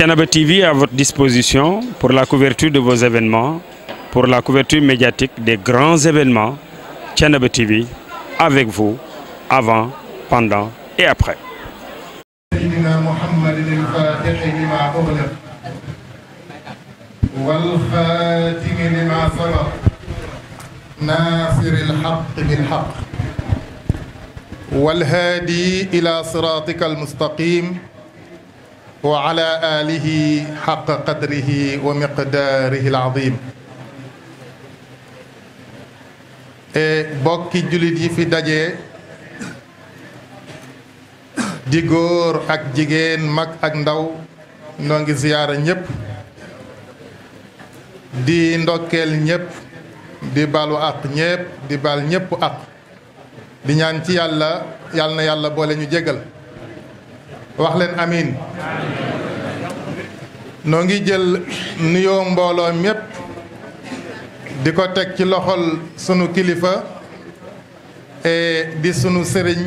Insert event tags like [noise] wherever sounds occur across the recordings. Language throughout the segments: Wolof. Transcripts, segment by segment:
Thiénaba TV à votre disposition pour la couverture de vos événements, pour la couverture médiatique des grands événements. Thiénaba TV avec vous avant, pendant et après. سيدنا محمد الفاتح لما أغلق والخاتم لما سبق ناصر الحق بالحق والهادي إلى صراطك المستقيم wa ala aalihi xaqa qadrihi wa miqdaarihi al-aziim e, bokki jullit yi fi daje di góor ak jigéen mag ak ndaw noo ngi ziyaara ñépp di ndokkeel ñépp di baalu àq ñépp di baal ñépp àq di ñaan ci yàlla yàlla na yàlla boole ñu jégal waxleen leen noo ngi jël nuyoo mbooloo mépp di ko teg ci loxol sunu kilifa e di sunu sëriñ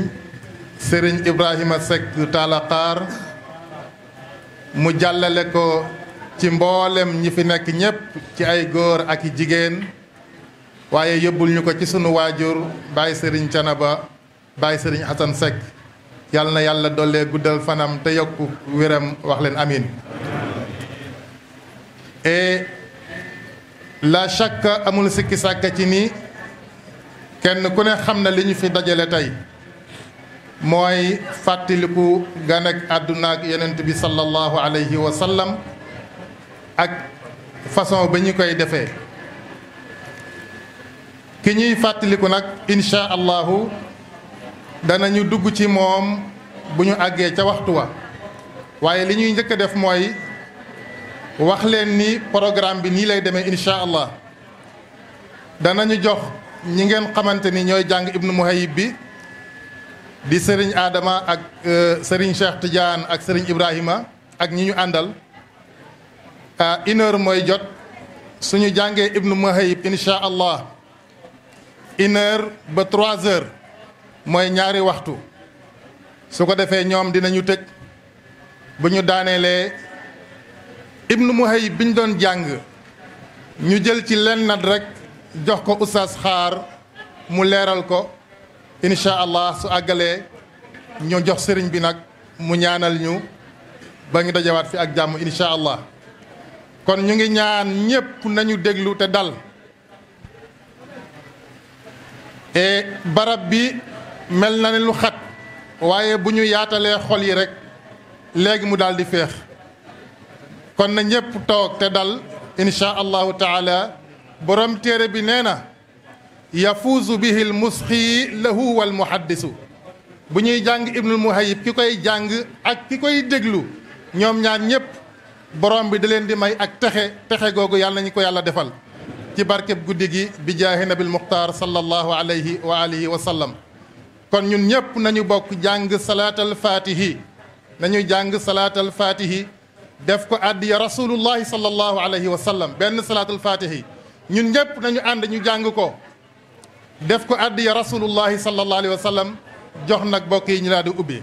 sëriñ Ibrahima Seck Talaqaar mu jàllale ko ci mboolem ñi fi nekk ñépp ci ay góor ak i jigéen waaye yóbbul ñu ko ci sunu waajur Baye Sëriñ Canaba Baye Sëriñ Xasan Seck yàlla na yàlla dollee guddal fanam te yokk wéram wax leen amin et la chaque amul sikki sàkk ci nii kenn ku ne xam na li ñu fi dajale tey mooy fàttaliku gan àdduna ak yonent bi sallallahu alayhi wa sallam ak façon ba ñu koy defee ki ñuy fàttaliku nag incha allahu danañu dugg ci moom bu ñu àggee ca waxtu wa waaye li ñuy njëkk a def mooy wax leen ni programme bi nii lay demee incha allah danañu jox ñi ngeen xamante ni ñooy jàng ibnu muhayib bi di sëriñ Adama ak euh, sëriñ Cheikh Tidiane ak sëriñ Ibrahima ak ñi ñu àndal une heure mooy jot suñu jàngee ibnu muhayib incha allah une ba trois heures mooy ñaari waxtu su ko defee ñoom dinañu tëj bu ñu daaneelee ibnu muhay bi ñu doon jàng ñu jël ci lenn nat rek jox ko oustaz xaar mu leeral ko incha allah su àggalee ñu jox sëriñ bi nag mu ñaanal ñu ba ngi dajawaat fi ak jàmm incha allah kon ñu ngi ñaan ñépp nañu déglu te dal e barab bi mel na ne lu xat waaye bu ñu yaatalee xol yi rek léegi mu daal di féex kon na ñëpp toog te dal insha allahu taala borom téere bi nee na yafuuzu bihi lmusxi lahu walmuhaddisu bu ñuy jàng ibnul muhayib ki koy jàng ak ki koy déglu ñoom ñaar ñëpp borom bi da leen di may ak texe texe googu yàlla nañu ko yàlla defal ci barkeb guddi gi bi jaahi nabil muxtaar sallallahu alayhi wa alihi wa sallam kon ñun ñëpp nañu bokk jàng salaatal faatihi nañu jàng salaatal faatihi def ko àddiya rasulullahi sallallahu alayhi wa sallam benn salaatul ñun ñëpp nañu ànd ñu jàng ko def ko àddiya rasulullahi sallallahu alayhi wa sallam jox nag bokk yi ñu laa di ubbi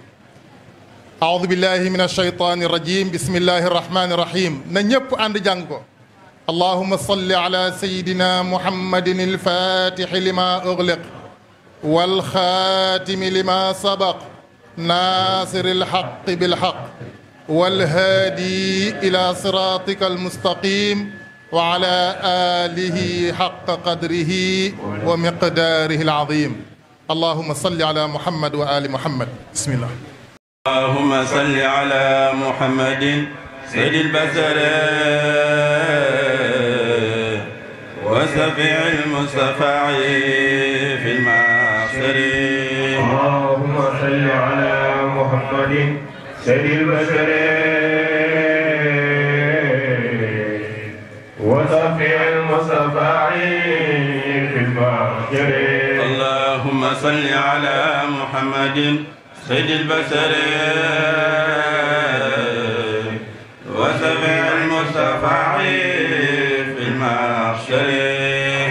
aoudu billahi min alsheytani irrajim bismillahi irrahmani irrahim na ñëpp ànd jàng ko allahuma salli ala sayidina muhammadin alfatixi lima ugliq والخاتم لما سبق ناصر الحق بالحق والهادي إلى صراطك المستقيم وعلى آله حق قدره ومقداره العظيم اللهم صل على محمد وآل محمد بسم الله اللهم صل على محمد سيد البشر وسفيع المستفعين صل على محمد سيد البشر وصفي المصطفى في البشر اللهم صل على محمد سيد البشر وسمع المصطفى في المحشر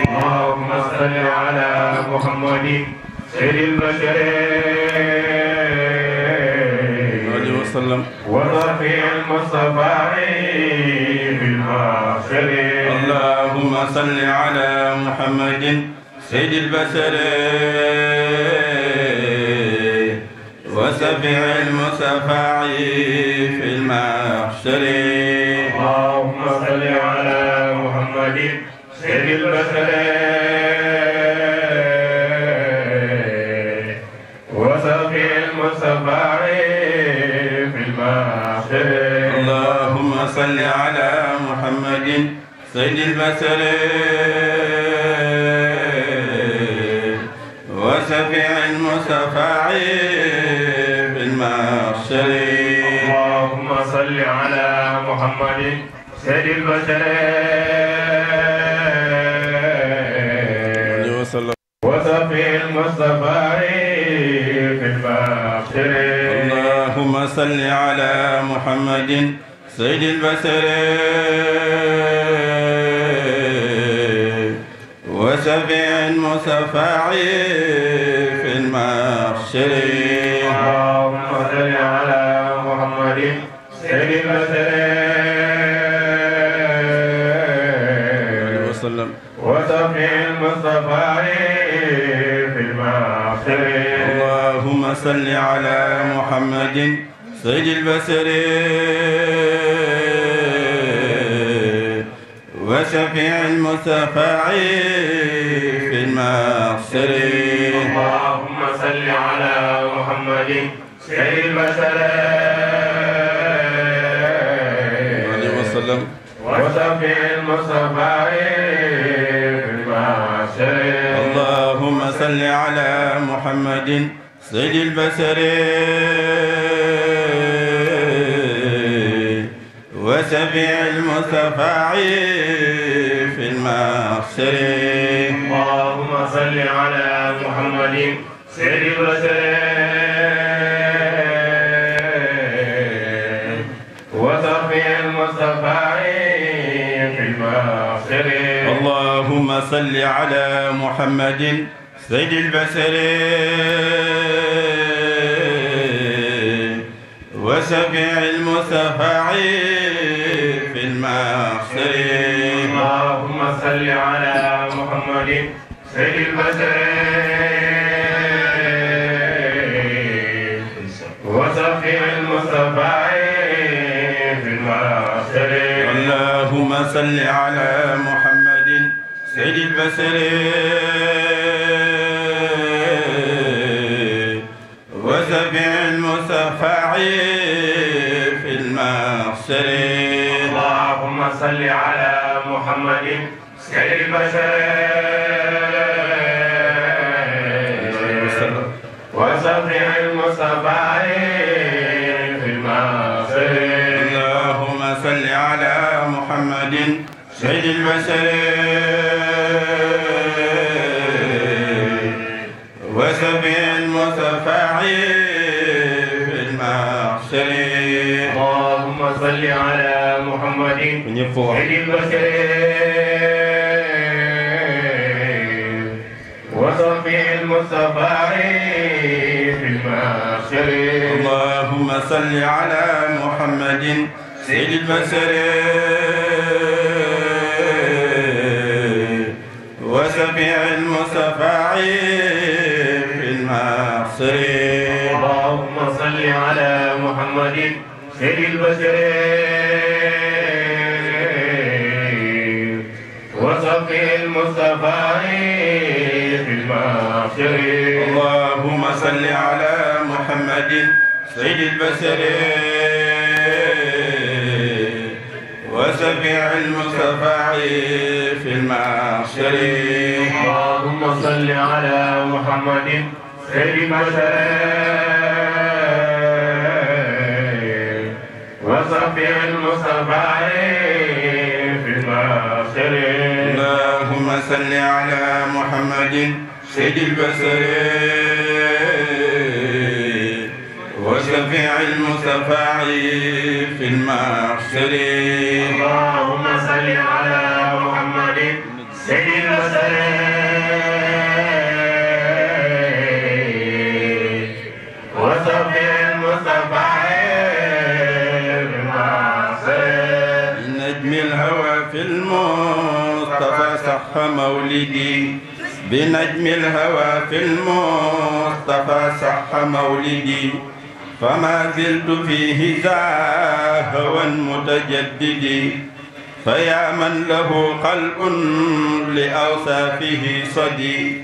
اللهم صل على محمد سيد البشر وسلم وصفي المصطفى بالباخرين اللهم صل على محمد سيد البشر وسبع المصطفى في المحشر اللهم صل على محمد سيد البشر صل على محمد سيد البشر وشفيع المشفع في المحشر اللهم صل على محمد سيد البشر وشفيع المصطفى في المحشر اللهم صل على محمد سيد البشر وشفيع المصفع في المحشر اللهم صل على محمد سيد البشر وسلم وشفيع المصطفى في المحشر اللهم صل على محمد سيد البشر وشفيع المسافع في المحشر اللهم صل على محمد سيد البشر عليه وسلم وشفيع المسافع في المحشر اللهم صل على محمد سيد البشر شفيع المصطفى في المحشر اللهم صل على محمد سيد الرسل وصفي المصطفى في المحشر اللهم صل على محمد سيد البشر وشفيع المصطفى المغفر اللهم صل على محمد سيد البشر وصفي المصطفى في المغفر اللهم صل على محمد سيد البشر وسبع المصفع في المغسل صل على محمد سيد البشر وصفح المصطفى في المعصر اللهم صل على محمد سيد البشر محمد أهل البشر وصفي المصطفى في المحشر اللهم صل على محمد سيد البشر وسبيع المصطفى في المحشر اللهم صل على محمد سيد البشر الخلفاء في المحشر اللهم صل على محمد سيد البشر وسبع المصطفى في المحشر اللهم صل على محمد سيد البشر وسبع المصطفى في المحشر صل على محمد سيد البشر وشفيع المصطفى في المحشر اللهم صل على صح مولدي بنجم الهوى في المصطفى صح مولدي فما زلت فيه ذا هوى متجدد فيا من له قلب لأوصافه صدي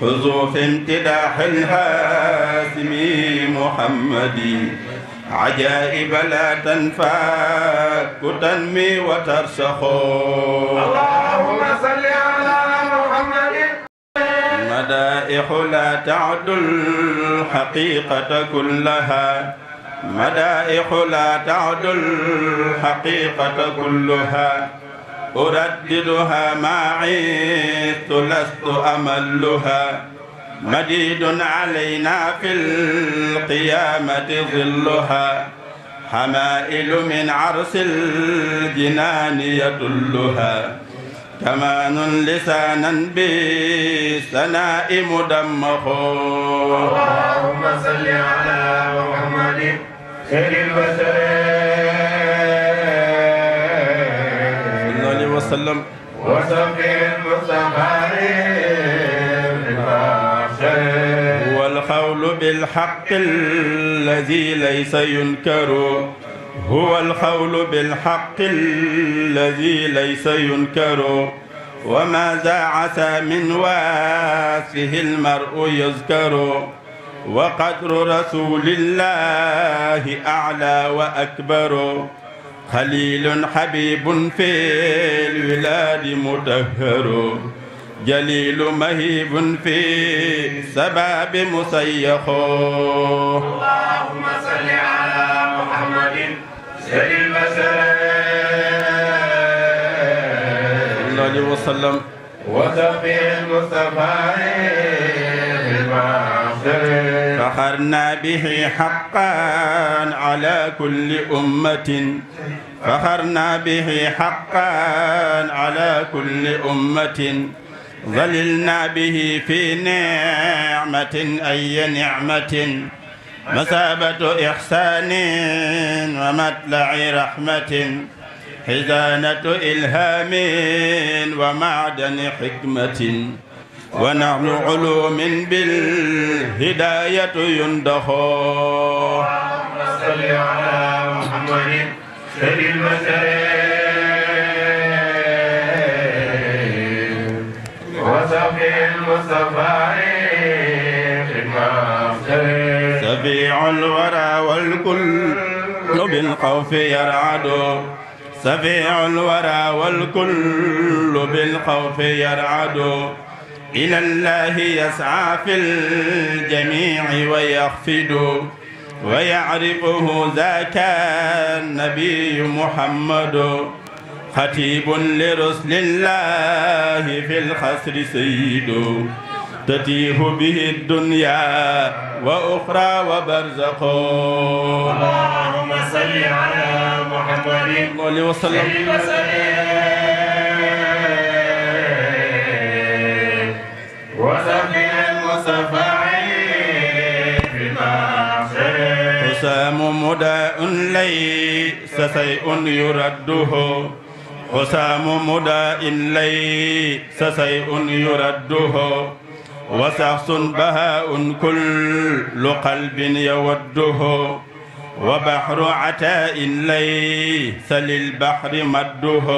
خذوا في امتداح الهاسم محمدي عجائب لا تنفك تنمي وترسخ اللهم صل على محمد مدائح لا تعد الحقيقة كلها مدائح لا تعد الحقيقة كلها أرددها ما عيت لست أملها مديد علينا في القيامة ظلها حمائل من عرس الجنان يدلها كمان لسانا بالثناء مدمخ اللهم صل على محمد خير البشر صلى الله عليه وسلم وسفير المصطفى بالحق الذي ليس ينكر هو القول بالحق الذي ليس ينكر وما زاعت من واسه المرء يذكر وقدر رسول الله أعلى وأكبر خليل حبيب في الولاد مطهر جليل مهيب في سباب مسيخ اللهم صل على محمد سر البشر صلى الله وسلم وتقي المصطفى فخرنا به حقا على كل أمة فخرنا به حقا على كل أمة ظللنا به في نعمة أي نعمة مثابة إحسان ومطلع رحمة حزانة إلهام ومعدن حكمة ونعم علوم بالهداية يندخو اللهم صل على محمد سيد المسائل سبيع الورى والكل بالخوف يرعد سبيع الورى والكل بالخوف يرعد إلى الله يسعى في الجميع ويخفد ويعرفه ذاك النبي محمد خطيب لرسل الله في الخسر سيد تتيه به الدنيا وأخرى وبرزق اللهم صل على محمد وسلم وسبح المصطفى بما حسام مداء ليس شيء يرده وسام مدى إن لي سسيء يرده وسخص بهاء كل قلب يوده وبحر عتاء ليس للبحر مده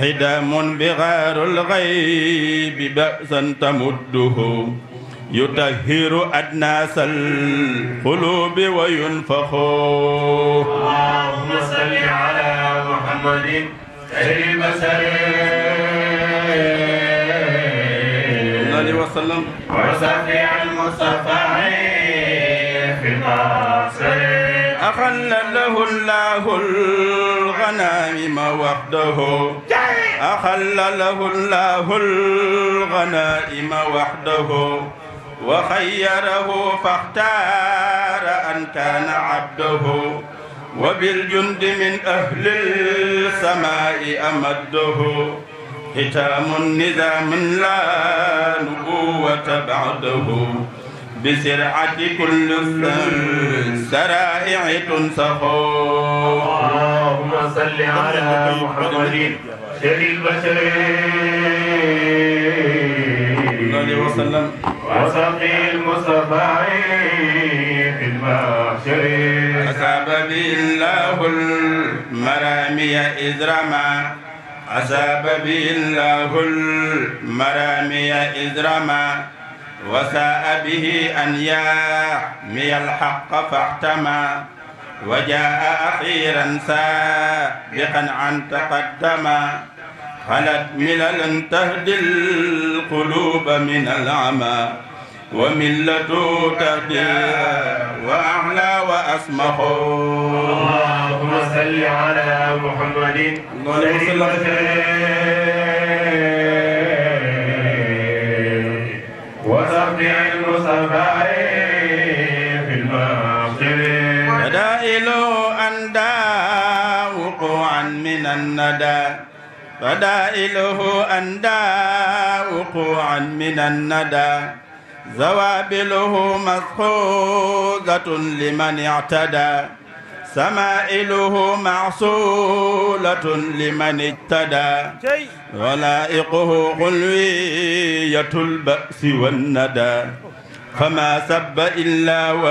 حدام بغار الغيب بأسا تمده يطهر أدناس القلوب وينفخ اللهم صل على محمد عليه وسلم وصفي المصطفى في القاصر أخل له الله الغنائم وحده أخل له الله الغنائم وحده وخيره فاختار أن كان عبده وبالجند من أهل السماء أمده ختام نظام لا نبوة بعده بسرعة كل سرائع تنسخ اللهم صل على محمد شر البشر عليه وسلم وسقي المصطفى في المحشر أصاب به الله المرامي إذ رمى أصاب به الله المرامي إذ رمى وساء به أن يعمي الحق فاحتمى وجاء أخيرا سابقا عن تقدما خلت مللا تهدي القلوب من العمى وملة تهدي وأعلى وأسمح اللهم صل على محمد اللهم وصحب المصطفى في المغفر ودائل أندى وقوعا من الندى فدائله أندى وقوعا من الندى زوابله مسخوذة لمن اعتدى سمائله معصولة لمن اجتدى ولائقه غلوية البأس والندى فما سب إلا و...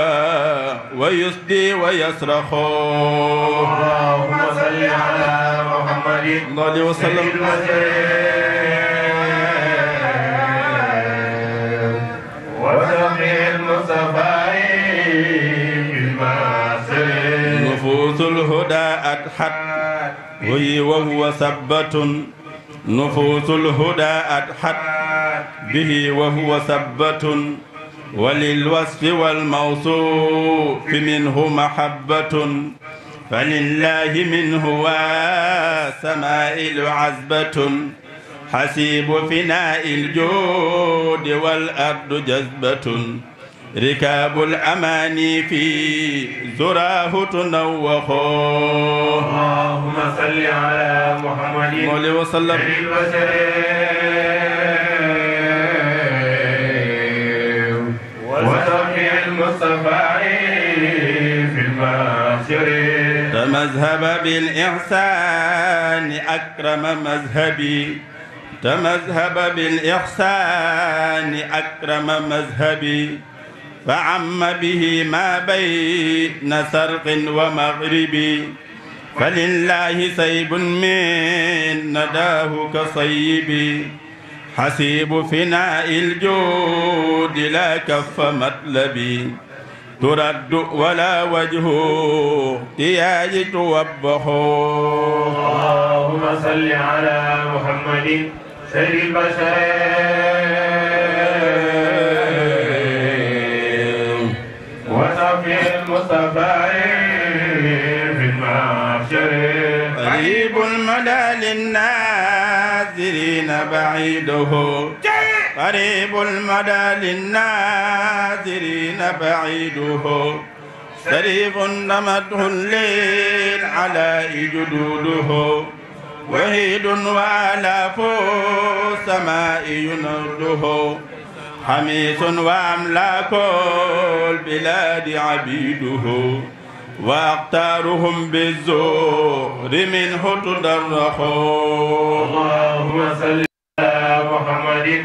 ويسدي ويصرخ اللهم صل على محمد صلى وسلم وسمي المصطفى نفوس الهدى أدحت وهو سبة نفوس الهدى أدحت به وهو سبة وللوصف والموصوف منه محبة فلله منه وسمائل عزبة حسيب فناء الجود والأرض جذبة ركاب الأماني في زراه تنوخ اللهم صل على محمد وسلم المسرين تمذهب بالإحسان أكرم مذهبي تمذهب بالإحسان أكرم مذهبي فعم به ما بين سرق ومغربي فلله سيب من نداه كصيبي حسيب فناء الجود لا كف مطلبي ترد ولا وجهه تياج توبخ اللهم صل على محمد سيد البشر وصفي المصطفى في المحشر قريب المدى للناظرين بعيده قريب المدى للناذرين بعيده سريف نمته الليل على جدوده وهيد وآلاف سماء ينرده حميس وأملاك البلاد عبيده وأقتارهم بالزور منه تدرخوا اللهم صل على محمد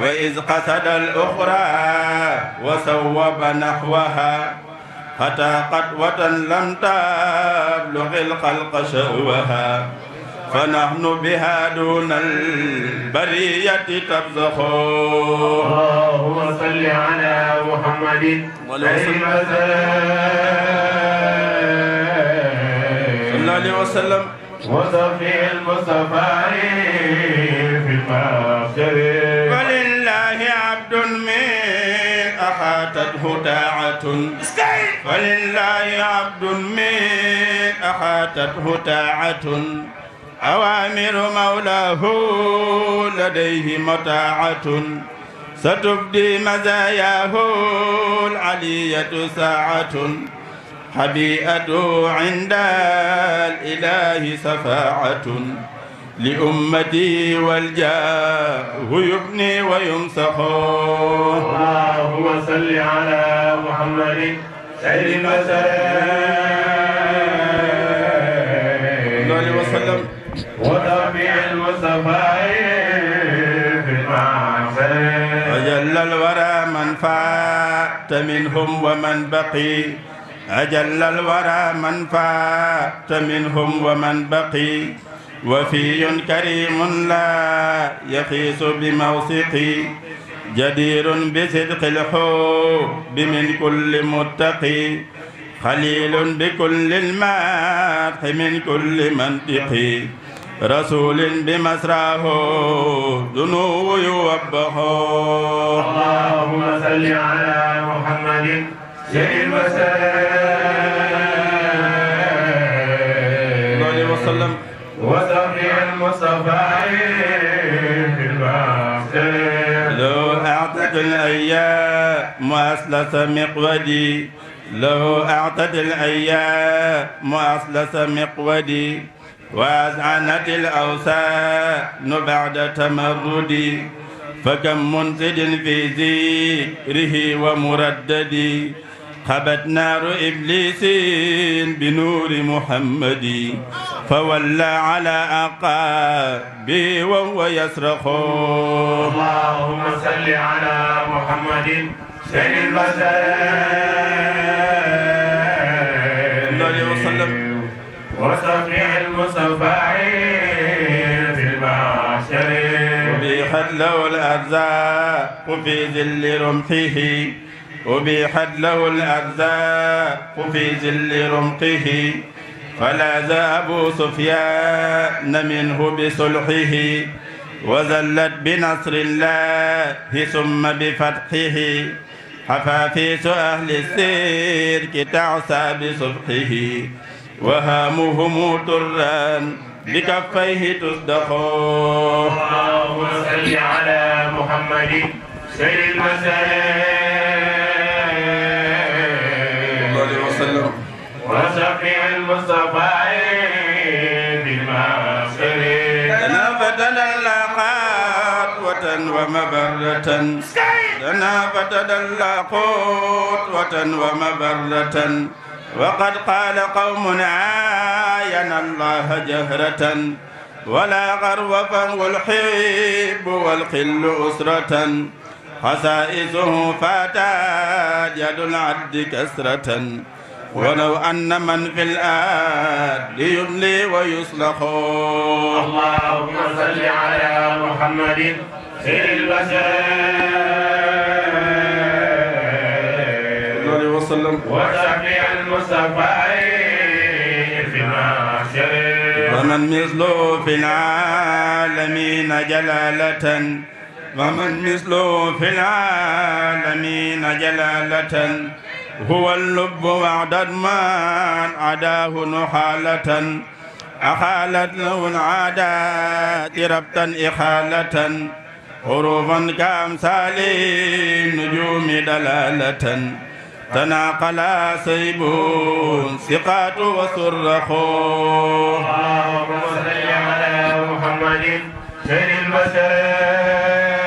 وإذ قصد الأخرى وصوب نحوها أتى قطوة لم تبلغ الخلق شهوها فنحن بها دون البرية تبزخ اللهم صل على محمد صلى الله عليه وسلم وصفي المصطفى في الماء طاعة فلله عبد من أحاتته طاعة أوامر مولاه لديه مطاعة ستبدي مزاياه العلية ساعة حبيئته عند الإله سفاعة لأمتي والجاه يبني ويمسح اللهم صل على محمد سيد المسائل وسلم وتربيع المصطفى في المعسل أجل الورى من فات منهم ومن بقي أجل الورى من فات منهم ومن بقي وفي كريم لا يخيس بموثقي جدير بصدق الحب من كل متقي خليل بكل المدح من كل منطقي رسول بمسراه دنو يوبخه اللهم صل على محمد سيد المسائل أعتد أسلس مقودي له أعتد الأيام أسلس مقودي وأزعنت الأوسان بعد تمردي فكم منسد في ذكره ومرددي xabat naaru iblisin bi nuuri muhammadi fa walla ala aqaabi wa huwa yasraxu allahumma salli ala muhammadin sayyidil bashar wa safiil mustafaa fil mahshar bi xalawal arzaq fi zilli rumxihi أبيحت له الأرزاق في زل رمقه فلاذ أبو سفيان منه بصلحه وذلت بنصر الله ثم بفتحه حفافيس أهل السيرك تعسى بصبحه وهامهم ترا بكفيه تصدق اللهم صل على محمد سيد المسائل وسقي المصطفى بالمعسكر تنافت قوة ومبرة لنا فتدلى قوة ومبرة وقد قال قوم عاين الله جهرة ولا غرو فهو الحب والقل أسرة خسائسه فاتت يد العبد كسرة ولو أن من في الآد يملي ويصلح اللهم صل على محمد خير البشر وسلم وشفيع المصطفى في المحشر ومن مثله في العالمين جلالة ومن مثله في العالمين جلالة هو اللب وعدد من عداه نحالة أخالت له العادات ربطا إخالة حروفا كأمثال النجوم دلالة تناقلا سيب ثقات وصرخ اللهم صل على محمد خير البشر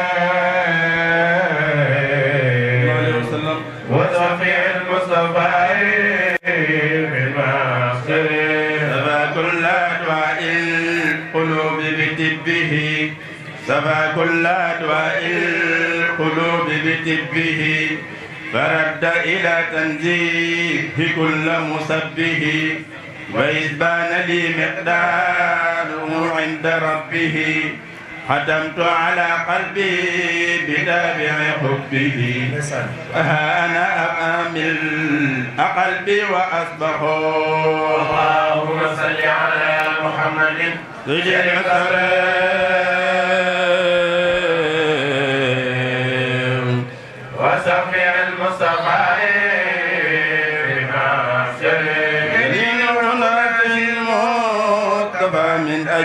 سفى كل أدواء القلوب بطبه فرد إلى تنزيه كل مسبه وإذ بان لي مقداره عند ربه ختمت على قلبي بتابع حبه ها أنا أمل قلبي وأصبح اللهم صل على محمد تجري الصلاة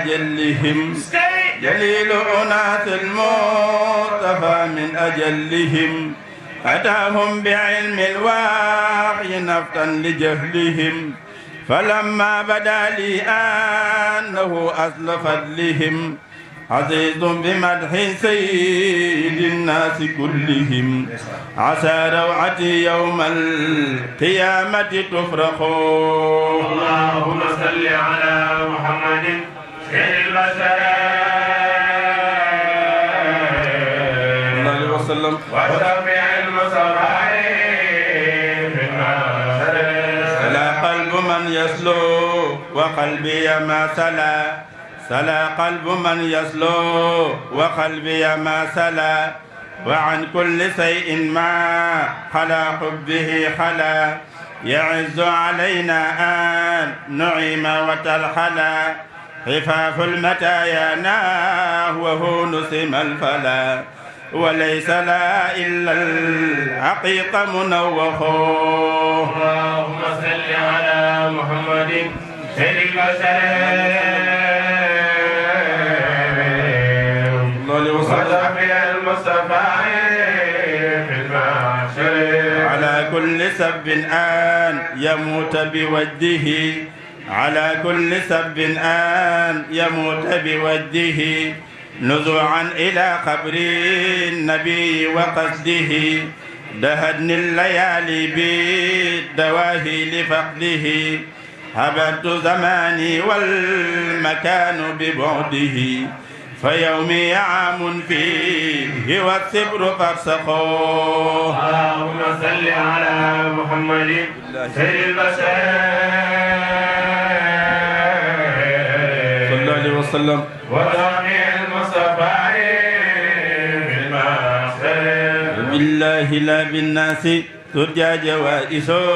أجلهم جليل أناس المصطفى من أجلهم أتاهم بعلم الواحي نفطا لجهلهم فلما بدا لي أنه أصل فضلهم عزيز بمدح سيد الناس كلهم عسى روعتي يوم القيامة تفرح اللهم صل على محمد وقلبي ما سلا سلا قلب من يسلو وقلبي ما سلا وعن كل شيء ما خلا حبه خلا يعز علينا أن نعيم وترحلا حفاف المتايانا وهو نسم الفلا وليس لا إلا الحقيق منوخ اللهم صل على محمد سيد الوسلام وصحبه المصطفى في المعشر على كل سب آن يموت بوجهه على كل سب آن يموت بوجهه نزوعا إلى قبر النبي وقصده دهدني الليالي بالدواهي لفقده هبت زماني والمكان ببعده فيومي عام فيه والصبر فافسقوه اللهم صل على محمد سيد البشر وسلم ودمع المصطفى بالمقصد بالله لا بالناس ترجى جوائزه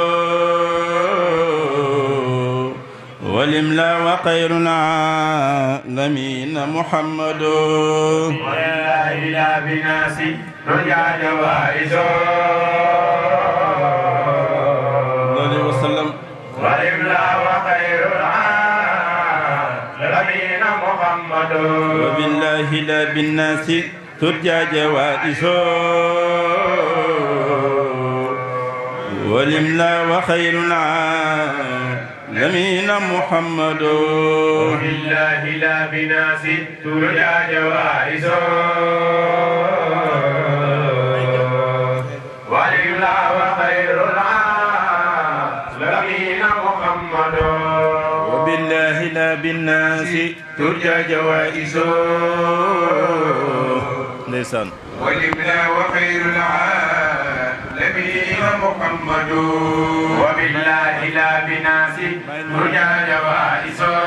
والإملاء وخير العالمين محمد ولله لا بالناس ترجى جوائزه وسلم والإملاء وخير العالمين محمدا وبالله لا بالناس ترجى جوائزه ولملا وخير العالمين محمد وبالله لا بناس ترجى جوائزه ولملا وخير العالمين محمد وبالله لا بالناس ترجى جوائزه لسان ولمنا وخير العالمين محمد وبالله لا بناس ترجى جوائزه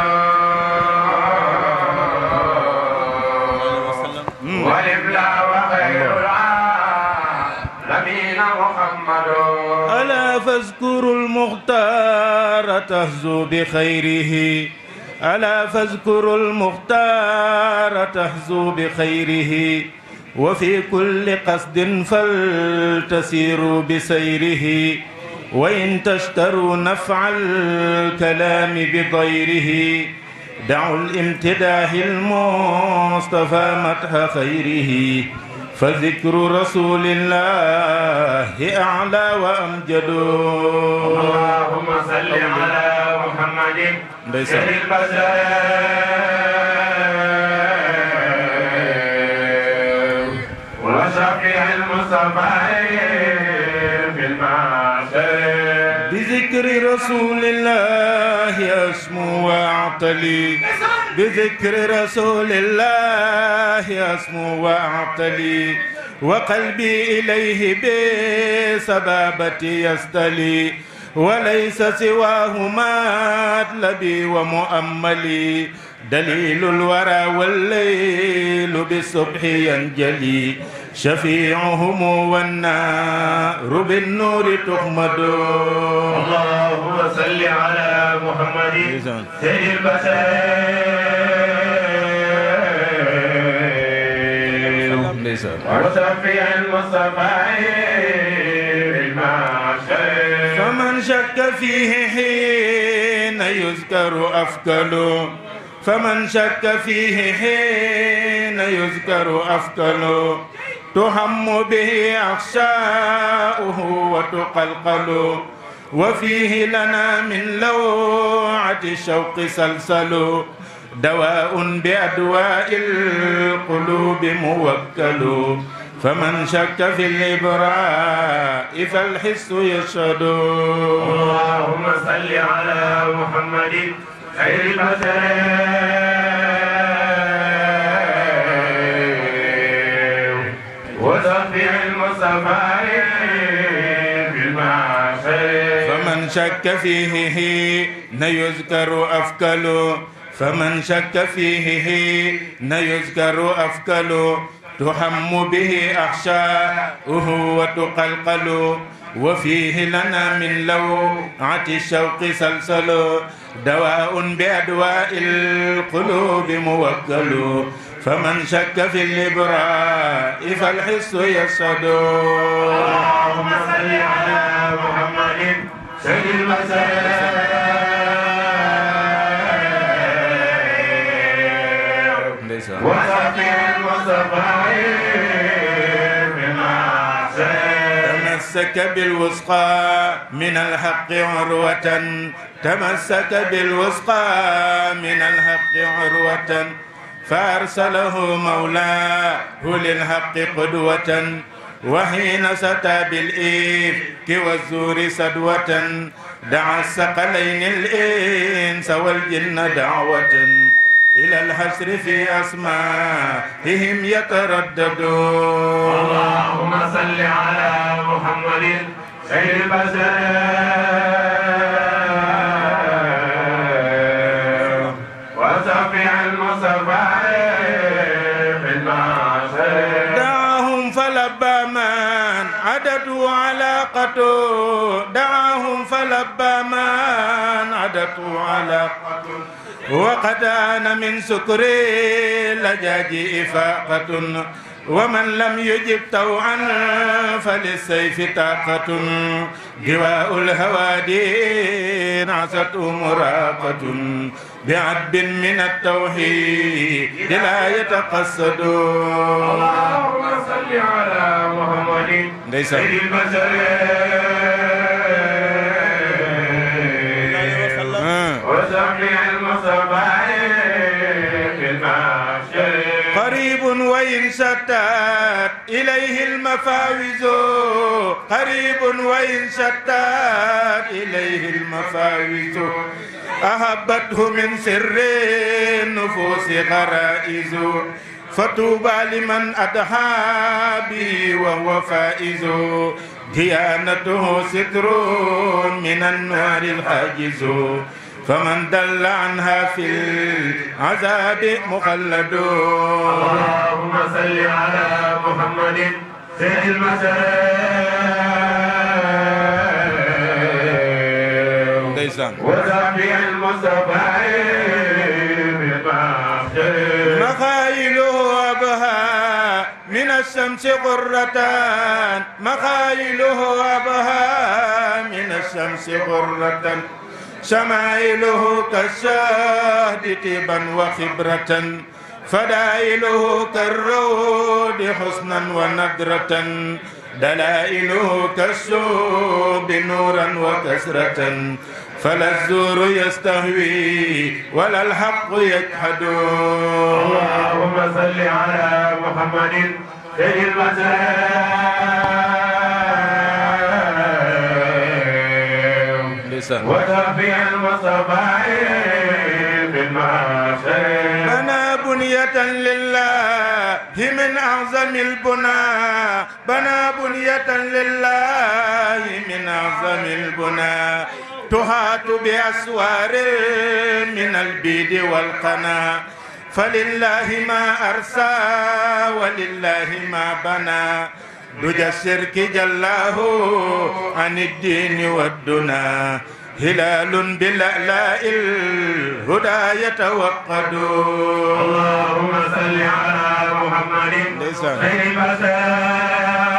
ولمنا وخير العالمين محمد ألا فاذكروا المختار تهزو بخيره ألا فاذكروا المختار تحزوا بخيره وفي كل قصد فلتسيروا بسيره وإن تشتروا نفع الكلام بضيره دعوا الامتداح المصطفى مدح خيره فذكر رسول الله أعلى وأمجد اللهم صل على محمد ndeysaan بذكر رسول الله اسمو واعتلي بذكر رسول الله اسمو واعتلي وقلبي إليه بسبابتي يستلي وليس سواه مطلبي ومؤملي دليل الورى والليل بالصبح ينجلي شفيعهم والنار بالنور تحمد اللهم صل على محمد سيد البشر وصفي المصطفى شك فيه حين يذكر أفضل فمن شك فيه حين يذكر أفضل تهم به أخشاؤه وتقلقل وفيه لنا من لوعة الشوق سلسل دواء بأدواء القلوب موكل فمن شك في الإبراء فالحس يشهد اللهم صل على محمد خير البشر وصفع المصطفى فمن شك فيه حين يذكر أفكل فمن شك فيه حين يذكر أفكل تهم به أخشاؤه وتقلقل وفيه لنا من لوعة الشوق سلسل دواء بأدواء القلوب موكل فمن شك في الإبراء فالحس يصد اللهم صل على محمد سيد المسائل وسقي تمسك بالوثقى من الحق عروة تمسك بالوثقى من الحق عروة فأرسله مولاه للحق قدوة وحين ستى بالإفك والزور سدوة دعا الثقلين الإنس والجن دعوة إلى الحشر في أسمائهم يترددون اللهم صل على محمد خير البشر وسفيع المصطفى في المعاشر دعاهم فلبى من عددوا علاقته دعاهم فلبى من عددوا علاقته وقد أنا من سكري لجاجي إفاقة ومن لم يجب طوعا فللسيف طاقة دواء الهوادين عصت مراقة بعذب من التوحيد لا يتقصد اللهم صل على محمد سيد البشر وسمع قريب وإن شتات إليه المفاوز قريب وإن شتات إليه المفاوز أهبته من سر النفوس غرائز فطوبى لمن أدحى به وهو فائز ديانته ستر من النار الحاجز فمن دل عنها في العذاب مخلد اللهم صل على محمد سيد المسلم ديسان وزعبي المصطفى مخايله أبها من الشمس قرتان مخايله أبها من الشمس قرتان شمائله كالشهد طيبا وخبرة فدائله كالرود حسنا وندرة دلائله كالشوب نورا وكسرة فلا الزور يستهوي ولا الحق يجحد اللهم صل على محمد سيد المسائل مجلسا وتربيا وصبايا بالمعاشر بنى بنية لله من أعظم البناء بنى بنية لله من أعظم البناء تهات بأسوار من البيد والقنا فلله ما أرسى ولله ما بنى دجى الشرك جلاه عن الدين والدنا هلال بالأعلاء الهدى يتوقد اللهم صل على محمد خير البشر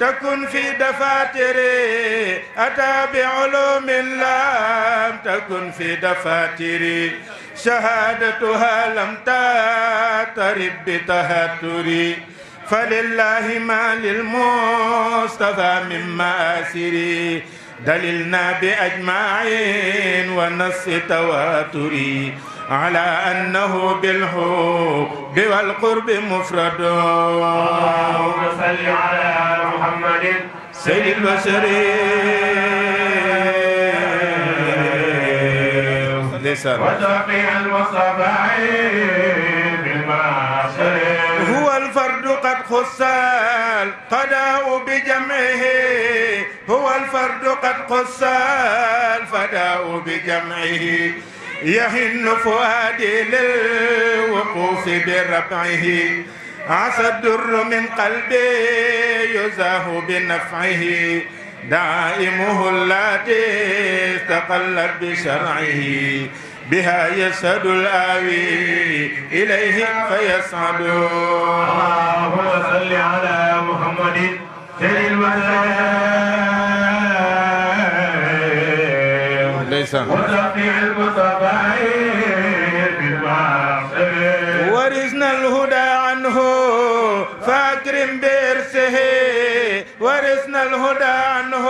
تكن في دفاتري أتى بعلوم لم تكن في دفاتري شهادتها لم تعترف بتهاتري فلله ما للمصطفى من مآسري دللنا بأجمعين ونص تواتري على أنه بالحب والقرب مفرد اللهم صل على محمد سيد البشر وتقي المصطفى بالمعاد قصال قداء بجمعه هو الفرد قد قصال فداء بجمعه يهن فؤادي للوقوف بربعه عسى الدر من قلبي يزاه بنفعه دائمه التي استقلت بشرعه بها يسد الآوي إليه فيسعد اللهم صل على محمد سيد الوسائل ليس وتقي المتبعين بالمعصية ورثنا الهدى عنه فاكرم بإرسه ورثنا الهدى عنه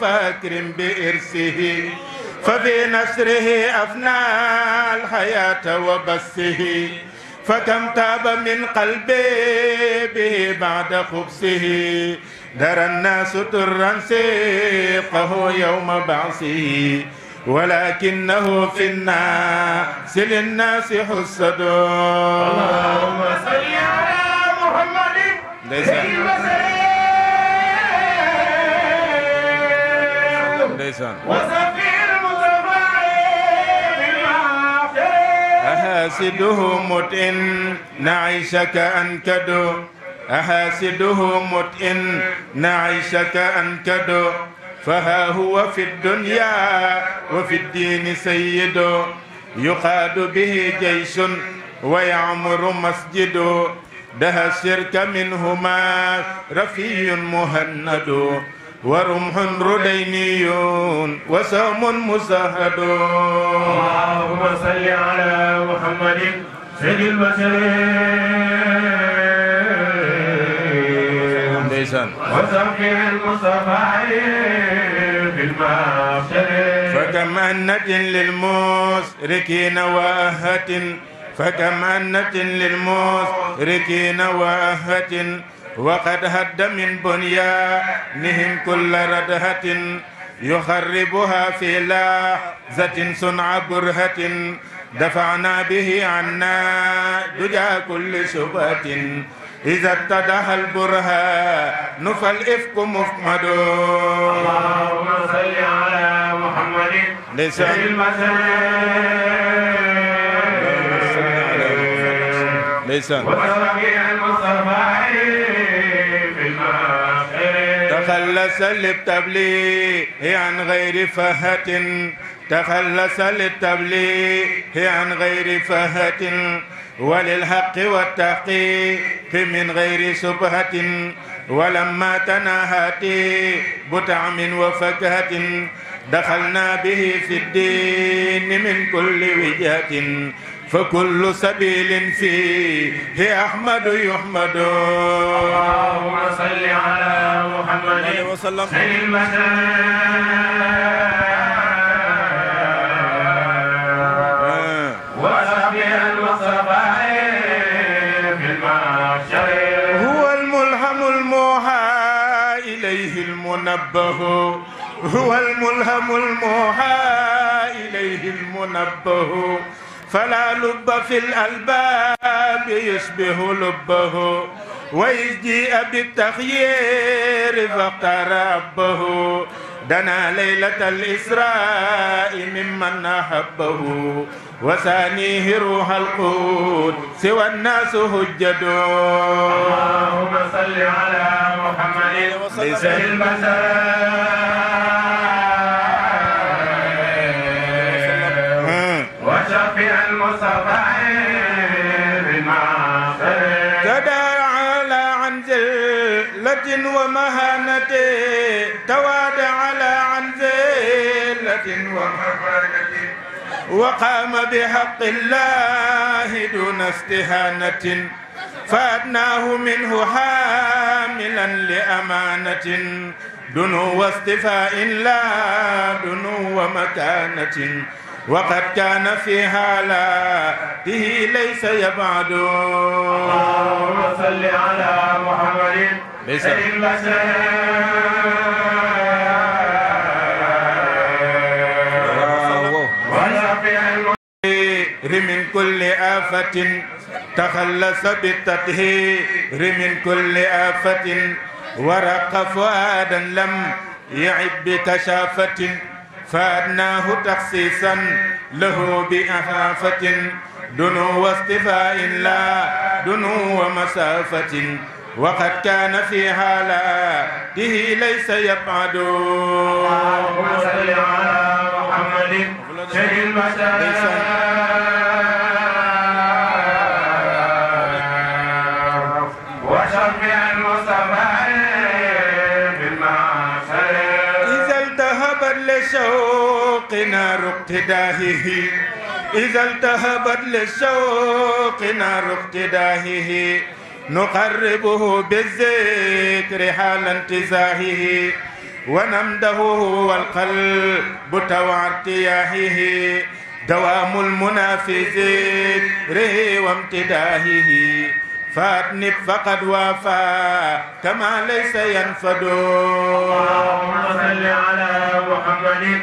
فاكرم بإرسه فبنصره أفنى الحياة وبسه فكم تاب من قلبي به بعد خبسه درى الناس ترا سيقه يوم بعثه ولكنه في الناس للناس حسد اللهم صل على محمد وسلم وسلم أحاسده متئن نعيشك أنكد أحاسده متئن نعيشك أنكد فها هو في الدنيا وفي الدين سيد يقاد به جيش ويعمر مسجد ده الشرك منهما رفي مهند ورمح رديني وسام مسهد اللهم صل على محمد سيد البشر وسقي المصطفى في المعشر فكمنة للمشركين وأهة فكمنة للمشركين وأهة وقد هد من بنيانهم كل ردهة يخربها في لحظة صنع برهة دفعنا به عنا دجى كل شبهة إذا ابتدح البرهان فالإفك مفقد اللهم صل على محمد لسان المسلم لسان وسبق المصطفى تخلص للتبليغ عن غير فهة تخلص للتبليغ عن غير فهة وللحق والتحقيق من غير سبهة ولما تناهت بطعم وفكهة دخلنا به في الدين من كل وجهة فكل سبيل فيه أحمد يحمد اللهم صل على محمد وسلم خير المساء وصحبه المصطفى في المعشر هو الملهم الموحى إليه المنبه هو الملهم الموحى إليه المنبه فلا لب في الألباب يشبه لبه وإذ جيء بالتخيير فقربه دنا ليلة الإسراء ممن أحبه وسانيه روح القود سوى الناس هجد اللهم صل على محمد لسان البشر ومهانته تواد على عن زيلة ومهانة وقام بحق الله دون استهانة فأدناه منه حاملا لأمانة دنو واستفاء لا دنو ومكانة وقد كان في حالاته ليس يبعد اللهم صل على محمد ليس من كل آفة تخلص بالتطهير من كل آفة ورق فؤادا لم يعب بكشافة فأدناه تخصيصا له بأخافة دنو واصطفاء لا دنو ومسافة وقد كان في حالاته ليس يبعد اللهم صل على محمد شهد المشاعر اقتدائه إذا التهبت للشوق نار اقتدائه نقربه بالذكر حال انتزاهه ونمده والقلب توع ارتياحه دوام المنى في ذكره وامتداهه فاتنب فقد وافى كما ليس ينفد اللهم صل على محمد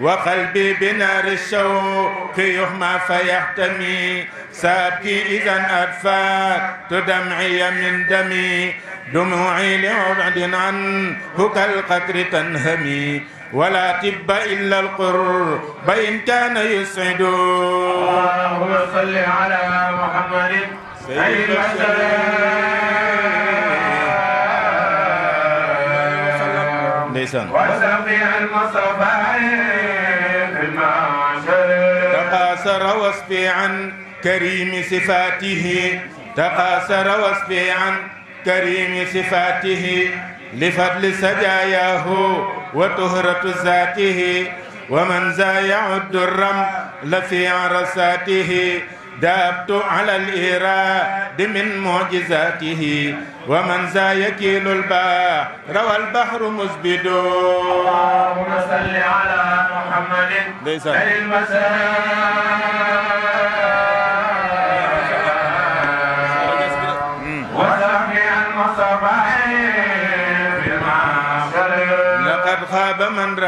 وقلبي بنار الشوق يحمى فيحتمي سابكي إذا أدفى تدمعي من دمي دموعي لعبد عنه كالقطر تنهمي ولا تب إلا القرب إن كان يسعد اللهم صل على محمد سيد الشباب وسبح المصطفى تقاسر واسبي عن كريم صفاته تقاسر واسبي عن كريم صفاته لفضل سجاياه وطهرة ذاته ومن زايع الدرم لفي عرساته دابت على الإيراد من معجزاته ومن ذا يكيل البحر والبحر مزبد اللهم صل على محمد للمساء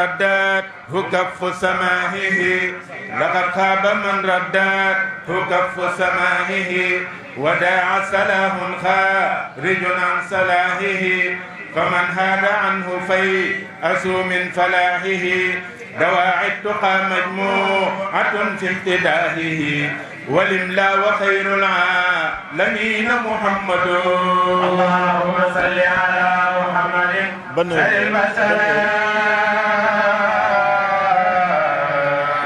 ردته كف سماهه لقد خاب من ردته كف سماهه وداع سلاه خارج عن سلاهه فمن هاب عنه فيأس من فلاحه دواعي التقى مجموعة في ابتداهه والإملاء وخير العالمين محمد اللهم صل على محمد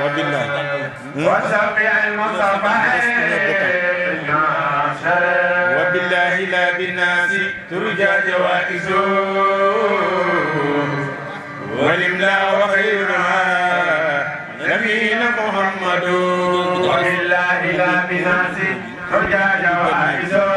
وبالله وسبع المصطفى وبالله لا بالناس ترجى جوائزه والإملاء وخير العالمين محمد الله لا بناس حجاج وعائزون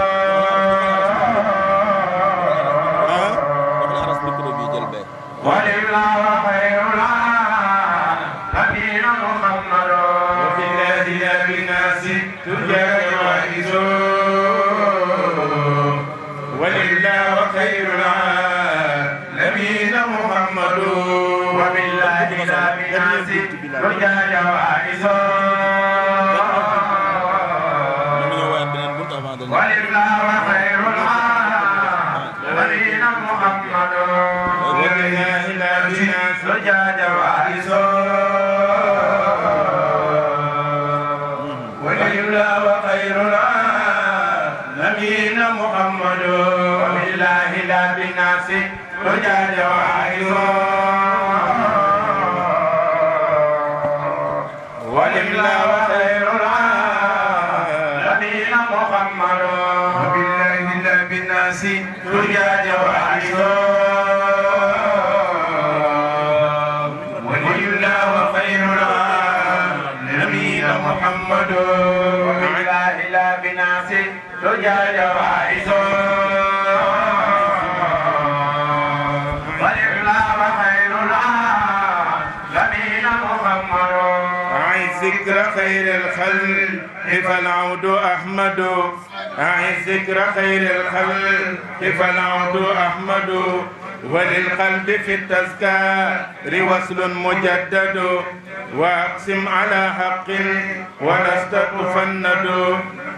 خير الخلق فالعود أحمد أعز ذكر خير الخلق فالعود أحمد وللقلب في التذكار وصل مجدد واقسم على حق ولست تفند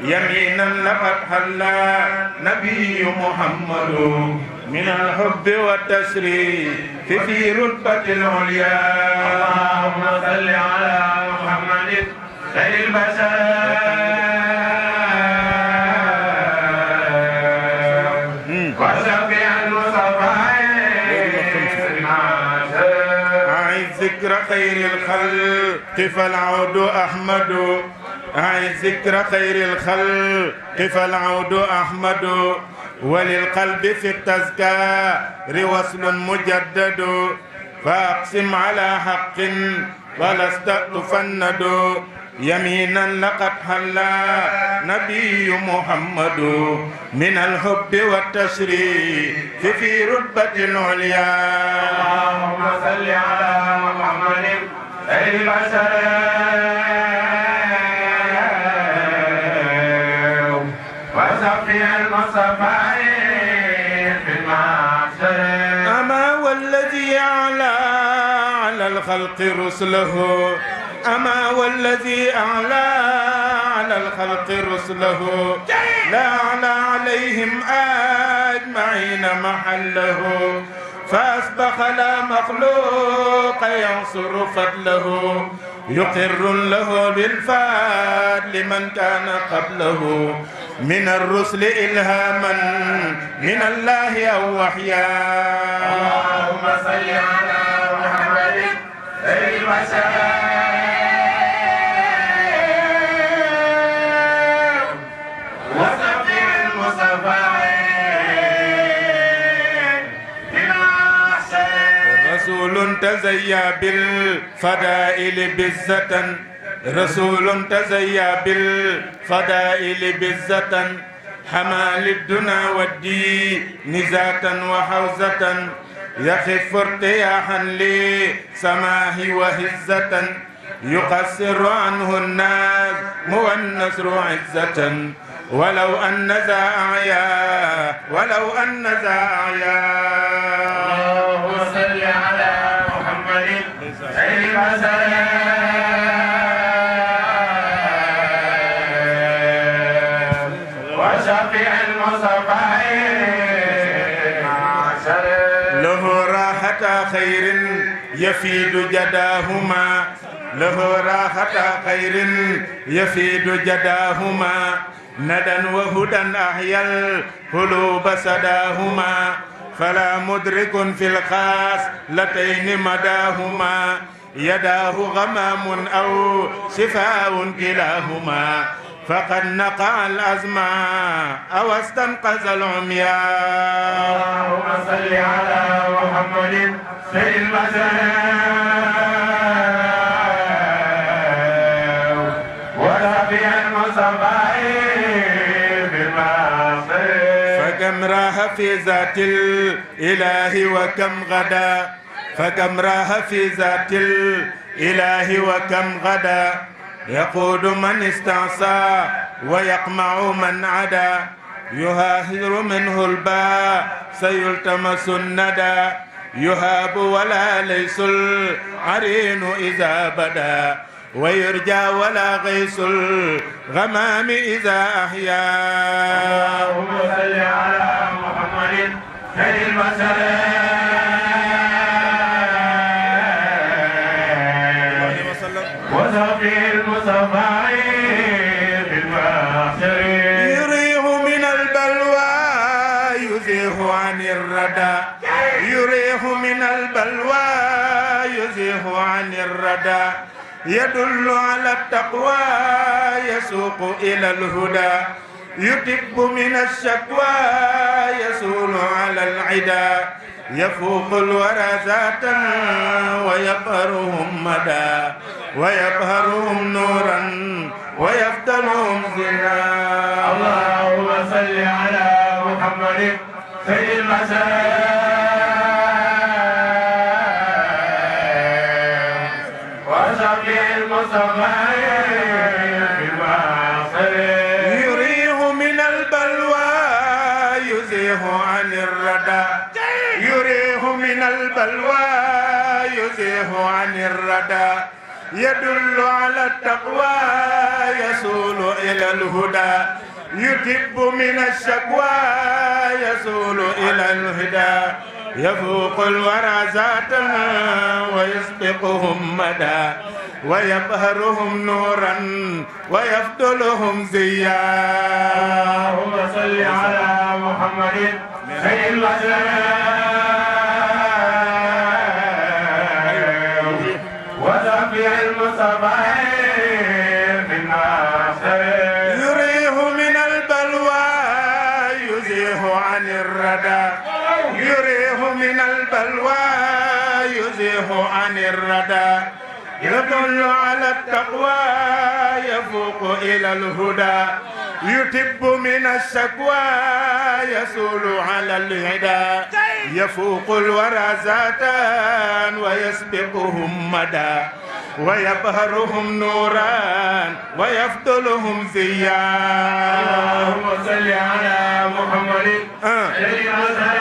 يمينا لقد حلى نبي محمد من الحب والتشريف في رتبة العليا خير الخلق فالعود أحمد عن ذكر خير الخلق فالعود أحمد وللقلب في التذكار وصل مجدد فأقسم على حق ولست تفند يمينا لقد حلى نبي محمد من الحب والتشريف في رتبة عليا اللهم صل على محمد السلام وسقي المصفين في المعشر أما والذي أعلى على الخلق رسله أما والذي أعلى على الخلق رسله لا أعلى عليهم أجمعين محله فأصبح لا مخلوق ينصر فضله يقر له بالفضل من كان قبله من الرسل إلهاما من الله أو وحيا اللهم صل على محمد سيد المشاعر رسول تزيا بالفدائل بزة رسول تزيا بالفدائل بزة حمى للدنا والدين ذاتا وحوزة يخف ارتياحا لسماه وهزة يقصر عنه الناس هو النصر عزة ولو أن ذا أعيا ولو أن ذا أعيا خير يفيد جداهما له راحة خير يفيد جداهما ندى وهدى أحيا القلوب سداهما فلا مدرك في الخاص لتين مداهما يداه غمام أو شفاء كلاهما فقد نقع الأزمة أو استنقذ العمياء اللهم صل على محمد سيد المساء ورفيع المصابين بالمعصية فكم راه في ذات الإله وكم غدا فكم راه في ذات الإله وكم غدا يقود من استعصى ويقمع من عدا يهاهر منه الباء سيلتمس الندى يهاب ولا ليس العرين إذا بدا ويرجى ولا غيث الغمام إذا أحيا اللهم صل على محمد خير المسلم يريح من البلوى يزيه عن الردى يدل على التقوى يسوق إلى الهدى يتب من الشكوى يسول على العدا يفوق الورى ذاتا ويقهرهم مدى ويبهرهم نورا ويفتنهم زنا اللهم صل على محمد سيد المسائل وصحبه المصطفى يدل على التقوى يسول إلى الهدى يتب من الشكوى يسول إلى الهدى يفوق الورى ذاتا ويسبقهم مدى ويبهرهم نورا ويفضلهم زيا اللهم صل على محمد خير الأسلام زادا يدل على التقوى يفوق إلى الهدى يتب من الشكوى يسول على الهدى يفوق الورى ذاتا ويسبقهم مدى ويبهرهم نورا ويفضلهم زيا اللهم صل على محمد الذي أزهر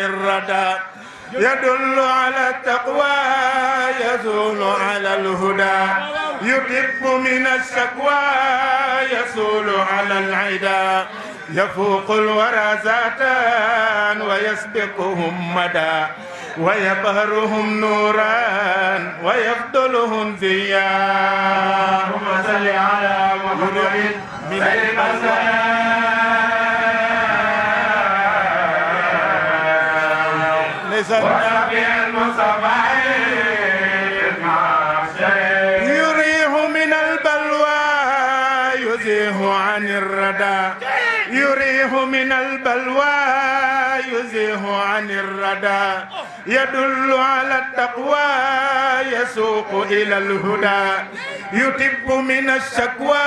الردى يدل على التقوى يزول على الهدى يطب من الشكوى يسول على العدا يفوق الورى ذاتا ويسبقهم مدى ويبهرهم نورا ويفضلهم زيا اللهم صل على محمد من الأسلام الحسن وشفي المصطفى يريه من البلوى يزيه عن الردى يريه من البلوى يزيه عن الردى يدل على التقوى يسوق إلى الهدى يتب من الشكوى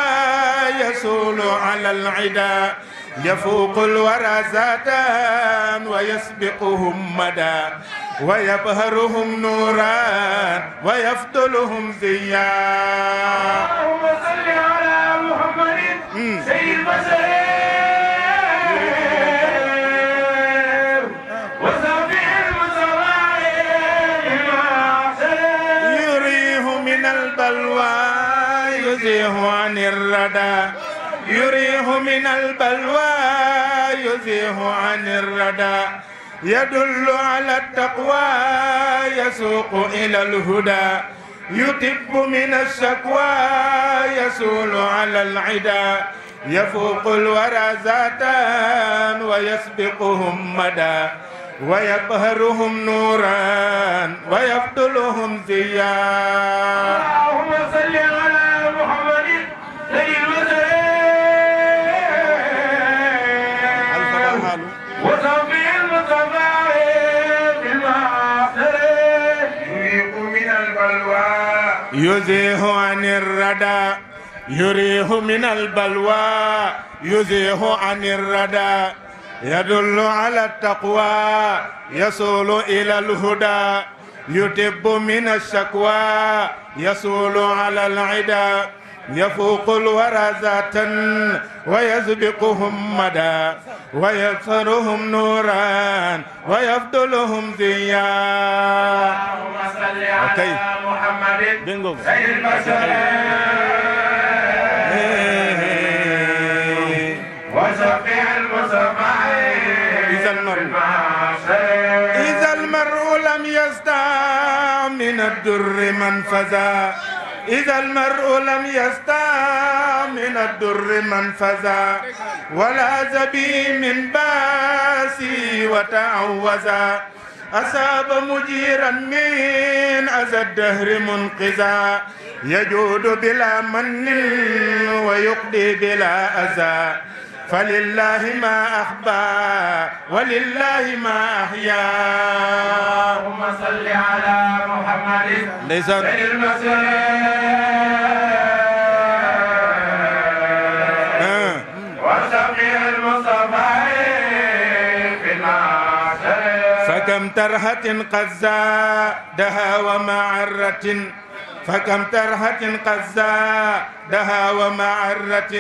يسول على العدى يفوق الورى ذاتا ويسبقهم مدى ويبهرهم نورا ويفضلهم ذيا اللهم صل على محمد سيد البشر يريه من البلوى يزيه عن الردى يريه من البلوى يزيه عن الردى يدل على التقوى يسوق إلى الهدى يطب من الشكوى يسول على العدا يفوق الورى ذاتا ويسبقهم مدى ويبهرهم نورا ويفضلهم ضياء اللهم صل على محمد سيد المسلمين يزيه عن الردى يريه من البلوى يزيه عن الردى يدل على التقوى يصول إلى الهدى يتب من الشكوى يصول على العدى يفوق الورى ذاتا ويسبقهم مدى ويبصرهم نورا ويفضلهم ضياء اللهم صل على محمد بنغو وسقي المسمعين إذا المرء إذا المرء لم يزدى من الدر منفذا إذا المرء لم يستع من الدر منفذا ولا زبي من باسي وتعوزا أصاب مجيرا من أذى الدهر منقذا يجود بلا من ويقضي بلا أذى فلله ما أحبى ولله ما أحيا اللهم صل على محمد نيزان المسيح وسقي المصطفى في العسل فكم ترهة قد زادها ومعرة فكم ترهة قد زادها ومعرة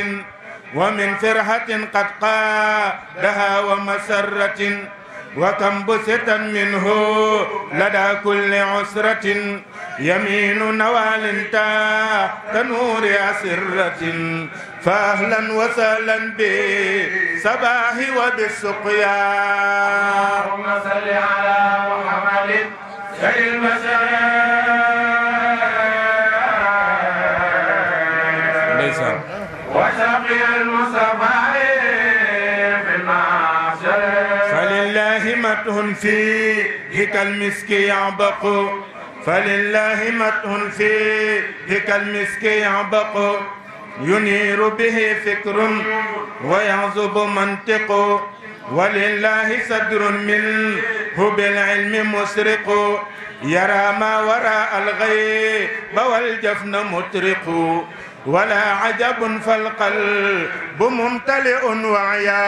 ومن فرحة قد قادها ومسرة وكم بسطا منه لدى كل عسرة يمين نوال تنور أسرة فأهلا وسهلا بالصباح وبالسقيا اللهم صل على محمد سيد المساء وشفيع المصطفى في المعشر فلله مدح فيه كالمسك يعبق فلله مدح فيه كالمسك يعبق ينير به فكر ويعزب منطق ولله صدر منه بالعلم مسرق يرى ما وراء الغيب والجفن مطرق ولا عجب فالقلب ممتلئ وعيا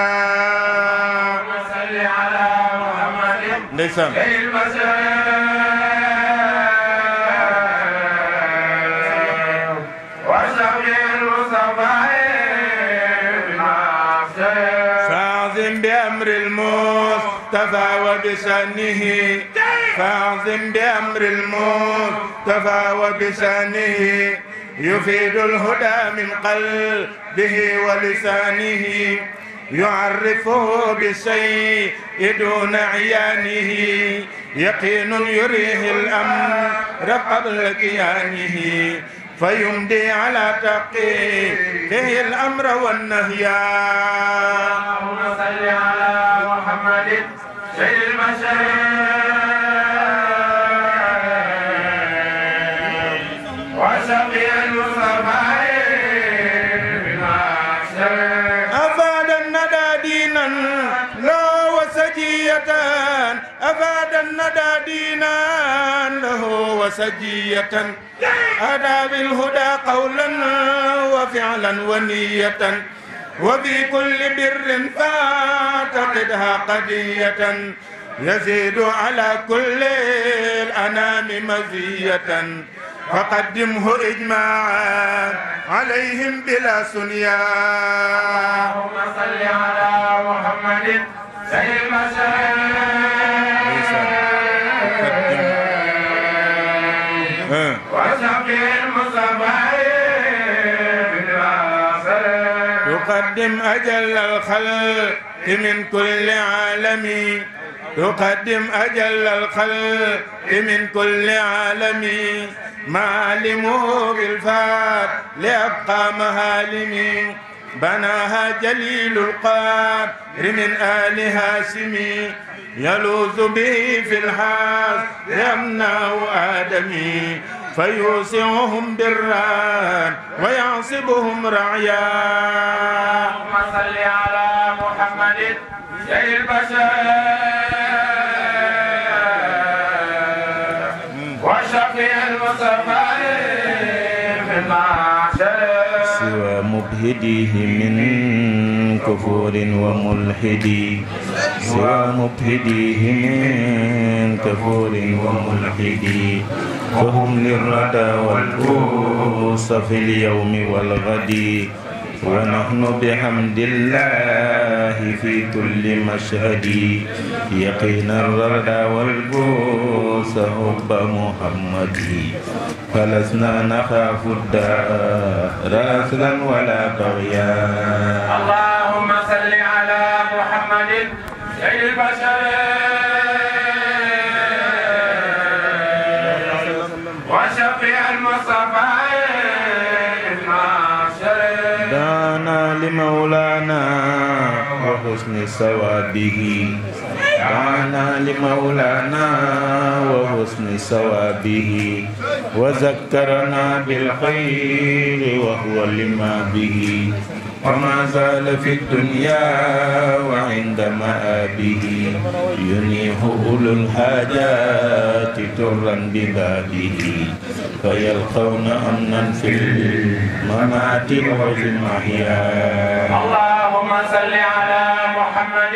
صل على محمد نسم بأمر المصطفى وبشأنه فاعظم بأمر المصطفى وبشأنه يفيد الهدى من قلبه ولسانه يعرفه بالشيء دون عيانه يقين يريه الأمر قبل كيانه فيمضي على تقيه الأمر والنهي اللهم صل على محمد سيد المشايخ ندى دينا له وسجية أدى بالهدى قولا وفعلا ونية وفي كل بر فاعتقدها قضية يزيد على كل الأنام مزية فقدمه إجماعا عليهم بلا سنيا اللهم صل على محمد تقدم أجل الخلق من كل عالم تقدم أجل الخلق من كل عالم معلمه بالفات لأبقى مهالمي بناها جليل القدر من آل هاشم يلوذ به في الحاس يمنع آدمي فيوسعهم برا ويعصبهم رعيا اللهم صل على محمد سيد البشر وشفيع المصطفى مهديه من كفور وملحدي سوى مبهديه من كفور وملحدي فهم للردى والكوس في اليوم والغد ونحن بحمد الله في كل مشهد يقينا الرد والبوس حب محمد فلسنا نخاف الدار أصلا ولا طغيان اللهم صل على محمد سيد البشر لمولانا وحسن ثوابه وانفعنا لمولانا وحسن ثوابه وذكرنا بالخير وهو لما به وما زال في الدنيا وعند مآبه ينيح أولو الحاجات ترا ببابه فيلقون أمنا في الممات وفي المحيا اللهم صل على محمد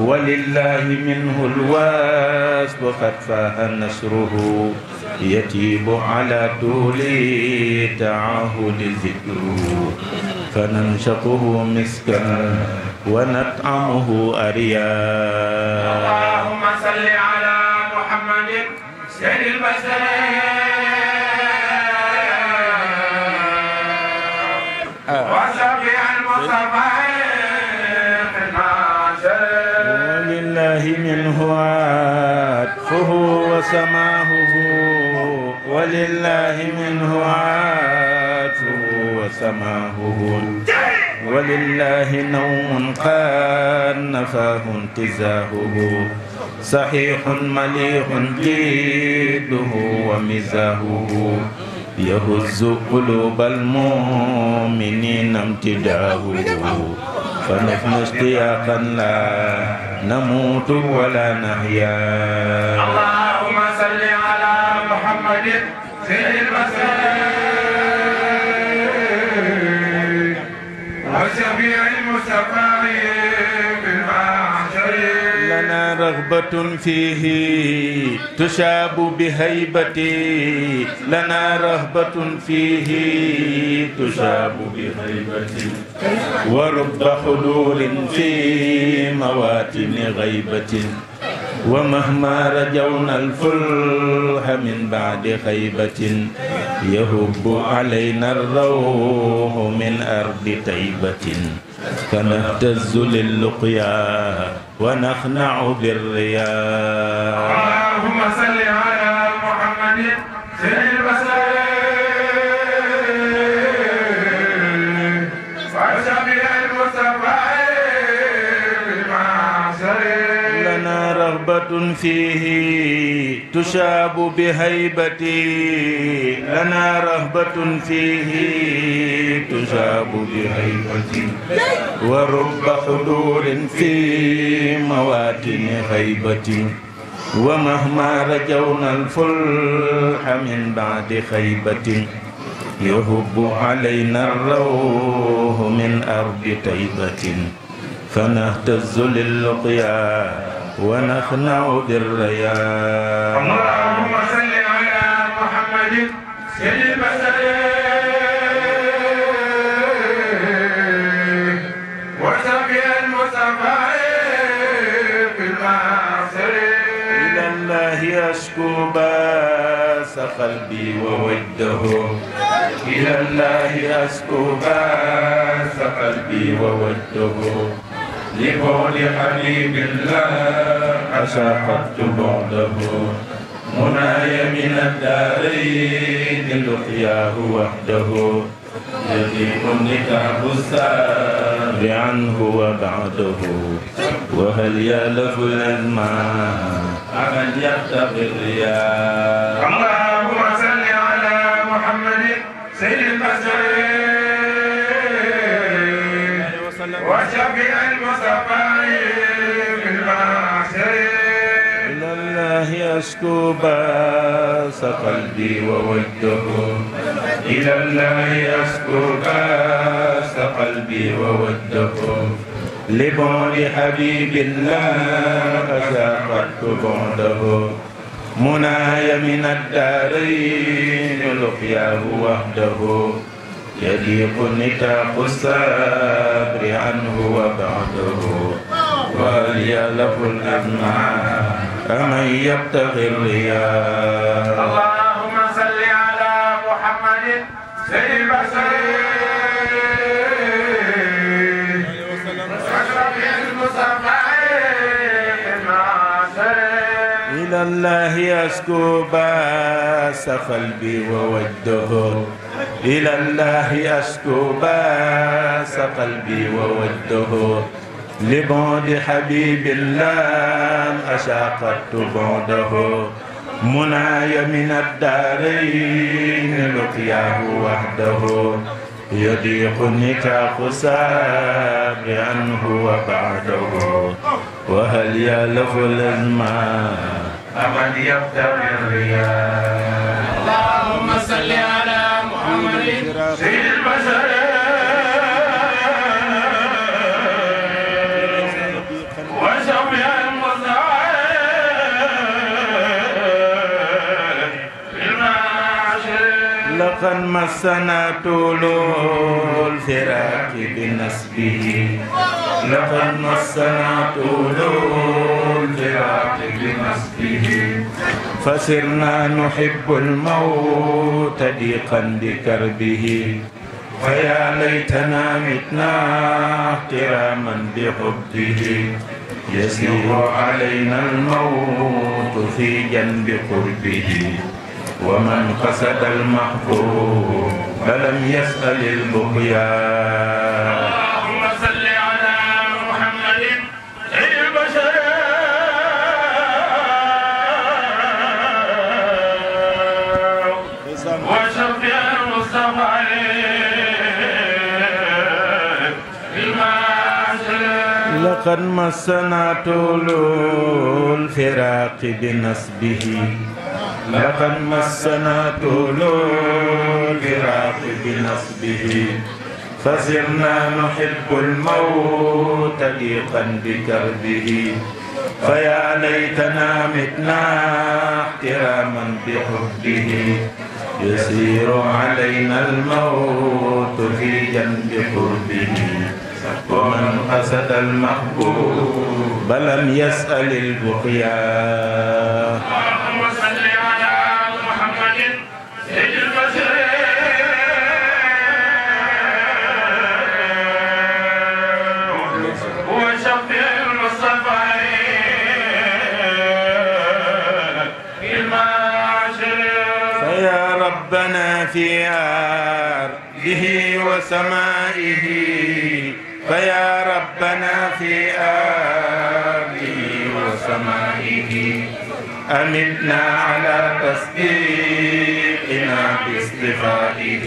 ولله منه الواس وقد فاه نصره يتيب على طول تعاهد ذكره فننشقه مسكا ونطعمه أريا اللهم صل على محمد سيد البشر وصفي المصطفى منه عطفه وسماهه ولله منه عطفه وسماهه ولله نوم قد نفاه انتزاهه صحيح مليح جيده ومزاهه يهز قلوب المؤمنين امتداهه فنحن اشتياقا لا نموت ولا نحيا اللهم صل على محمد في المسيح وشفيع المصطفى رغبة فيه تشاب بهيبتي لنا رهبة فيه تشاب بهيبتي ورب حضور في مواتن غيبة ومهما رجونا الفلح من بعد خيبة يهب علينا الروح من أرض طيبة فنهتز لللقيا ونخنع بالرياء اللهم صل على محمد سيد البشر وشبه المصطفى لنا رغبة فيه تشاب بهيبتي لنا رهبة فيه تشاب بهيبتي ورب حضور في مواتن هيبتي ومهما رجونا الفلح من بعد خيبة يهب علينا الروح من أرض تيبة فنهتز للقيا ونخنع بالرياء اللهم صل على محمد سيد البشر وسقي المصطفى في المعصر إلى الله يشكو باس قلبي ووده إلى الله أشكو باس قلبي ووده لقول حبيب لا أشاقت بعده مناي من الدارين لحياه وحده يتيم نكاح الساب عنه وبعده وهل يلف الأزمان أمن يقتضي الرياء أسكب قلبي ووجهه إلى الله أسكب قلبي ووجهه لبعد حبيب الله أزاقت بعده مناي من الدارين لقياه وحده يضيق نتاق الصبر عنه وبعده وليلف الأمعاء أمن يبتغي الرياء اللهم صل على محمد سيد البشر إلى الله أشكو باس قلبي ووده إلى الله أشكو باس قلبي ووده لبعد حبيب الله أشاقت بعده مناي من الدارين لقياه وحده يضيق نكاح سابع عنه وبعده وهل يلف الازمان أمن يبتغي الرياء اللهم صل على محمد سيدنا قد مسنا طول الفراق بنسبه لقد مسنا طول الفراق بنسبه فسرنا نحب الموت ضيقا بكربه فيا ليتنا متنا احتراما بحبه يسير علينا الموت في جنب قربه ومن قصد المحبوب فلم يسأل البقيا اللهم صل على محمد البشر وشفع المصطفى عليه المعشر لقد مسنا طول الفراق بنسبه لقد مسنا طول الفراق بنصبه فزرنا نحب الموت ضيقا بكربه فيا ليتنا متنا احتراما بحبه يسير علينا الموت في جنب قربه ومن قصد المحبوب لم يسأل البقيا ربنا في أرضه وسمائه فيا ربنا في أرضه وسمائه أمتنا على تصديقنا باصطفائه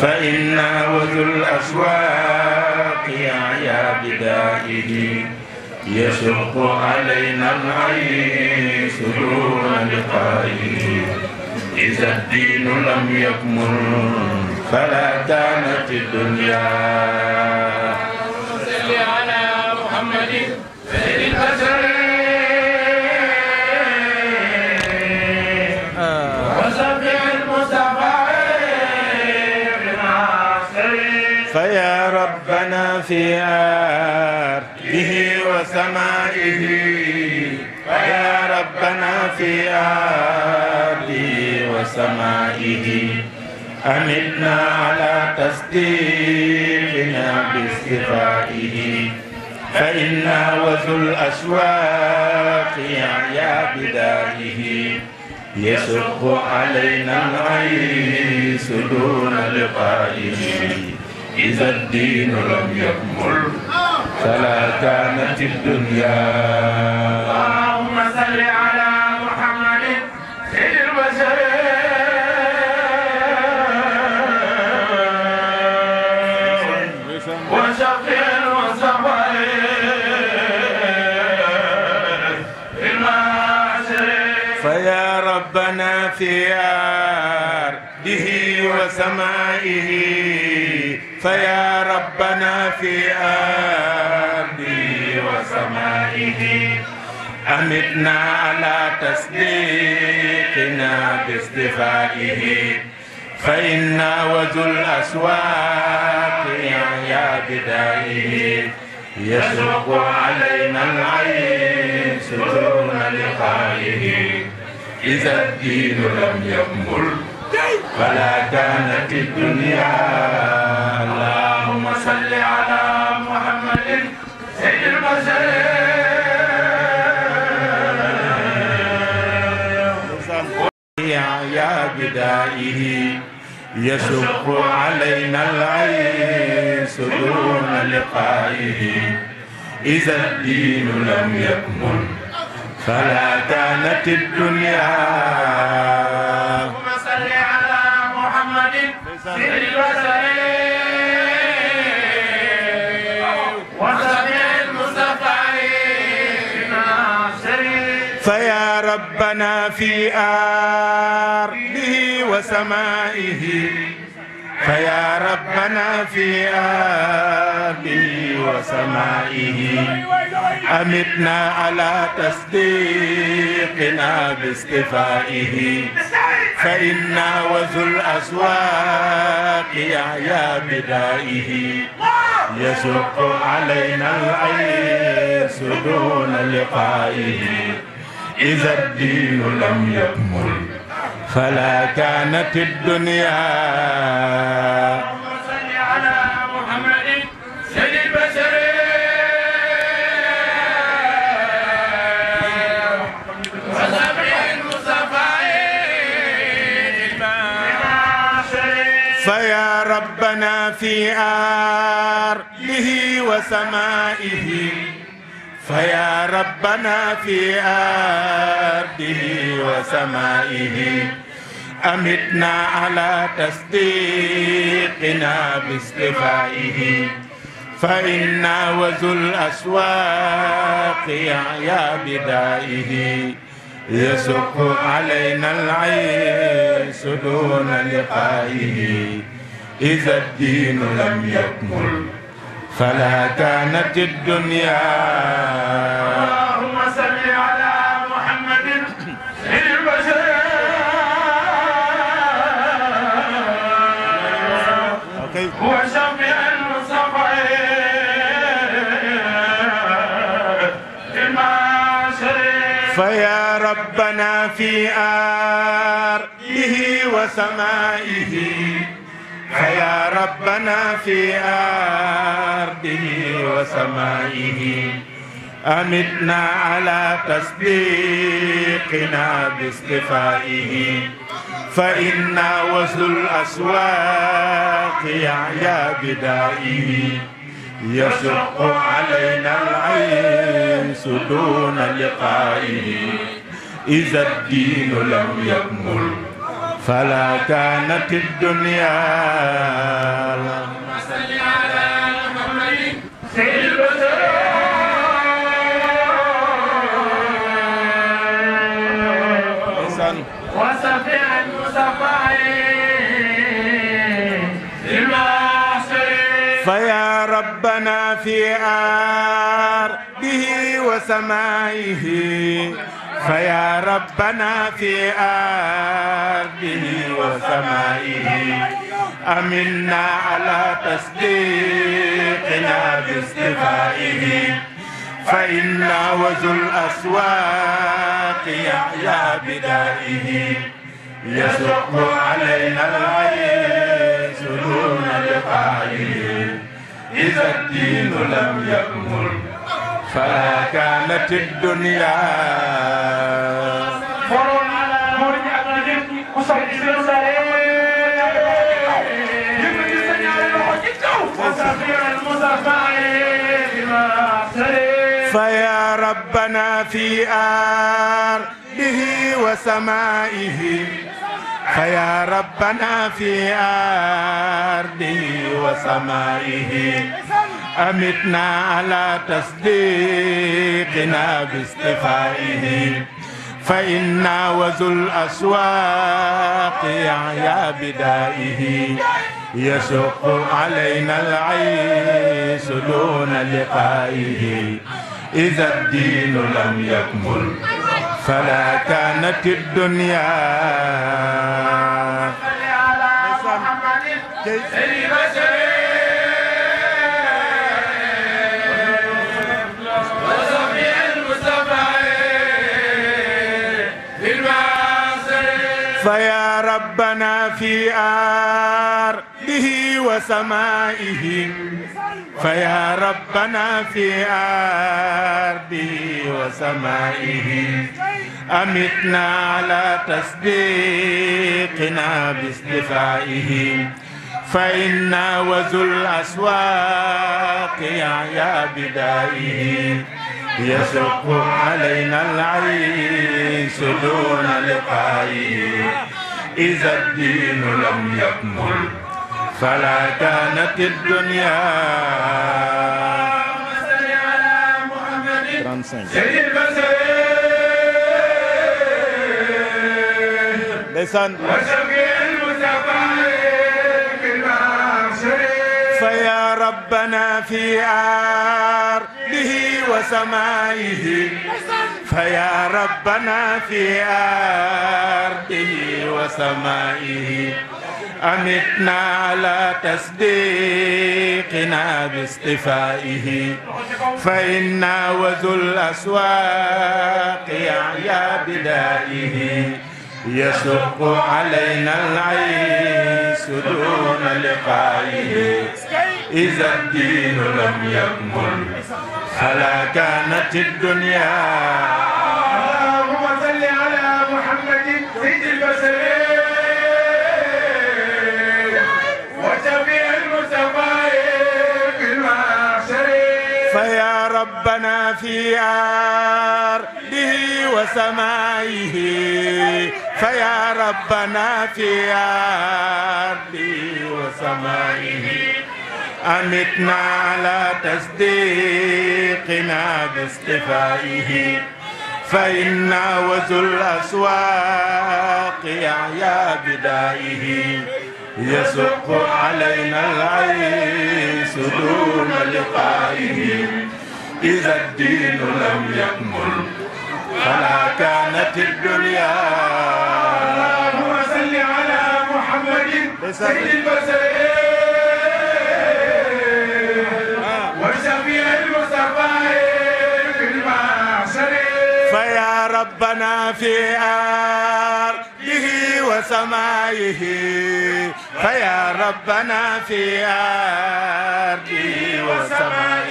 فإنا وذو الأشواق يا بدائه يشق علينا العين سرور لقائه إذا الدين لم يكمل فلا تعنت الدنيا صل على محمد خير البشر وصفع المصطفى فيا ربنا في أرضه وسمائه فيا ربنا في أرضه وسمائه أمتنا على تصديقنا باستفائه فإنا وذو الأشواق يعيا بدائه يشق علينا العيس دون لقائه إذا الدين لم يكمل فلا كانت الدنيا اللهم صل على محمد سيد البشر واختيار به وسمائه فيا ربنا في أرضه وسمائه أمتنا على تصديقنا باصطفائه فإنا وذو الأسواق يا بدائه يسوق علينا العين سترنا لقائه إذا الدين لم يكمل فلا كانت الدنيا اللهم صل على محمد سيد البشر يا بدائه يشق علينا العيس دون لقائه إذا الدين لم يكمل فلا تانت الدنيا اللهم صل على محمد سر البشر وصف المصطفى فيا ربنا في أرضه وسمائه فيا ربنا في أرضه وسمائه أمتنا على تصديقنا باستفائه فإنا وذو الأسواق يحيى بدائه يشق علينا العيس دون لقائه إذا الدين لم يكمل فلا كانت الدنيا ربنا في أرضه وسمائه فيا ربنا في أرضه وسمائه أمتنا على تصديقنا باستفائه فإنا وذو الأسواق يا بدائه يسق علينا العيش دون لقائه إذا الدين لم يكمل فلا كانت الدنيا اللهم صل على محمد البشر هو شفيع المصطفى فيا ربنا في آرضه وسمائه ربنا في أرضه وسمائه أمتنا على تصديقنا باصطفائه فإنا وصل الأسواق يعيا بدائه يشق علينا العين دون لقائه إذا الدين لم يكمل فلا كانت الدنيا اللهم صل على محمد سيد البشر وصفي عن فيا ربنا في آرضه وسمائه فيا ربنا في أرضه وسمائه أمنا على تصديقنا باصطفائه فإنا وذو الأسواق يحيى بدائه يسق علينا العيس دون لقائه إذا الدين لم يكمل فلا كانت الدنيا فرون على مورد أبنجر وصحيح سلسلين يمن السنة للحجة وصغير المزفعين فيا ربنا في أرضه وسمائه فيا ربنا في أرضه وسمائه أمتنا على تصديقنا باستفائه فإنا وذو الأسواق يعيا بدائه يشق علينا العيش دون لقائه إذا الدين لم يكمل فلا كانت الدنيا صل على محمد سيد بشر فيا ربنا في أرضه وسمائه فيا ربنا في أرضه وسمائه أمتنا على تصديقنا باصطفائه فإن وذو الأسواق يا بدائه يسق علينا العيش دون لقائه إذا الدين لم يكمل فلا كانت الدنيا سيد البشر ليسان ربنا في أرضه وسمائه فيا ربنا في أرضه وسمائه أمتنا على تصديقنا باصطفائه فإنا وذو الأسواق يعيا بدائه يشق علينا العيش دون لقائه إذا الدين لم يكمل فلا كانت الدنيا اللهم صل على محمد سيد البشر وجميع المتقين بالمحشر فيا ربنا في أرضه وسمائه فيا ربنا في أرضي وسمائه أمتنا على تصديقنا باستفائه فإنا وذو الأسواق يعيا بدائه يسق علينا العيس دون لقائه إذا الدين لم يكمل فما كانت الدنيا اللهم صل على محمد سيد البشر فيا ربنا في أرضه وسمائه فيا ربنا في أرضه وسمائه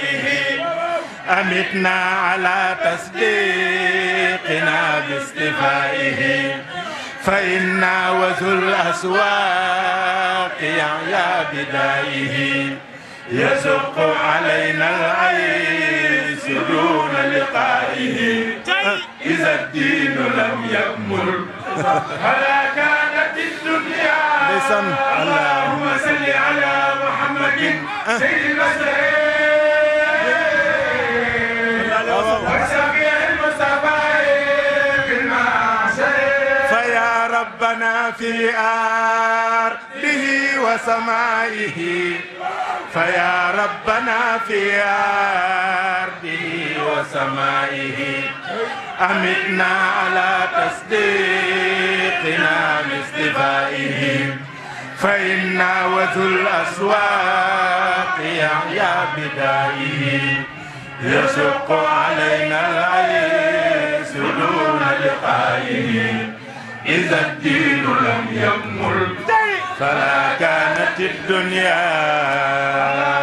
أمتنا على تصديقنا باستفائه فإنا وذو الأسواق يعيا بدائه يزق علينا العيس دون لقائه إذا الدين لم يكمل فلا كانت الدنيا اللهم صل على محمد سيد المسلمين في أرضه وسمائه فيا ربنا في أرضه وسمائه أمتنا على تصديقنا باصطفائه فإنا وذو الأسواق يحيى بدائه يشق علينا العيش دون لقائه إذا الدين لم يكمل فلا كانت الدنيا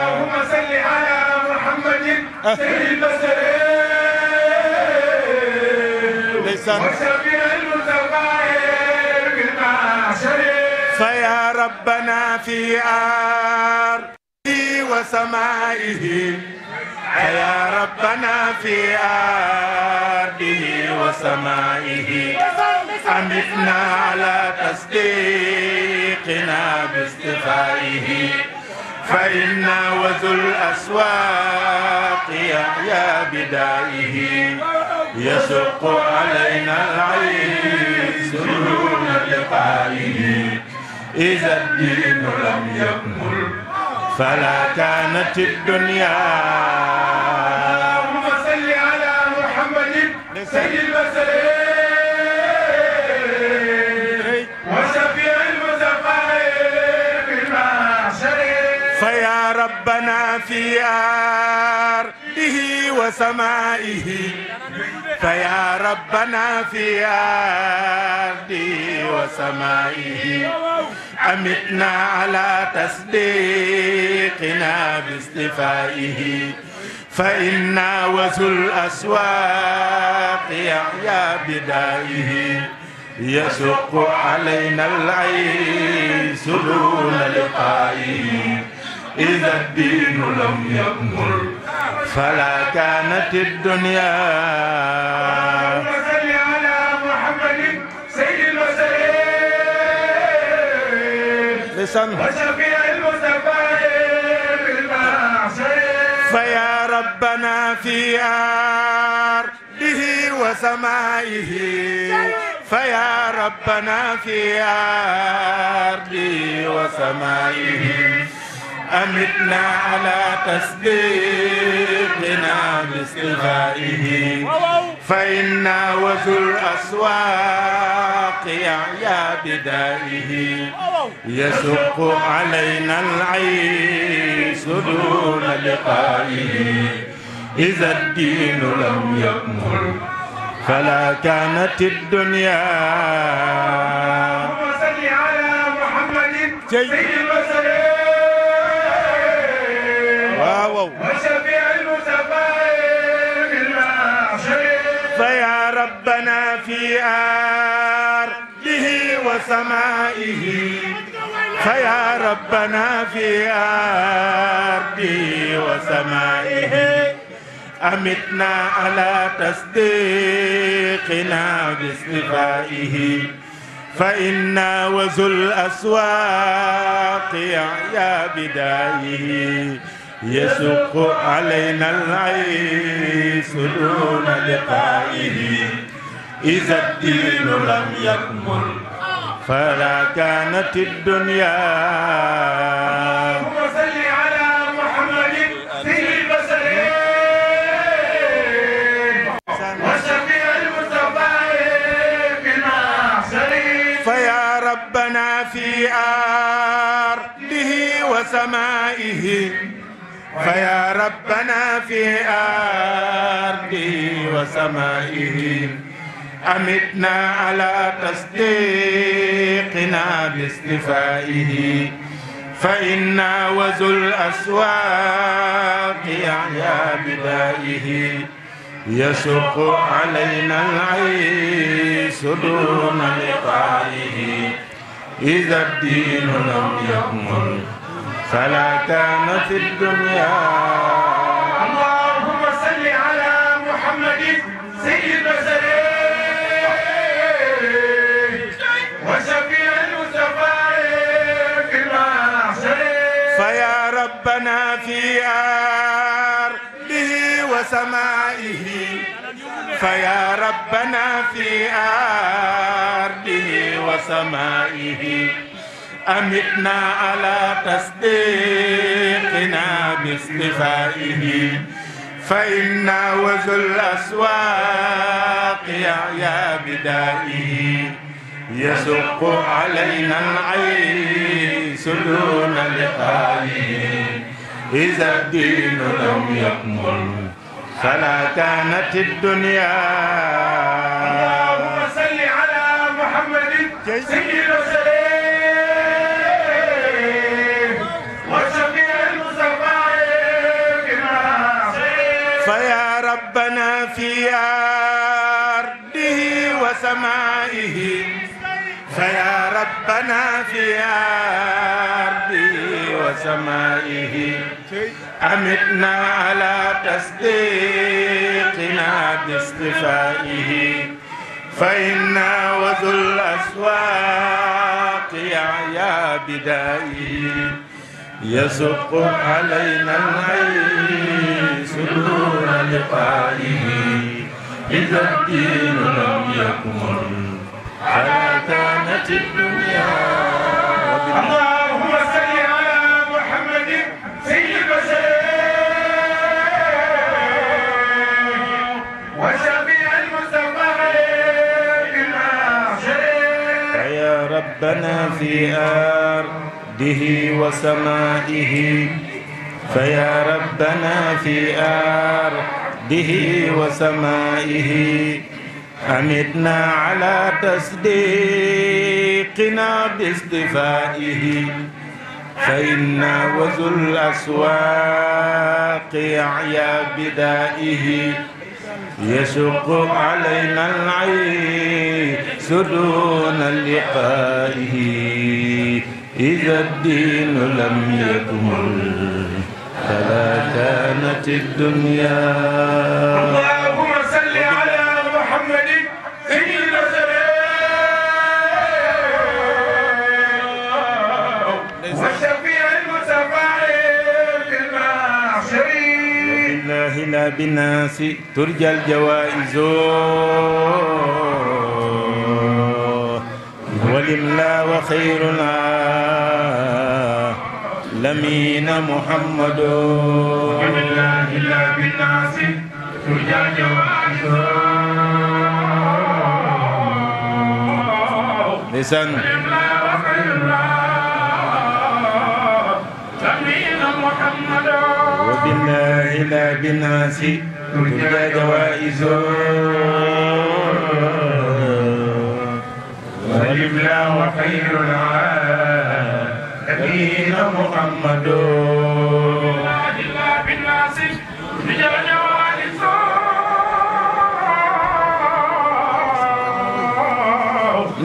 اللهم صل على محمد سيد البشر وشفيع المتقاعد بالمعشر فيا ربنا في آرضه وسمائه فيا ربنا في أرضه وسمائه أمتنا على تصديقنا باصطفائه فإنا وذو الأسواق يا بدائه يشق علينا العين سرور لقائه إذا الدين لم يكمل فلا كانت الدنيا اللهم صل على محمد سيد البشر وشفيع المزفر في المحشر فيا ربنا في أرضه وسمائه فيا ربنا في أرضي وسمائه أمتنا على تصديقنا باصطفائه فإنا وذو الأسواق يحيى بدائه يشق علينا العيش دون لقائه إذا الدين لم يكمل فلا كانت الدنيا وصل على محمد سيد المرسلين لسان وشفيع فيا ربنا في أرضه وسمائه فيا ربنا في أرضه وسمائه أمتنا على تصديقنا باستغائه فإنا وفي الأسواق يعيا بدائه يشق علينا العيش دون لقائه إذا الدين لم يكمل فلا كانت الدنيا صل على محمد سيد waaw waaw fa yaa rabbana fi ardihi wa samaa'ihi fa yaa rabbana fi ardihi wa samaa'ihi amitna ala tasdiqina bi istifaa'ihi فإنا وذو الأسواق يا بدائه يسق علينا العيس دون لقائه إذا الدين لم يكمل فلا كانت الدنيا وصل على محمد سيد البشرين وشفيع المصطفى في المحشر فيا ربنا في أرضه وسمائه فيا ربنا في أرضي وسمائه أمتنا على تصديقنا باستفائه فإنا وذو الأسواق أحيا بدائه يشق علينا العيش دون لقائه إذا الدين لم يكمل صلاة في الدنيا اللهم صل على محمد سيد البشر وشفيع المصطفى في المحشر فيا ربنا في أرضه وسمائه فيا ربنا في أرضه وسمائه أمتنا على تصديقنا باصطفائه فإنا وذو الأسواق يا بدائه يسق علينا العيس دون لقائه إذا الدين لم يكمل فلا كانت الدنيا اللهم صل على محمد سيد أرضه وسمائه فيا ربنا في أرضه وسمائه أمتنا على تصديقنا باصطفائه فإنا وذو الأسواق يا بدائه يسق علينا العين سرور لقائه بتبديل لم يكن على كانت الدنيا اللهم صل على محمد سيد البشر وشفيع المستقبل يا ربنا في أرضه وسمائه فيا ربنا في أرضه عهده وسمائه أمتنا على تصديقنا باصطفائه فإنا وذو الأسواق أعيا بدائه يشق علينا العين سدون لقائه إذا الدين لم يكمل كما كانت الدنيا اللهم صل على محمد سيد السلام والشفيع المتبع في المحشر لله لا بالناس ترجى الجوائز والإملاء وخير العالم لمين محمد بالله لا بالناس ترجى جوائزه لسان وبالله لا بالناس ترجى جوائزه ولله خير العالم نبينا محمد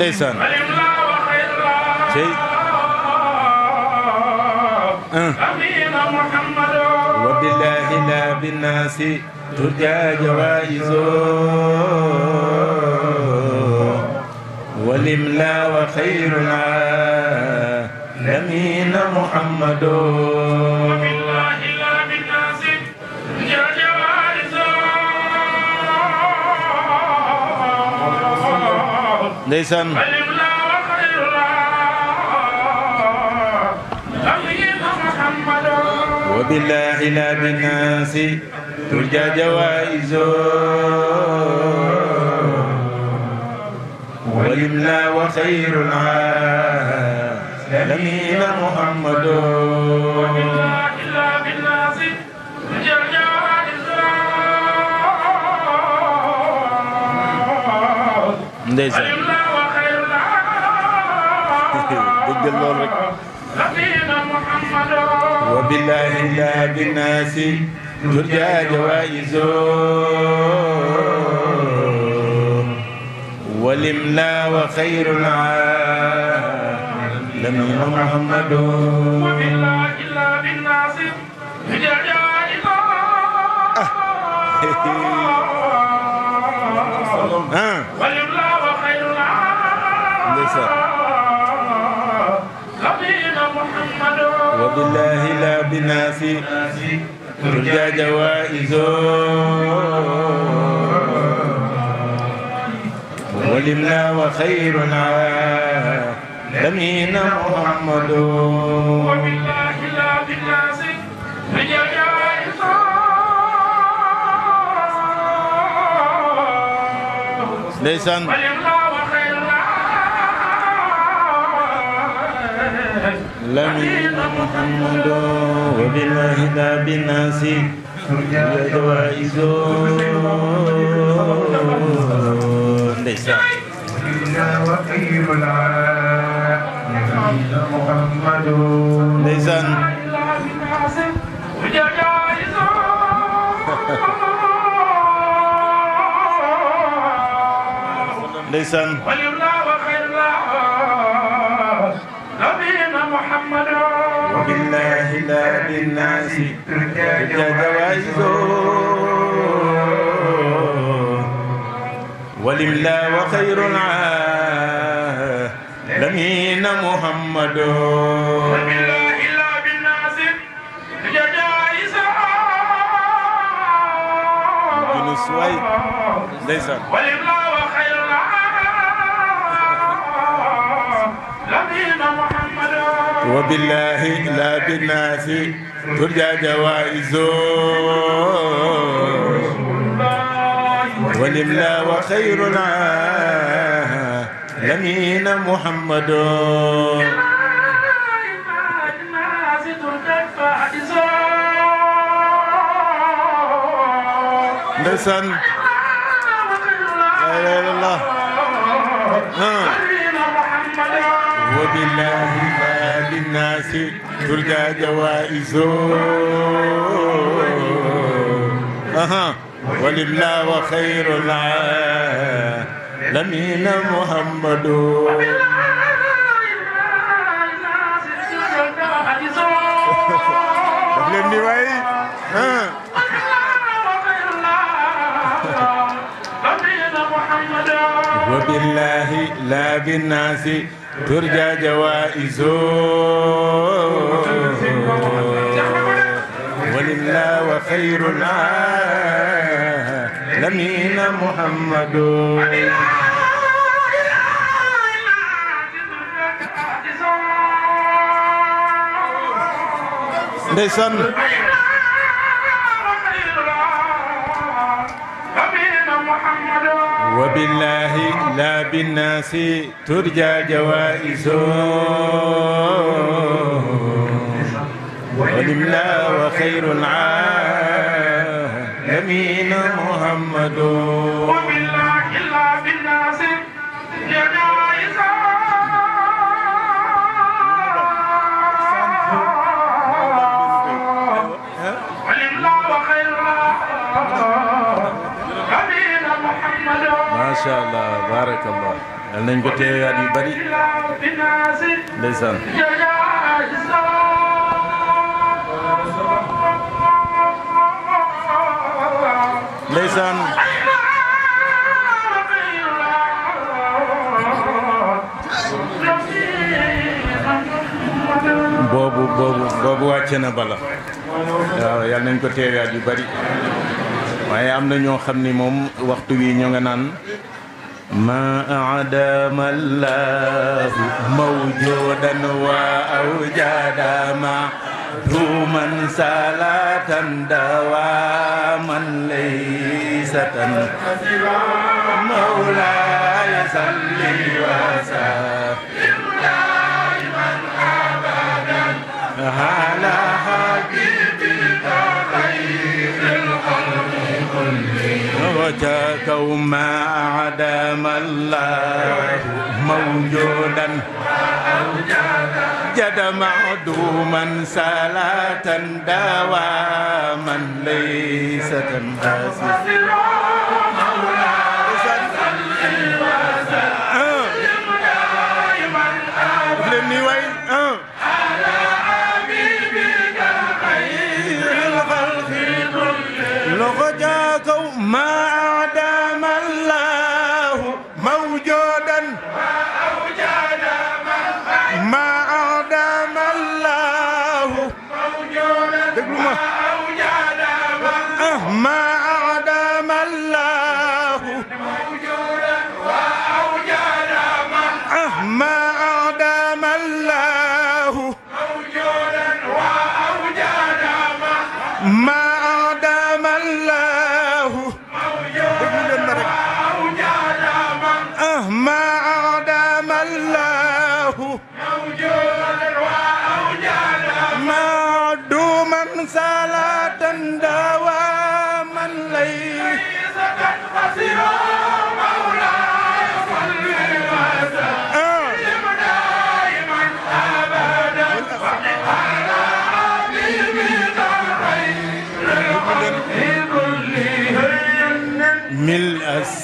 ndeysaan cey amina muhammadu wa billahi la binnaasi turja jawaizo walimla wa xayruna الأمين محمد وبالله لا بالناصر يا جوارز نيسان وبالله لا بالناس ترجى جوائزه والإملاء وخير العالم نبينا محمد وبالله إلا بالناس ndeysaan [laughs] dëggal lool rek wa billahi la binnaasi turja jawaayiso walim la wa xayrul لم يكن محمد وبالله إلا بالناصر بجزاء الله ولله وخير نبينا محمد وبالله لا بناصر ترجى جوائزه ولله وخير العالم الأمين محمد وبالله لا بالناس رجال ndeysaan لمن محمد وبالله لا بالناس جوائز ليس إلا وقيل العالم ndeysaan ndeysaan وبالله لا بالناس جوائزه ولله وخير العالم الأمين محمد وبالله إلا بالناصر ججائز بنسوي ليس والإبلاء وخير الأمين محمد وبالله لا بالناصر ترجى جوائزه والإملاء وخير العالم لمين محمد نسان لا اله الا الله وبالله ما للناس تلقى جوائز أها ولله خير العالم لمين محمد لمني واي ها وبالله لا بالناس ترجى جوائزه ولله وخير العالمين محمد ndeysaan wa billahi la binnaasi turja jawaiso walimla wa xayrul alamina muhammadun macha allah baarakallah yal nañ ko teewaat yu bari ndeysaan ndeysaan boobu boobu boobu wàcce na bala waaw yal nañ ko teewaat yu bari waaye am na ñoo xam ni moom waxtu wi ñu nga naan ma adama allahu mawjudan wa awjada ma duman salatan dawaman laysatan mawlaya salli wa sallim daiman abadan وجاكوا ما أعدام الله موجودا جد معدوما صلاة دواما ليس تنفاسس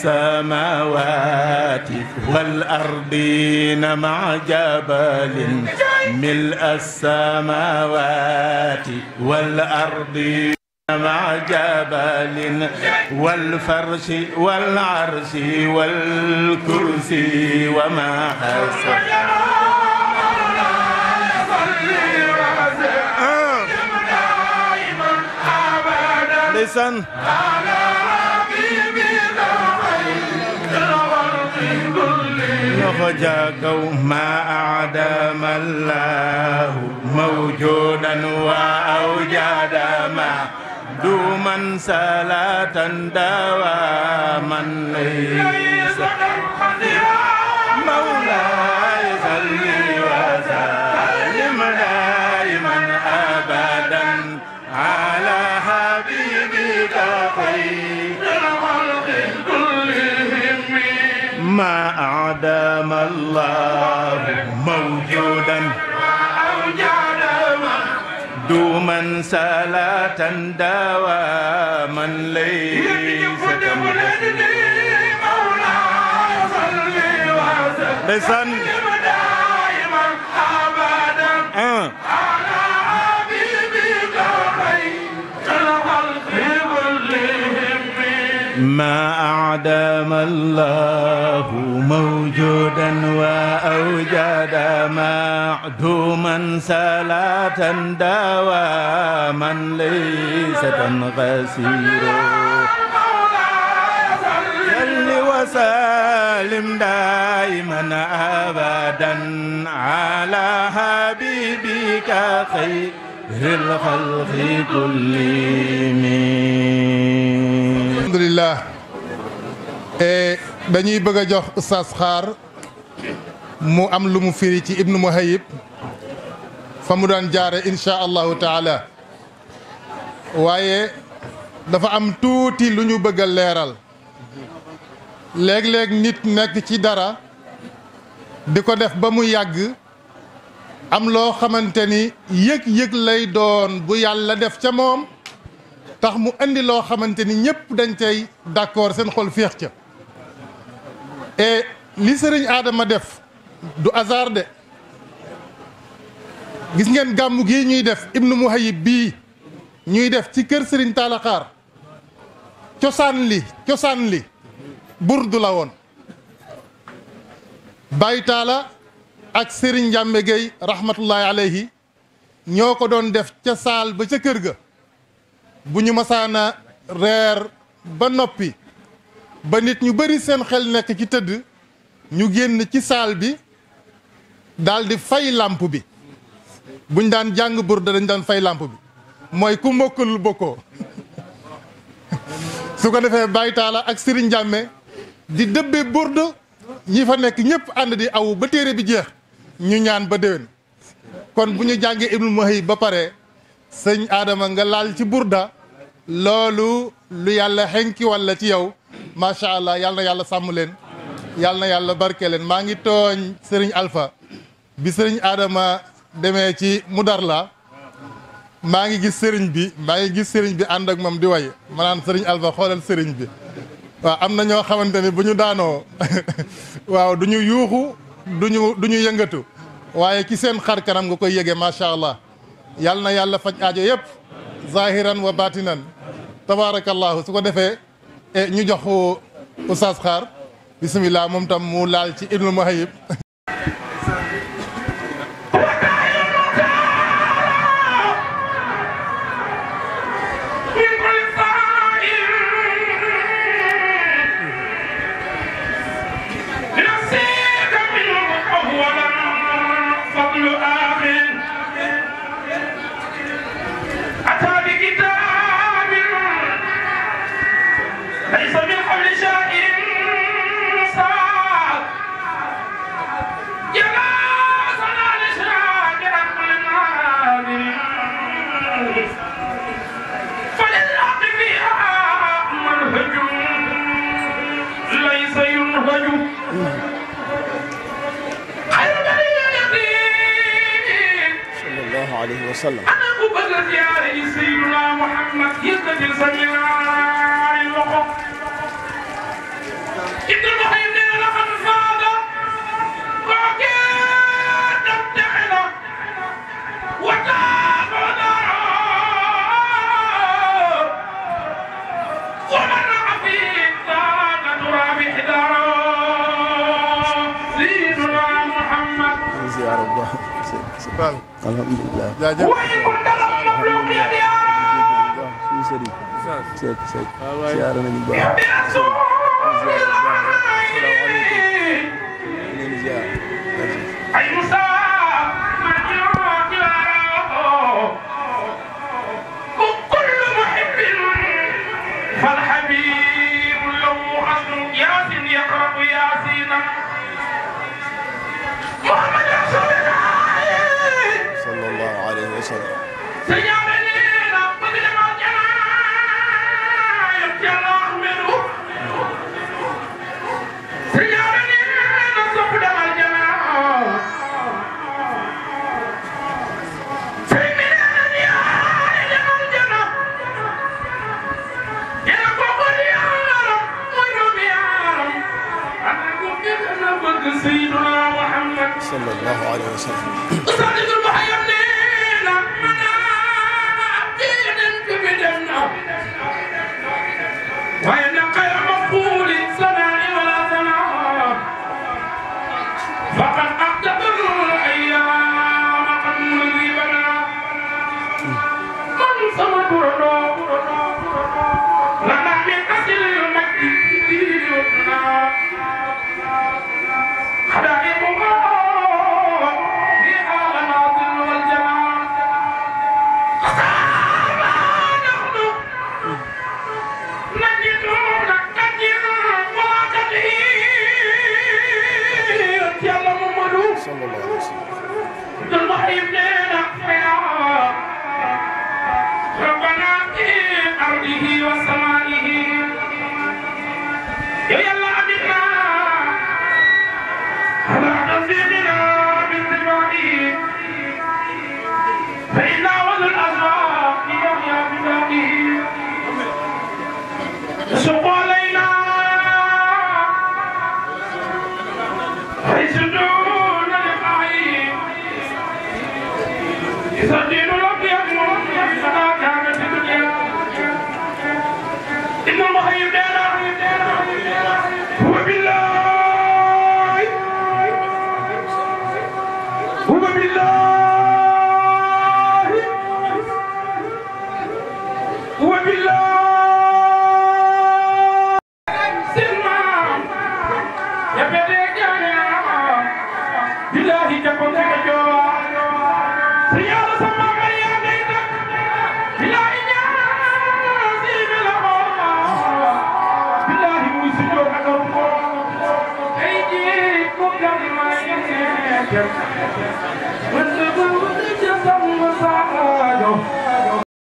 السماوات والأرضين مع جبل ملء السماوات والأرضين مع جبل والفرش والعرش والكرسي وما حسن Listen. فجاكوا ما أعدم الله موجودا وأوجد ما دوما صلاة دواما الله موجودا دوما صلاة دواما ليس لسان دائما ابدا على حبيبك خير الخلق كلهم ما أعدم الله موجودا وأوجد معدوما صلاة دواما ليس غسيرا وسلم دائما أبدا على حبيبك خير الخلق كلهم الحمد لله dañuy bëgg a jox oustaz xaar mu am lu mu firi ci ibnu muhayib fa mu doon jaare insha allahu taala waaye dafa am tuuti lu ñu bëgg leeral léeg-léeg nit nekk ci dara di ko def ba mu yàgg am loo xamante ni yëg-yëg lay doon bu yàlla def ca moom tax mu indi loo xamante ni ñëpp dañ cay d'accord seen xol féex ca et li sëriñ aadama def du hasard de gis ngeen gàmmu gii ñuy def ibnu muhayib bii ñuy def ci kër sëriñ taalaxaar cosaan li cosaan li burdu la woon Baye Talla ak Serigne Ndiambe Gueye rahmatullahi alayhi ñoo ko doon def ca saal ba ca kër ga bu ñu masaana reer ba noppi ba nit ñu bari seen xel nekk ci tëdd ñu génn ci saal bi daldi fay làmp bi buñ daan jàng burda dañ daan fay làmp bi mooy ku mokkalul bokkoo [laughs] su ko defee Baye Talla ak Serigne Jàmme di dëbbe burda ñi fa nekk ñëpp ànd di awu ba téere bi jeex ñu ñaan ba déwén kon bu ñu jàngee Ibnul Muhayib ba pare sëñ aadama nga laal ci burda loolu lu yàlla xenki walla ci yow macha allah yal na yàlla sàmm leen yal na yàlla barke leen maa ngi tooñ Serigne Alpha bi sëriñ Adama demee ci Mudarla maa ngi gis Serigne bi maa ngi gis Serigne bi ànd ak moom di way ma naan Serigne Alpha xoolal Serigne bi waaw am na ñoo xamante ni bu ñu daanoo [laughs] waaw du ñu yuuxu du ñu du ñu yëngatu waaye ci seen xar kanam nga koy yëgee macha allah yal na yàlla faj aajo yëpp zahiran wa batinan tabaarakallahu su ko defee. Eh, ñu jox oustaz xaar bisimilah moom tam mu laal ci ibnul muhayyib [laughs]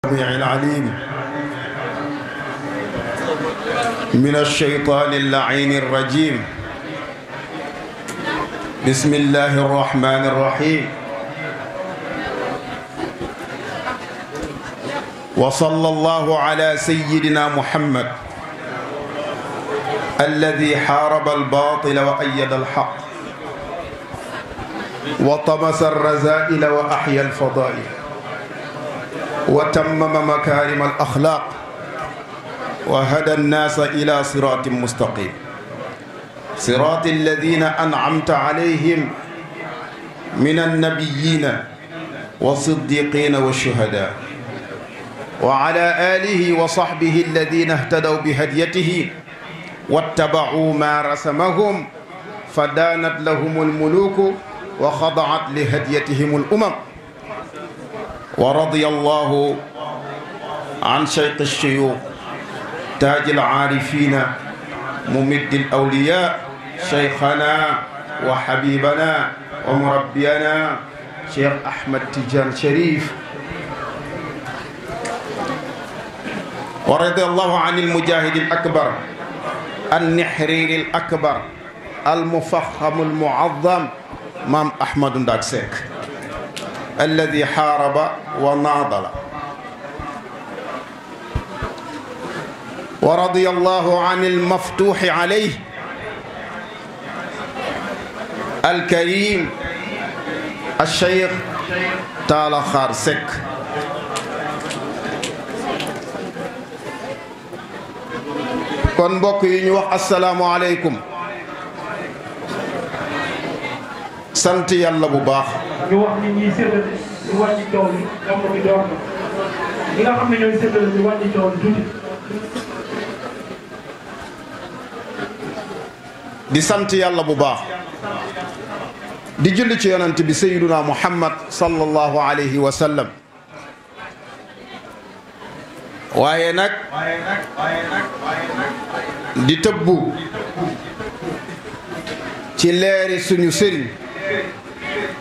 السميع العليم من الشيطان اللعين الرجيم بسم الله الرحمن الرحيم وصلى الله على سيدنا محمد الذي حارب الباطل وأيد الحق wa tamasa razaila wa ahya alfadail wa tammama makarima al axlaq wa hada annaasa ila siratin mustaqim sirati alladina ancamta alayhim min annabiyina wa siddiqina wa shuhada wa ala alihi wa sahbihi alladina ihtadaw bihadyatihi wattabacuu ma rasamahum fa daanat lahum almuluku wa xadaat li hadiyatihim al umam wa radiya allahu an cheikh alchuyuux taaj alaarifina mumiddi alawliya cheikhana wa habibana wa murabbiyana cheikh ahmad tidiane sharif wa radiya allahu an almujahidi alakbar alnihriiri alakbar almufaxamu almuazzam maam ahmadou ndaak seek alladi xaaraba wa naadala wa radiya allahu an almaftuxi alayh alkarim alcheikh taala xaar seck kon mbokk yi ñu wax asalaamu aleykum sant yàlla bu di sant yàlla bu baax. di julli ci yonent bi sayyiduna muhammad sallallahu alayhi wa sallam. waaye nag di tëbbu ci leeri suñu sëriñ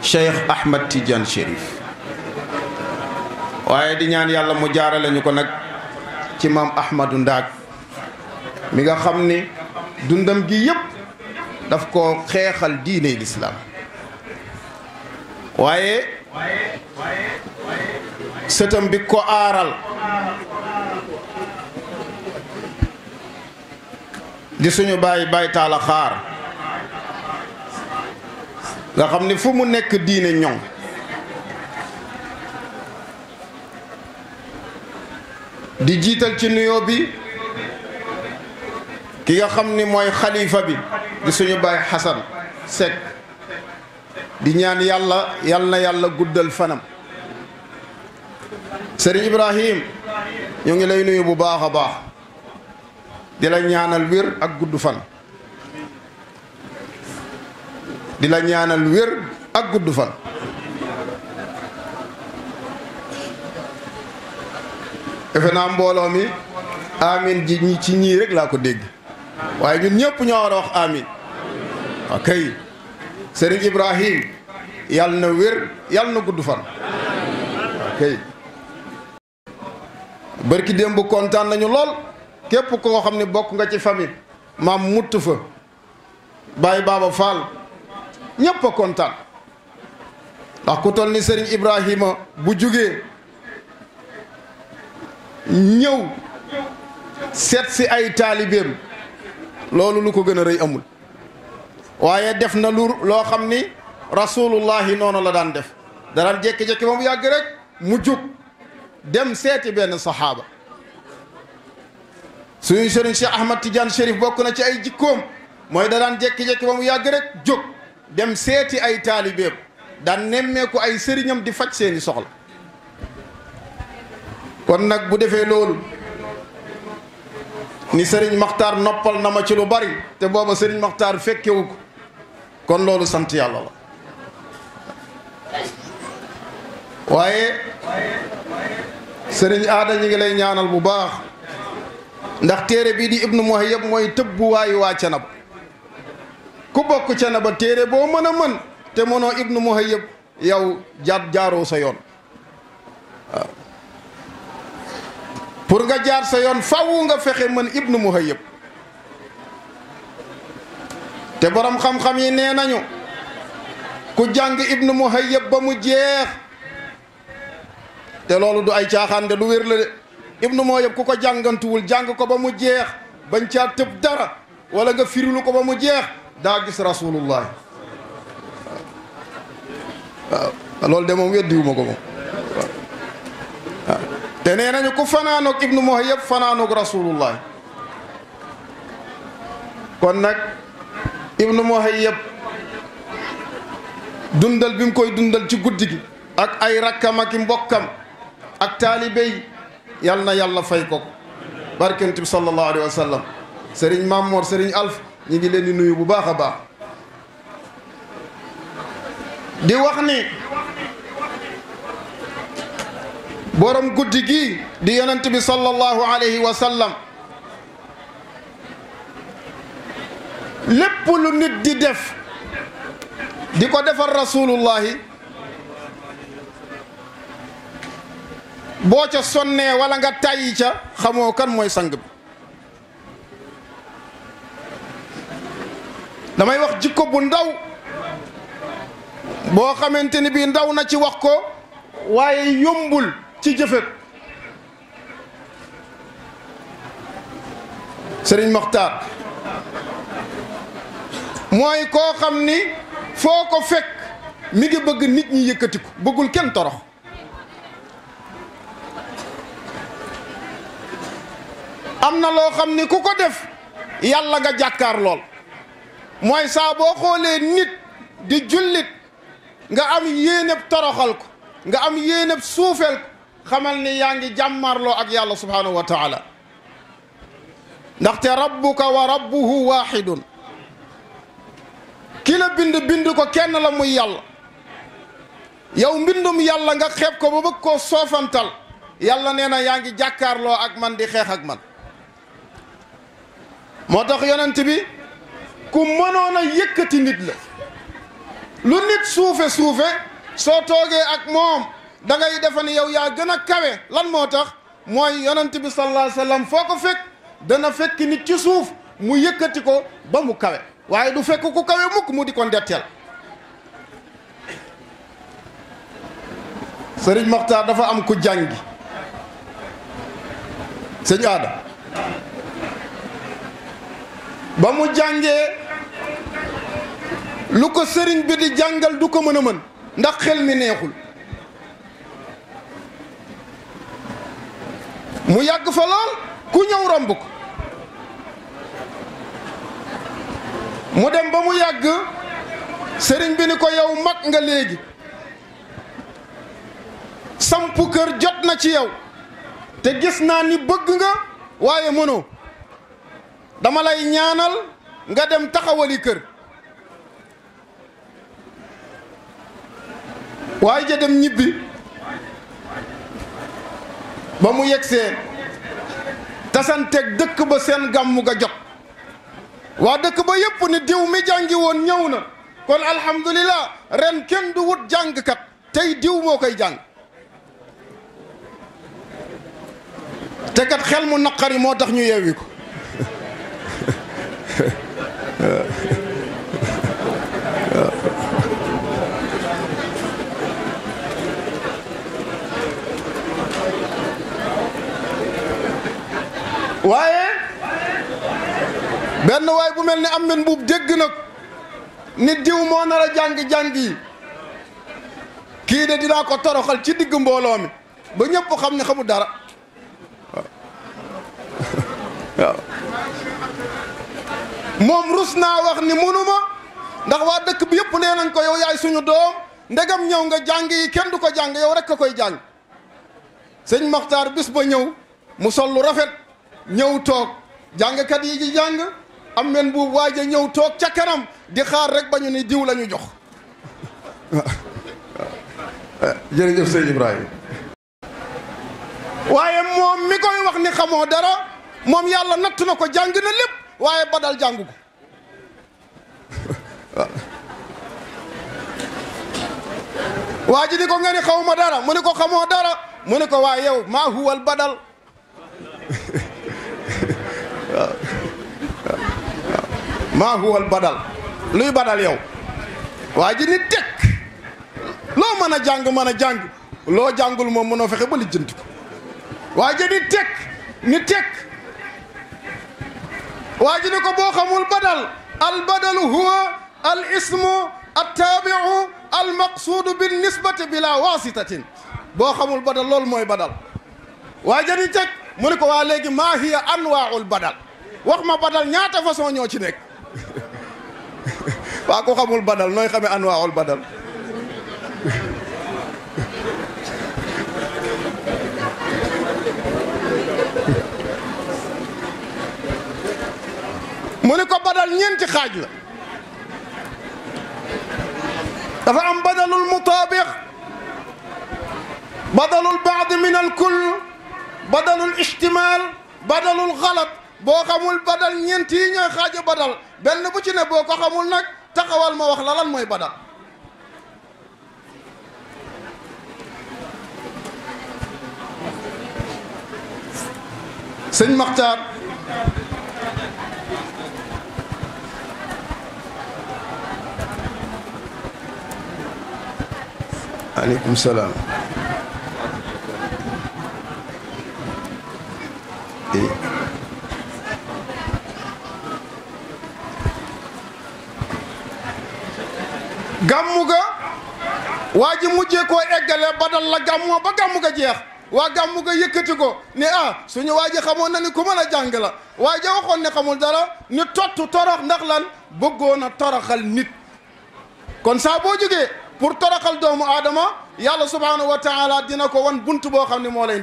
Cheikh Ahmed Tidiane Chérif waaye di ñaan yàlla mu jaaraleñu ko nag ci maam Ahmadou Ndaak mi nga xam ni dundam gi yépp daf ko xeexal diine lislaam waaye sëtam bi ko aaral di suñu bàyyi bàyyi taala xaar nga xam ni fu mu nekk diine ñoŋ di jiital ci nuyoo bi ki nga xam ni mooy xalifa bi di suñu baay Xasan set di ñaan yàlla yal na yàlla guddal fanam sëriñ Ibrahim ñu ngi lay nuyu bu baax a baax di la ñaanal wér ak gudd fan di la ñaanal wér ak gudd fan defe naa mbooloo mi amin ji ci ñii rek laa ko dégg waaye ñun ñëpp ñoo war a wax amin ok sëriñ Ibrahim yàlla na wér yàlla na gudd fan ok barki démb kontaan nañu lool képp koo xam ni bokk nga ci famille maam mutt fa bàyyi baaba Fall ñëpp kontaan ndax ku toll ni Serigne Ibrahima bu jugee ñëw seet si ay taalibeem loolu lu ko gën a rëy amul waaye def na lu loo xam ni rasulullahi noonu la daan def daraan jékki-jékki ba mu yàgg rek mu jug dem seeti benn saxaaba suñu sëriñ Cheikh Ahmad Tidiane Chérif bokk na ci ay jikkoom mooy daraan jékki-jékki ba mu yàgg rek jóg dem seeti ay taalibeem daan nemmeeku ay sëriñam di faj seeni soxla kon nag bu defee loolu ni sëriñ maxtaar noppal na ma ci lu bari te booba sëriñ maxtaar fekkewu ko kon loolu sant yàlla la waaye sëriñ aada ñi ngi lay ñaanal bu baax ndax téere bii di ibnu muhayyab mooy tëbbuwaayu waa canab ku bokk ca na ba téere boo mën a mën te mënoo ibnu muhayyib yow jaat jaaroo sa yoon waaw pour nga jaar sa yoon faaw nga fexe mën ibnu muhayyib te boroom xam-xam yi nee nañu ku jàng ibnu muhayyib ba mu jeex te loolu du ay caaxaan de lu wér la de ibnu muhayyib ku ko jàngantuwul jàng ko ba mu jeex bañ caa tëb dara wala nga firilu ko ba mu jeex daa gis rasulullah loolu de moom weddiwuma ko moom waaw te nee nañu ku fanaanoog ibnu muhayyab fanaanoog rasulullah kon nag ibnu muhayyab dundal bi koy dundal ci guddi gi ak ay rakkam ak mbokkam ak taalibe yi yal na yàlla fay ko barkent bi sallallahu alayhi wa sallam sëriñ Mamoor Alf ñi ngi leen di nuyu bu baax a baax di wax ni borom guddi gi di yonent bi sallallahu alayhi wa sallam lépp lu nit di def di ko defal rasulullahi boo ca sonnee wala nga tàyyi ca xamoo kan mooy sang bi damay wax jikko bu ndaw boo xamante ni bii ndaw na ci wax ko waaye yombul ci jëfet sëriñ Moxtaar mooy koo xam ni foo ko fekk mi ngi bëgg nit ñi yëkkatiku bëggul kenn torox am na loo xam ni ku ko def yàlla nga jàkkaar lool mooy saa boo xoolee nit di jullit nga am yéeneb toroxal ko nga am yéeneb suufel ko xamal ni yaa ngi jàmmarloo ak yàlla subhaanahu wa taala ndaxte rabbuka wa rabbuhu waaxidun ki la bind bind ko kenn la muy yàlla yow mbindum yàlla nga xeeb ko ba bëgg koo soofantal yàlla nee na yaa ngi jàkkaarloo ak man di xeex ak man moo tax yonent bi ku mënoon a yëkkati nit la lu nit suufe suufe soo toogee ak moom da ngay defe yow yaa gën a kawe lan moo tax mooy yonent bi sallallahu foo ko fekk dana fekk nit ci suuf mu yëkkati ko ba mu kawe waaye du fekk ku kawe mukk mu di ko ndetteel sëriñ Maxtaar dafa am ku jàngi sëñ Aada ba mu jàngee lu ko sëriñ bi di jàngal du ko mën a mën ndax xel mi neexul mu yàgg fa lool ku ñëw romb mu dem ba mu yàgg sëriñ bi ni ko yow mag nga léegi sampu kër jot na ci yow te gis naa ni bëgg nga waaye mënoo dama lay ñaanal nga dem taxawali kër waaye ja dem ñibbi ba mu yegsee tasanteeg dëkk ba seen gàmmu ga jot waa dëkk ba yépp ne diw mi jàngi woon ñëw na kon alhamdulillah ren kenn du wut jàngkat tey diw moo koy jàng te kat xel mu naqari moo tax ñu yeewi ko [laughs] waaye benn waay bu mel ni am men buub dégg nag ni diw moo nar a jàng-jàng kii de dinaa ko toroxal ci digg mbooloo mi ba ñëpp xam ne xamul dara [laughs] waaw moom rus naa wax ni munuma ndax waa dëkk bi yëpp nee nañ ko yow yaay suñu doom ndegam ñëw nga jàng yi kenn du ko jàng yow rek a koy jàng sëñ maxtar bis ba ñëw mu sol lu rafet ñëw toog jàngkat yi di jàng am men bu waaj ñëw toog ca kanam di xaar rek ba ñu ni diw la ñu jox jërëjëf sëñ Ibrahima waaye moom mi koy wax ni xamoo dara moom yàlla natt na ko jàng na lépp waaye badal jàngu ko waa ji ni ko nga ni xaw ma dara mu ni ko xamoo dara mu ni ko waaye yow maa huwal badal maa huwal badal luy badal yow waa ji ni tekk loo mën a jàng mën a jàng loo jàngul moom mënoo fexe ba lijjanti ko ni tekk ni tekk waa ji ne ko boo xamul badal al badalu huwa al ismu attaabiu al maqsuudu bin nisbati bila wasitatin boo xamul badal lool mooy badal waa jani teg mu ne ko waa léegi maa hiya anwaaul badal wax ma badal ñaata façon ñoo ci nekk [laughs] waa ko xamul badal nooy xamee anwaaul badal [laughs] mu ni ko badal ñeenti xaaj la dafa am badalul mutaabiq badalul baad min al kull badalul ijtimaal badalul boo xamul badal ñeent yi ñooy xaaja badal benn bu ci ne boo ko xamul nag taxawal ma wax la lan mooy badal sëñ Maxtaar aleykum salaam eh. waa ji mujjee koo eggale ba dal la gàmmu ba gàmmu ga jeex waa gàmmu ga yëkkati ko ne ah suñu waa ji xamoon na ni ku mën a jàng la waa ja waxoon ne xamul dara ni tottu torox ndax lan bëggoon a toroxal nit kon saa boo jógee pour toroxal doomu aadama yàlla subhaanahu wa dina ko wan bunt boo xam ne moo lay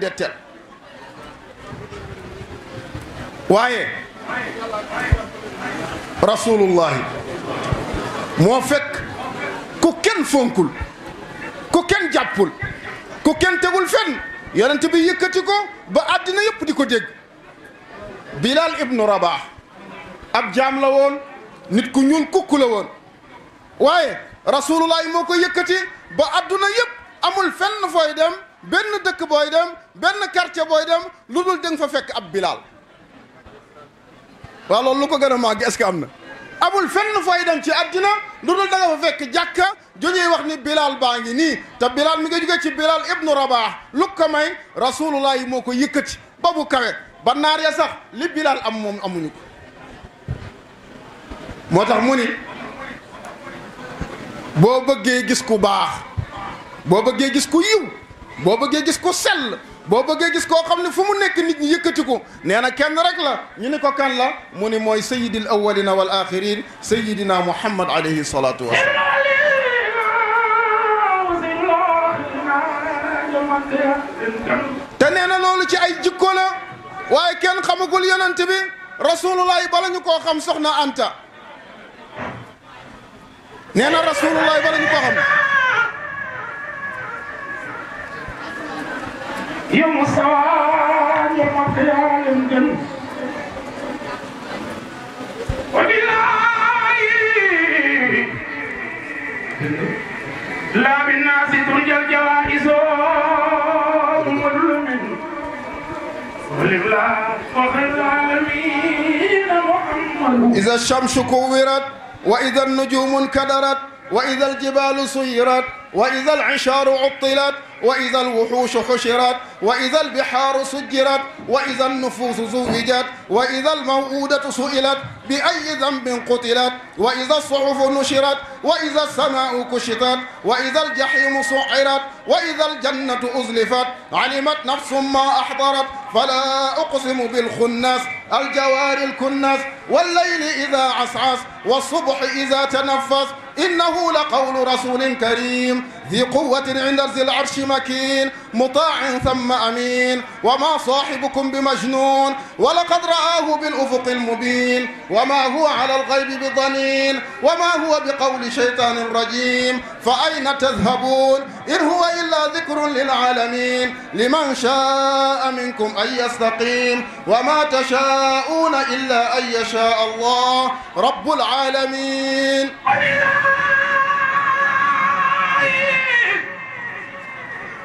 waaye rasulullahi moo fekk ku kenn fonkul ku kenn jàppul ku kenn tegul fenn yonent bi yëkkati ko ba àddina yëpp di ko dégg bilal ibnu rabah ab jaam la woon nit ku ñuul kukku la woon waaye rasulullahi moo ko yëkkati ba adduna yëpp amul fenn fooy dem benn dëkk booy dem benn quartier booy dem lu dul danga fa fekk ab bilaal waaw loolu lu ko gën a màgg est am na amul fenn foy dem ci àddina lu dul da nga fa fekk jàkka ju ñuy wax ni bilaal baa ngi nii te bilaal mi nga jóge ci bilaal ibnu rabaax lu may rasulullah yi moo ko yëkkati ba bu kawe ba naar ya sax li bilaal am moom amuñu ko moo tax mu ni boo bëggee gis ku baax boo bëggee gis ku yiw boo bëggee gis ku sell boo bëggee gis koo xam ne fu mu nekk nit ñi yëkkati ko nee na kenn rek la ñu ni ko kan la mu ni mooy sayidil awalina wal axirin sayidina muhammad alayhi salaatu wasalaam te nee na loolu ci ay jikko waaye kenn xamagul yonent bi rasulullahi bala ñu koo xam soxna anta nee na rasulullah bala ñu ko xam. yow Mustafa yow Mate yaa leen gën. wabillahi laa binnaasi turjal jawaa'isu mudlumin ولله فخر العالمين محمد إذا الشمس كورت wa ida nujumu nkadarat wa ida aljibalu suyirat وإذا العشار عطلت وإذا الوحوش حشرت وإذا البحار سجرت وإذا النفوس زوجت وإذا الموءودة سئلت بأي ذنب قتلت وإذا الصحف نشرت وإذا السماء كشطت وإذا الجحيم سعرت وإذا الجنة أزلفت علمت نفس ما أحضرت فلا أقسم بالخناس الجوار الكناس والليل إذا عسعس والصبح إذا تنفس إنه لقول رسول كريم ذي قوة عند ذي العرش مكين مطاع ثم أمين وما صاحبكم بمجنون ولقد رآه بالأفق المبين وما هو على الغيب بضنين وما هو بقول شيطان رجيم فأين تذهبون إن هو إلا ذكر للعالمين لمن شاء منكم أن يستقيم وما تشاءون إلا أن يشاء الله رب العالمين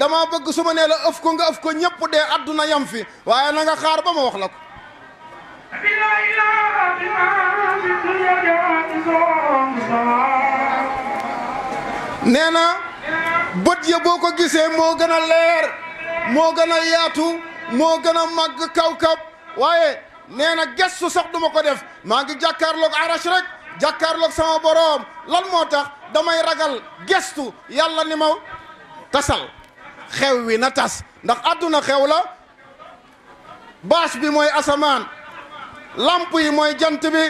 dama bëgg su ma nee la ëf ko nga ëf ko ñëpp dee adduna yam fi waaye na nga xaar ba ma wax la ko nee na bët ya boo ko gisee moo gën a leer moo gën a yaatu moo gën a màgg kaw-kaw waaye nee na gestu sax duma ko def maa ngi jàkkaarloog arash rek jàkkaarloog sama boroom lan moo tax damay ragal gestu yàlla ni ma tasal xew wi na tas ndax àdduna xew la bâche bi mooy asamaan lamp yi mooy jant bi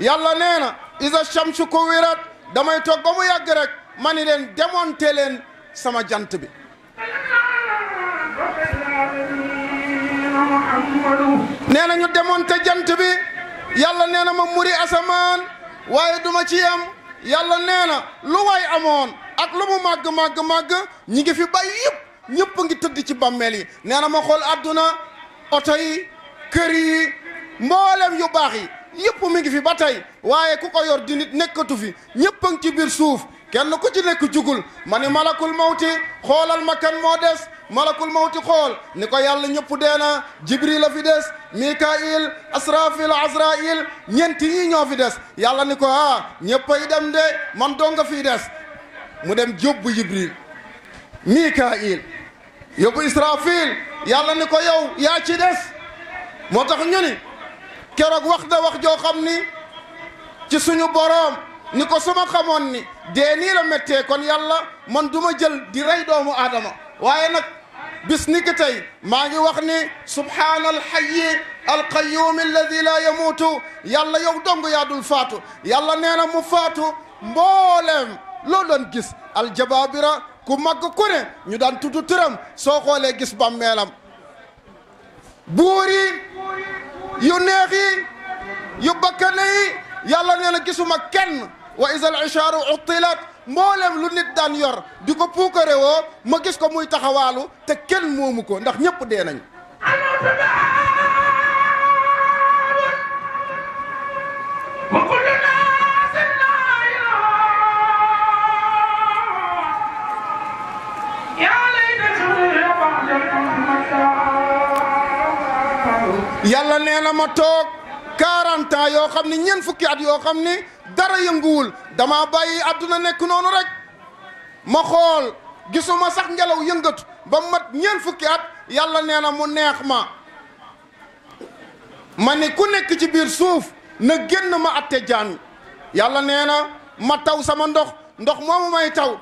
yàlla nee na isa shamsu kuwirat damay toog ba mu yàgg rek ma ni leen démonté sama jant bi nee na ñu démonté jant bi yàlla nee na ma muri asamaan waaye duma ci am yàlla neena na lu waay amoon ak lu mu màgg màgg màgg ñi ngi fi bàyyi yëpp ñëpp a ngi tëdd ci bàmmeel yi nee na ma xool àdduna oto yi kër yi mboolem yu baax yi yëpp mi ngi fi ba tey waaye ku ko yor di nit nekkatu fi ñëpp a ngi ci biir suuf kenn ku ci nekk jugul ma ni malakul mawti xoolal ma kan moo des malakul mawti xool ni ko yàlla ñëpp dee na jibril la fi des mikail asrafil azrail ñeenti ñii ñoo fi des yàlla ni ko ah ñëpp ay dem de man doo nga fii des mu dem jóbbu Jibril Mikaayil yóbbu Israfil yàlla ni ko yow yaa ci des moo tax ñu ni keroog wax da wax joo xam ni ci suñu boroom ni ko su ma xamoon ni dee nii la kon yàlla man du ma jël di rey doomu aadama waaye nag bis ni ki maa ngi wax ni subhaana alxayi alqayuum alladi laa yamuutu yàlla yow dong yaa dul faatu yàlla nee na mu faatu mbooleem loo doon gis aljabaabira ku mag ku ne ñu daan tutu turam soo xoolee gis bàmmeelam buur yi yu neex yu bakkane yàlla nee gisuma kenn wa isal ishaaru uttilat mboolem lu nit daan yor di ko puukare woo ma gis ko muy taxawaalu te kenn moomu ko ndax ñépp dee nañ yàlla nee na ma toog 40 yoo xam ne ñeent fukki at yoo xam ne dara yënguwul dama bàyyi àdduna nekk noonu rek ma xool gisuma sax ngelaw yëngatu ba mat ñeent fukki at yàlla nee na mu neex ma ma ne ku nekk ci biir suuf na génn ma atte jaan yàlla nee na ma taw sama ndox ndox moomu may taw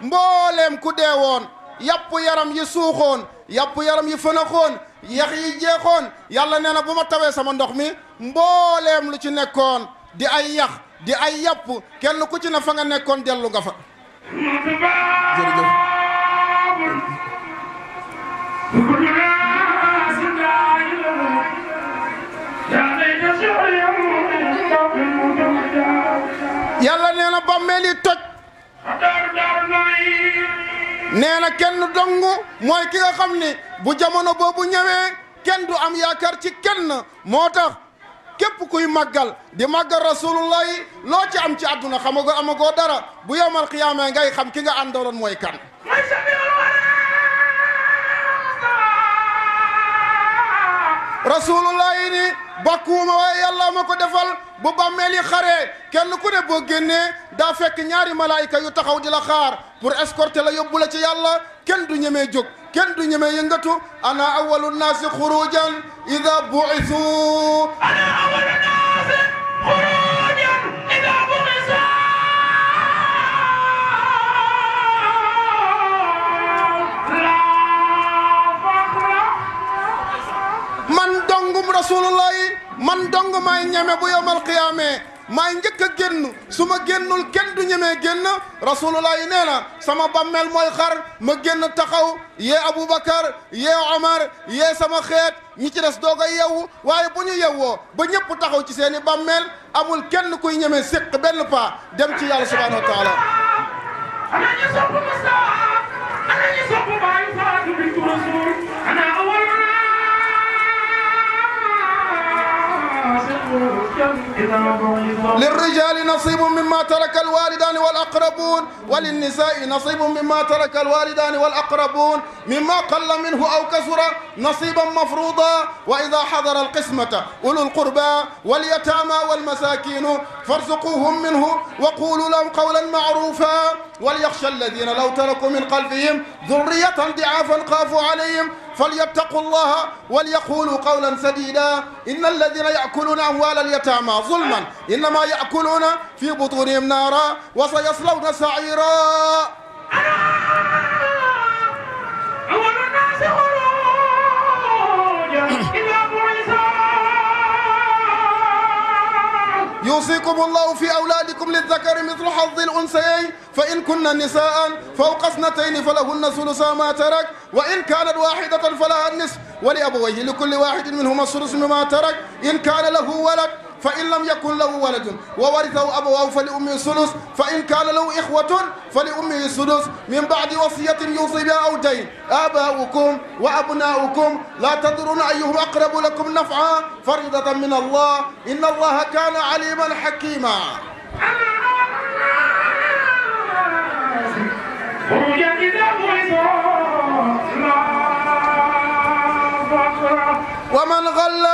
mbooleem ku deewoon yàpp yaram yi suuxoon yàpp yaram yi fënaxoon yax yi jeexoon yàlla nee na bu ma tawee sama ndox mi mbooleem lu ci nekkoon di ay yax di ay yàpp kenn ku ci ne fa nga nekkoon dellu nga fa yàlla nee na bàmmeel yi toj nee na kenn dong mooy ki nga xam ni bu jamono boobu ñëwee kenn du am yaakaar ci kenn moo tax képp kuy màggal di màggal rasulullahi loo ci am ci àdduna xamagoo amagoo dara bu yomal xiyaamee ngay xam ki nga àndaloon mooy kan rasulullahi ni bàkkuwuma waaye yàlla ma ko defal bu bàmmeel yi xaree kenn ku ne boo génnee daa fekk ñaari malaayika yu taxaw di la xaar pour escorter la yóbbu ci yàlla kenn du ñemee jóg kenn du ñemee yëngatu ana awalu naasi xurujan ida buisu ana awalu naasi rasulullahi man dong maay ñeme bu yowmal qiyaamee maay njëkk a génn su ma génnul kenn du ñemee génn rasulullahi nee na sama bammeel mooy xar ma génn taxaw yee Aboubacar yee Omar yee sama xeet ñi ci des doog a yewwu waaye bu ñu yewwoo ba ñëpp taxaw ci seeni i amul kenn kuy ñeme séq benn pas dem ci yàlla subhanahu wa للرجال نصيب مما ترك الوالدان والأقربون وللنساء نصيب مما ترك الوالدان والأقربون مما قل منه أو كثر نصيبا مفروضا وإذا حضر القسمة أولو القربى واليتامى والمساكين فارزقوهم منه وقولوا لهم قولا معروفا وليخشى الذين لو تركوا من قلبهم ذرية ضعافا خافوا عليهم فليتقوا الله وليقولوا قولا سديدا إن الذين يأكلون أموال اليتامى ظلما إنما يأكلون في بطونهم نارا وسيصلون سعيرا يوصيكم الله في أولادكم للذكر مثل حظ الأنثيين فإن كن نساء فوق اثنتين فلهن ثلثا ما ترك وإن كانت واحدة فلها النصف ولأبويه لكل واحد منهما الثلث مما ترك إن كان له ولد fa in lam yakun lahu waladun wa warithahu abawaahu fa li ummihi sulus fa in kaana lahu ixwatun fa li ummihi sulus min baadi wasiyatin yuusi biha aw dayn aabaa'ukum wa abnaa'ukum laa tadruuna ayyuhum aqrabu lakum naf'an faridatan min allah inna allaha kaana aliman hakima خروجا إذا بعث لا فخر ومن غل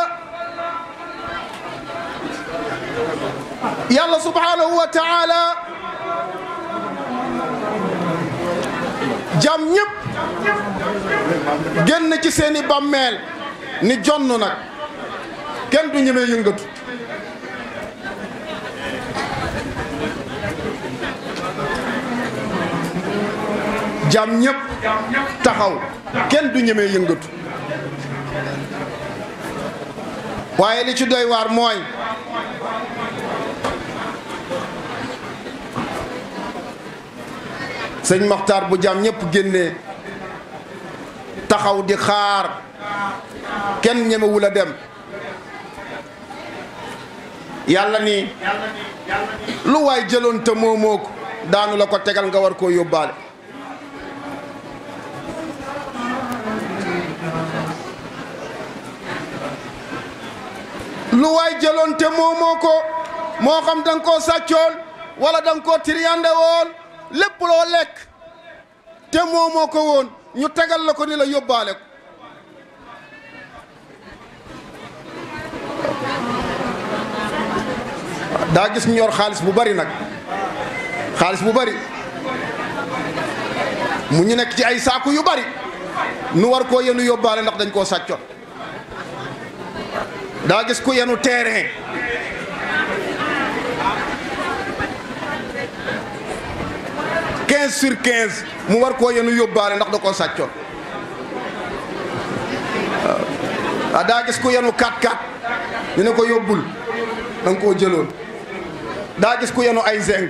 yàlla subhanahu wa taala jam ñëpp génn ci seeni bàmmeel ni jonn nag kenn du ñemee yëngatu jam ñépp taxaw kenn du ñemee yëngatu waaye li ci doy waar mooy sëñ Moxtaar bu jaam ñépp génnee taxaw di xaar kenn ñemewul a dem yàlla ni lu waay jëloon te moomoo ko la ko tegal nga war koo yóbbaale lu waay jëloon te moomoo moo xam danga koo sàccoon wala dan koo tiriyande woon lépp loo lekk te moomoo ko woon ñu tegal la ko ni la yóbbaale ko daa gis ñu xaalis bu bari nag xaalis bu bari mu ñu nekk ci ay saaku yu bari nu war ko yenu yóbbaale ndax dañ koo sàccoon daa gis ku yenu terrain quinze sur quinze mu war koo yenu yóbbaale ndax da koo sàccoon waaw daa gis ku yenu quatre quatre ñu ne ko yóbbul da koo jëloon daa gis ku yenu ay zeng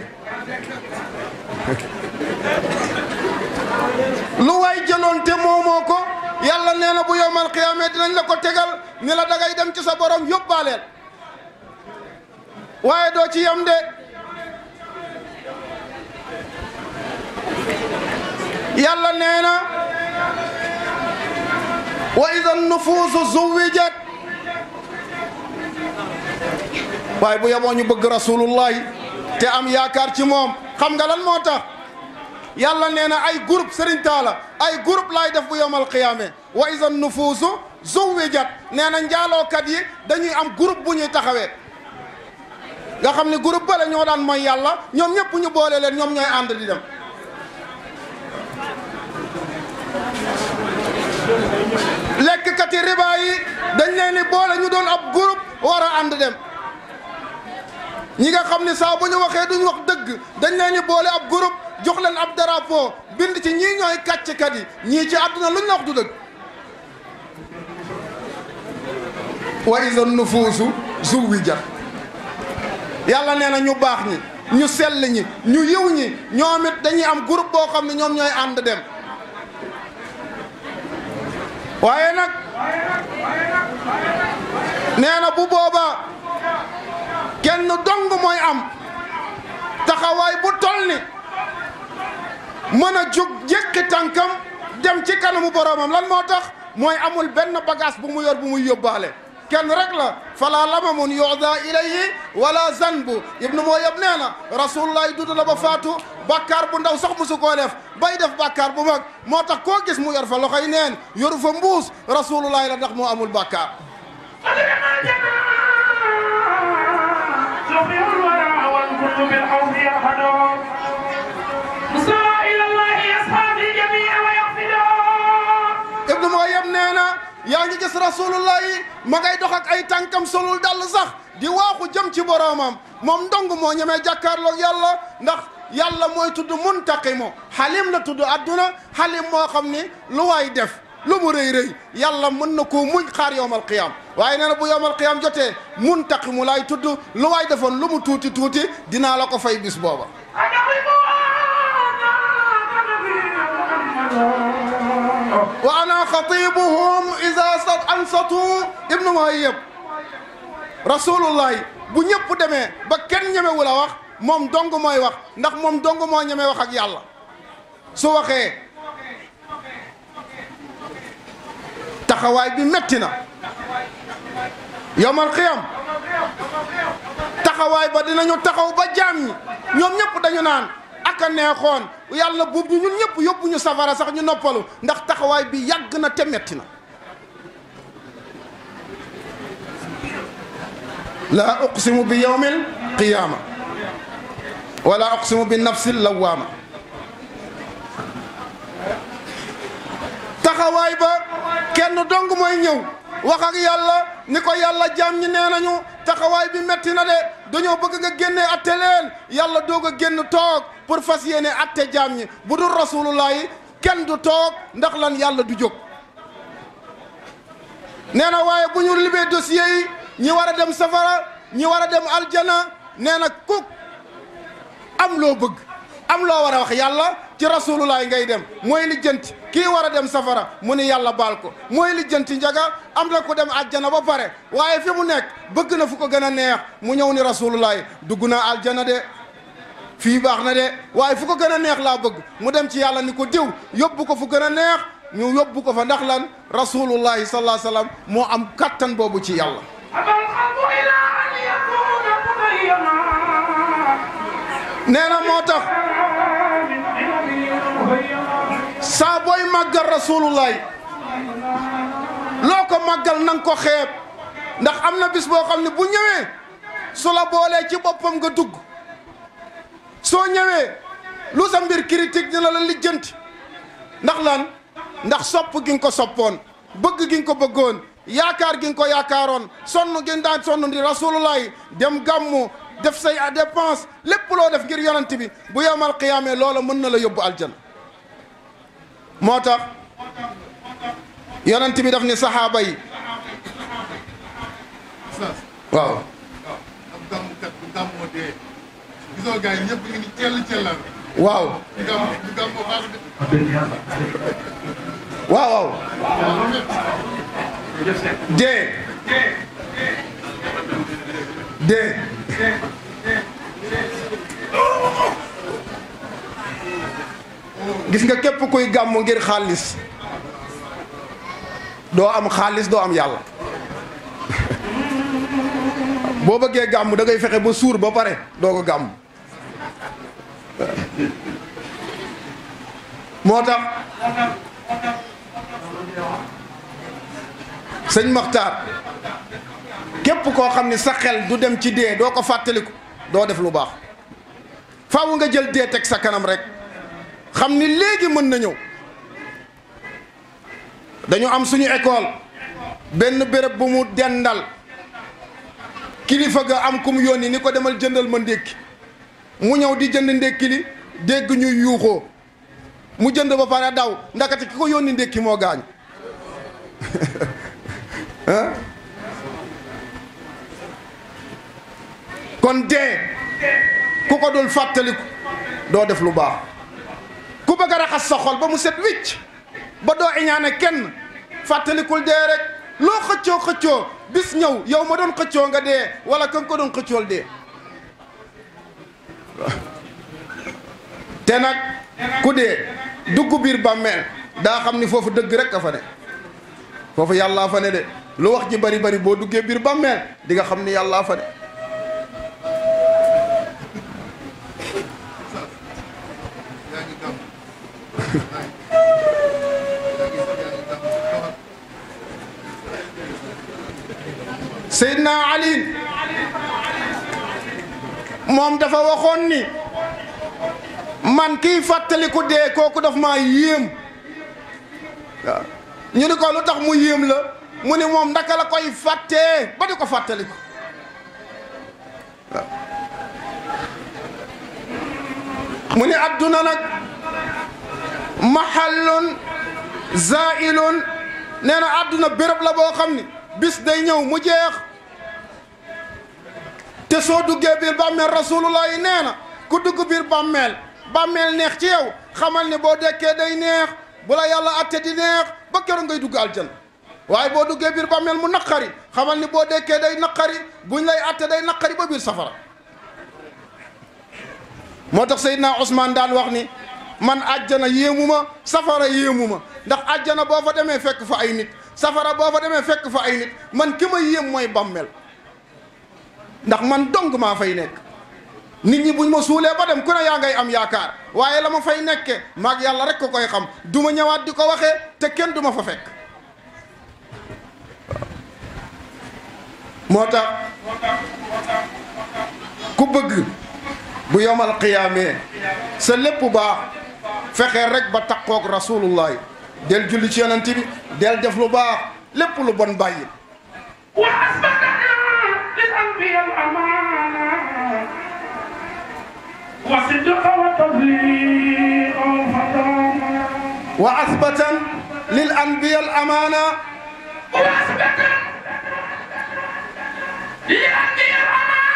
[laughs] lu waay jëloon te moomoo ko yàlla nee na bu yowmal xiyaamee dinañ la ko tegal ni la dangay dem ci sa borom yóbbaaleel waaye doo ci yem de yàlla nee na wa ida nufuusu zuwijat waaye bu yeboo ñu bëgg rasulullahi te am yaakaar ci moom xam nga lan moo tax yàlla nee na ay groupe Serigne Talla ay groupe laay def bu yowmal qiyaame wa ida nufuusu zuwijat nee na njaalookat yi dañuy am groupe bu ñuy taxawee nga xam ne groupe bale ñoo daan mooy yàlla ñoom ñëpp ñu boole leen ñoom ñooy ànd di dem lekkkat yi riba yi dañ leen ni boole ñu doon ab groupe war a ànd dem ñi nga xam ni saa bu ñu waxee duñ wax dëgg dañ leen ni boole ab groupe jox leen ab drapeau bind ci ñii ñooy kàcckat yi ñii ci àdduna luñ la wax du dëgg wa iza nufuusu zuwwijat yàlla nee na ñu baax ñi ñu sell ñi ñu yiw ñi ñoom dañuy am groupe boo xam ne ñoom ñooy ànd dem waaye nag nee na bu boobaa kenn dong mooy am taxawaay bu toll mën a jug jékki tànkam dem ci kanamu boromam lan moo tax mooy amul benn bagage bu mu yor bu muy yóbbaale. kenn rek la fala lamamun yuda ilayhi wala zanbu ibnu mooyab nee na rasulullahi dund na ba faatu bàkkaar bu ndaw sax musu bay def bàkkaar bu mag moo tax koo gis mu yor fa loxoy neen yoru fa mbuus rasulullahi la ndax moo amul bàkkaar yaa ngi gis rasulullah yi ma ngay dox ak ay tànkam solul dàll sax di waaxu jëm ci boroomam moom ndong moo ñemee jàkkaarloog yàlla ndax yàlla mooy tudd muntaqimu xalim la tudd adduna xalim moo xam ni lu waay def lu mu rëy rëy yàlla mën na koo muñ xaar yowmal qiyaam waaye nee na bu yowmal qiyaam jotee muntaqimu laay tudd lu waay defoon lu mu tuuti tuuti dinaa la ko fay bis booba وأنا خطيبهم إذا أنصتوا ابن مهيب رسول الله bu ñëpp demee ba kenn ñemewu a wax moom dong mooy wax ndax moom dong moo ñeme wax ak yàlla su waxee taxawaay bi metti na yomal xiyam taxawaay ba dinañu taxaw ba jaam ñi ñoom ñëpp dañu naan ak yàlla buub ñu ñun ñëpp yóbbu ñu safara sax ñu noppalu ndax taxawaay bi yàgg na te metti na laa uqsimu bi yawmil qiyaama wala uqsimu bi nafsil lawaama taxawaay ba kenn dong mooy ñëw wax yàlla ni ko yàlla jaam ñi nee nañu taxawaay bi metti na de dañoo bëgg nga génne atte leen yàlla doog a génn toog pour fas yéene atte jaam ñi bu dul rasulullah yi kenn du toog ndax lan yàlla du jóg nee na waaye bu ñu libee dossier yi ñi war a dem safara ñi war a dem aljana nee na ku am loo bëgg am loo war a wax yàlla ci rasulullah ngay dem mooy lijjant ki war a dem safara mu ni yàlla baal ko mooy lijjanti njaga am na ko dem aljana ba pare waaye fi mu nekk bëgg na fu ko gën a neex mu ñëw ni rasulullah dugg naa aljana de fii baax na de waaye fu ko gën a neex laa bëgg mu dem ci yàlla ni ko diw yóbbu ko fu gën a neex ñu yóbbu ko fa ndax lan rasulullahi sallallahu moo am kattan boobu ci yàlla nee na moo tax saa booy màggal rasulullahi loo ko màggal nanga ko xeeb ndax am na bis boo xam ne bu ñëwee su la boolee ci boppam nga dugg soo ñëwee lu sa mbir critique dina la lijjanti ndax lan ndax sopp gi nga ko soppoon bëgg gi nga ko bëggoon yaakaar gi nga ko yaakaaroon sonn gi nga daan sonn di rasulullahi dem gàmmu def say dépense lépp loo def ngir yonent bi bu yomal qiyaamee loola mën na la yóbbu aljana moo tax yonent bi daf ni saxaaba yi gisoo gars yi ñëpp ñu waaw. waaw waaw. de. gis nga képp kuy gàmm ngir xaalis doo am xaalis doo am yàlla boo bëggee gàmm dangay fexe ba suur ba pare doo ko gàmm moo tax sëñ Maxtaar képp koo xam ne sa xel du dem ci dee doo ko fàttaliku doo def lu baax faw nga jël dee teg sa kanam rek xam ni léegi mën na ñëw dañu am suñu école benn béréb bu mu dendal kilifa ga am ku mu yónni ni ko demal jëndal ma ndékki mu ñëw di jënd ndékki li dégg ñu yuuxoo mu jënd ba pare daw ndakati ki ko yónni ndékki moo gaañ [laughs] kon dee ku ko dul fàttaliku doo def lu baax ku bëgg a raxas sa xol ba mu set wicc ba doo iñaane kenn fàttalikul dee rek loo xëccoo xëccoo bis ñëw yow ma doon xëccoo nga dee wala kan ko doon xëccool dee te nag ku dee dugg biir bàmmeel daa xam ni foofu dëgg rek a fa ne foofu yàllaa fa ne de lu wax ji bari bari boo duggee biir bàmmeel di nga xam ni yàllaa fa ne [laughs] Seydina Ali moom dafa waxoon ni man kiy fàttaliku dee kooku daf maa yéem ñu ne ko lu tax mu yéem la mu ne moom naka la koy fàttee ba di ko fàttaliku mu ne adduna nag mahallun zailun nee na àdduna béréb la boo xam ne bis day ñëw mu jeex te soo duggee biir bàmmeel rasulullah yi nee na ku dugg biir bàmmeel bàmmeel neex ci yow xamal ne boo dekkee day neex bu la yàlla atte di neex ba keroog ngay dugg aljan waaye boo duggee biir bàmmeel mu naqari xamal ni boo dekkee day naqari buñ lay atte day naqari ba biir safara moo tax Seydina Ousmane daan wax ni man àjjana yéemu ma safara yéemu ma ndax àjjana boo fa demee fekk fa ay nit safara boo fa demee fekk fa ay nit man ki ma yéem mooy bàmmeel ndax man dong maa fay nekk nit ñi buñ ma suulee ba dem ku ne yaa ngay am yaakaar waaye la ma fay nekke maag yàlla rekk ko koy xam du ma ñëwaat di ko waxee te kenn du ma fa fekk moo tax ku bëgg bu yomal xiyaamee sa lépp baax fexee rek ba taqoog rasulullahi del julli ci yonent bi del def lu baax lépp lu bon bàyyi للأنبي الأمانة وصدق وتبليغ فضانا وأثبتا للأنبياء الأمانة وأثبتا للأنبياء الأمانة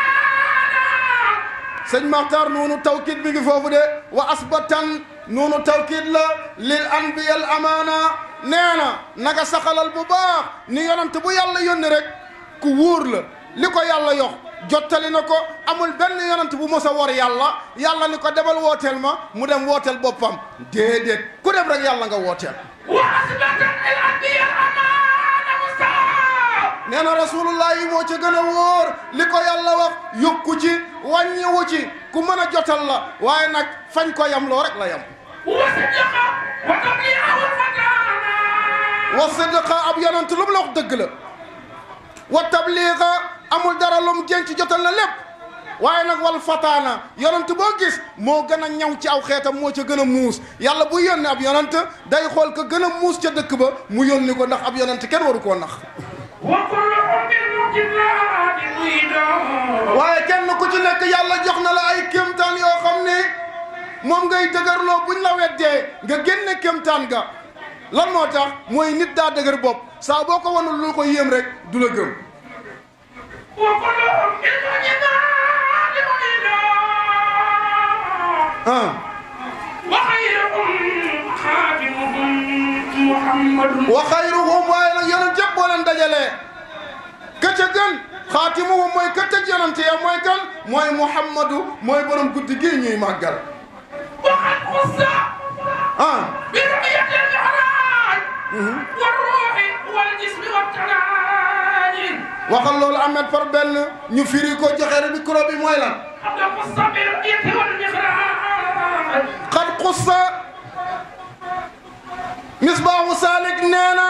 سيد مختار نون التوكيد بيجي فوفو دي وأثبتا نون التوكيد لا للأنبياء الأمانة nee na naka saxalal bu baax ni yonent bu yàlla yónni rek ku wóor la li ko yàlla yox jottali na ko amul benn yonent bu mos a wor yàlla yàlla ni ko demal wooteel ma mu dem wooteel boppam déedéet ku dem rek yàlla nga wooteel nee na rasulullah yi moo ci gën a wóor li ko yàlla wax yokku ci wàññiwu ci ku mën a jotal la waaye nag fañ ko yam loo rek la yam wa sidqa ab yonent lu mu la dëgg la wa tabliqa amul dara lu mu jenc jotal na lépp waaye nag wal fataana yonent boo gis moo gën a ñaw ci aw xeetam moo ca gën a muus yàlla bu yónni ab yonent day xool ka gën a muus ca dëkk ba mu yónni ko ndax ab yonent kenn waru koo nax waaye kenn ku ci nekk yàlla jox na la ay kéemtaan yoo xam ne moom ngay dëgërloo buñ la weddee nga génne kéemtaan ga lan moo tax mooy nit daa dëgër bopp saa boo ko wanul lu ko yéem rek du la gëm ah. wa xayruhum waaye nag yonent yëpp boo leen dajalee. ka ca gën xaatimuhum mooy ka tëj yonent ya mooy kan mooy Muhammadu mooy borom guddi gii ñuy màggal. ah. Mm-hmm. waxal loolu Ahmed par benn ñu firi ko joxe micro bi mooy lan. xat xussa misbaaxu saalik nee na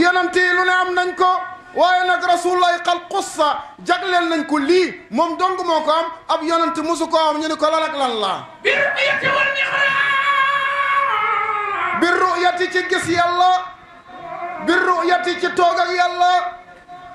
yonent yi lu ne am nañ ko waaye nag rasulullah xal xussa jagleel nañ ko lii moom dong moo ko am ab yonent musu ko am ñu ne ko lan ak lan laa. bi ru'yati ci gis yàlla bi ru'yati ci toog ak yàlla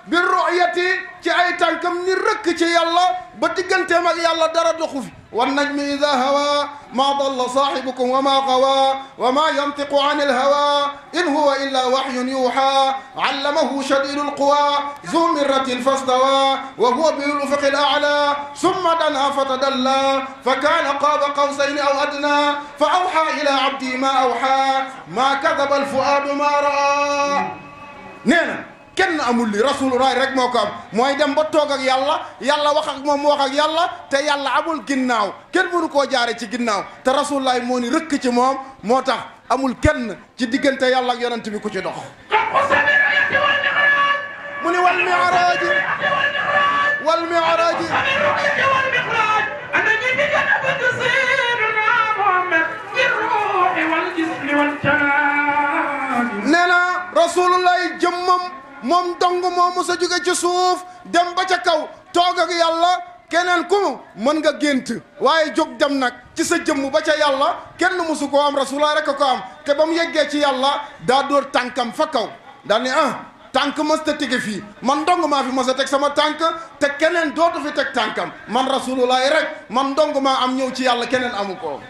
bi ru'yati ci ay tànkam ni rëkk ci yàlla ba digganteem ak yàlla dara doxu fi wan najmi ida hawa maa dalla saaxibukum wa maa qawa wa maa yantiqu an alhawa in huwa illa waxyun yuuxa allamahu shadidu alquwa zu miratin fastawa wa huwa bilufqi alacla summa dana fatadalla fakana qaaba qawsayni aw adna fa awxa ila abdi ma awxa maa kadaba alfuaadu ma raa nee na kenn amul li rasul moo ko am mooy dem ba toog ak yàlla yàlla wax ak moom yàlla te yàlla amul ginnaaw kenn mënu koo jaare ci ginnaaw te rasulullahi moo ni rëkk ci moom moo tax amul kenn ci diggante yàlla ak yonent bi ku ci dox mu ni wal mi'raaji wal mi'raaji nee na rasulullahi jëmmam moom dong moo mos a jóge ci suuf dem ba ca kaw toog ak yàlla keneen ku mën nga gént waaye jóg dem nag ci sa jëmm ba ca yàlla kenn mosu koo am rasulaa rek a ko am te ba mu yeggee ci yàlla daa dóor tànkam fa kaw daal ni ah tànk mës ta tege fii man ndong maa fi mës teg sama tànk te keneen dootu fi teg tànkam man rasululaahi rek man ndong maa am ñëw ci yàlla keneen amu ko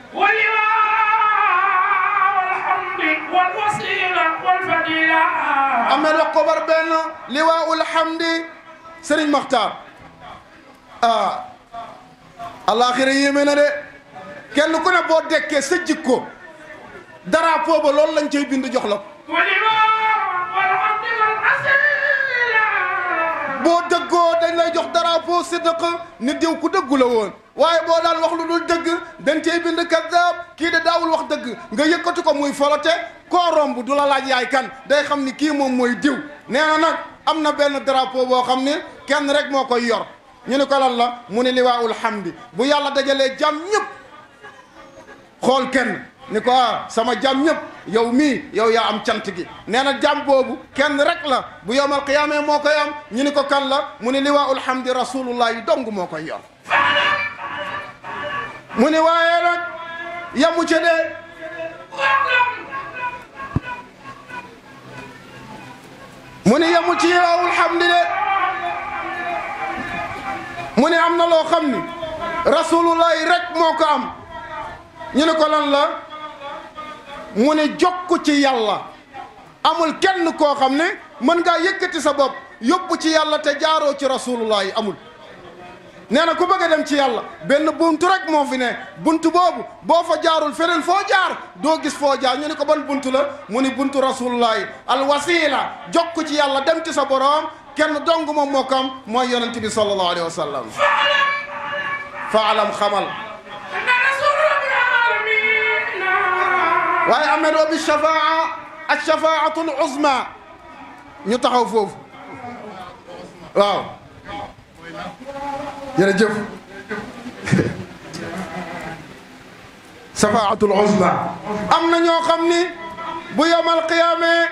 والوسيلة والفضيلة أما القبر بين لواء الحمد سرين مختار آه الله خير يمنا دي kenn ku ne boo dekkee sa jikko drapeau ba loolu lañ cay bind jox la ko boo dëggoo dañ lay jox drapeau sidq ni diw ku dëggu la woon waaye boo daan wax lu dul dëgg dañ cey bind kazaab kii de daawul wax dëgg nga yëkkati ko muy folote koo romb du la laaj yaay kan day xam ni kii moom mooy diw nee na nag am na benn drapeau boo xam ni kenn rek moo koy yor ñu ni ko lan la mu ni liwaawul hamdi bu yàlla dajalee jàmm ñëpp xool kenn ni ko ah, sama jàmm ñëpp yow mii yow yaa am cant gi nee na jàmm boobu kenn rek la bu yowmal qiyaamee moo am ñu ni ko kan la mu ni liwaa ulhamdi rasulullah yi dong moo koy yor mu ni waaye nag yamu ca dee mu ni yamu ci liwaa ulhamdi de mu ni am na loo xam ni rasulullah yi rek moo ko am ñu ni ko lan la mu ne jokk ci yàlla amul kenn koo xam ne mën ngaa yëkkati sa bopp yóbbu ci yàlla te jaaroo ci rasulullah yi amul nee na ku bëgg a dem ci yàlla benn buntu rek moo fi ne buntu boobu boo fa jaarul feneen foo jaar doo gis foo jaar ñu ne ko ban buntu la mu ne buntu rasulullah yi alwasila jokk ci yàlla dem ci sa boroom kenn dong moom moo ko am mooy yonent bi sallallahu alayhi wa xamal waaye amelo bi shafaa al shafaatu al uzma ñu taxaw foofu waaw jërëjëf [laughs] shafaatul uzma am na ñoo xam ni bu yomal qiyaamee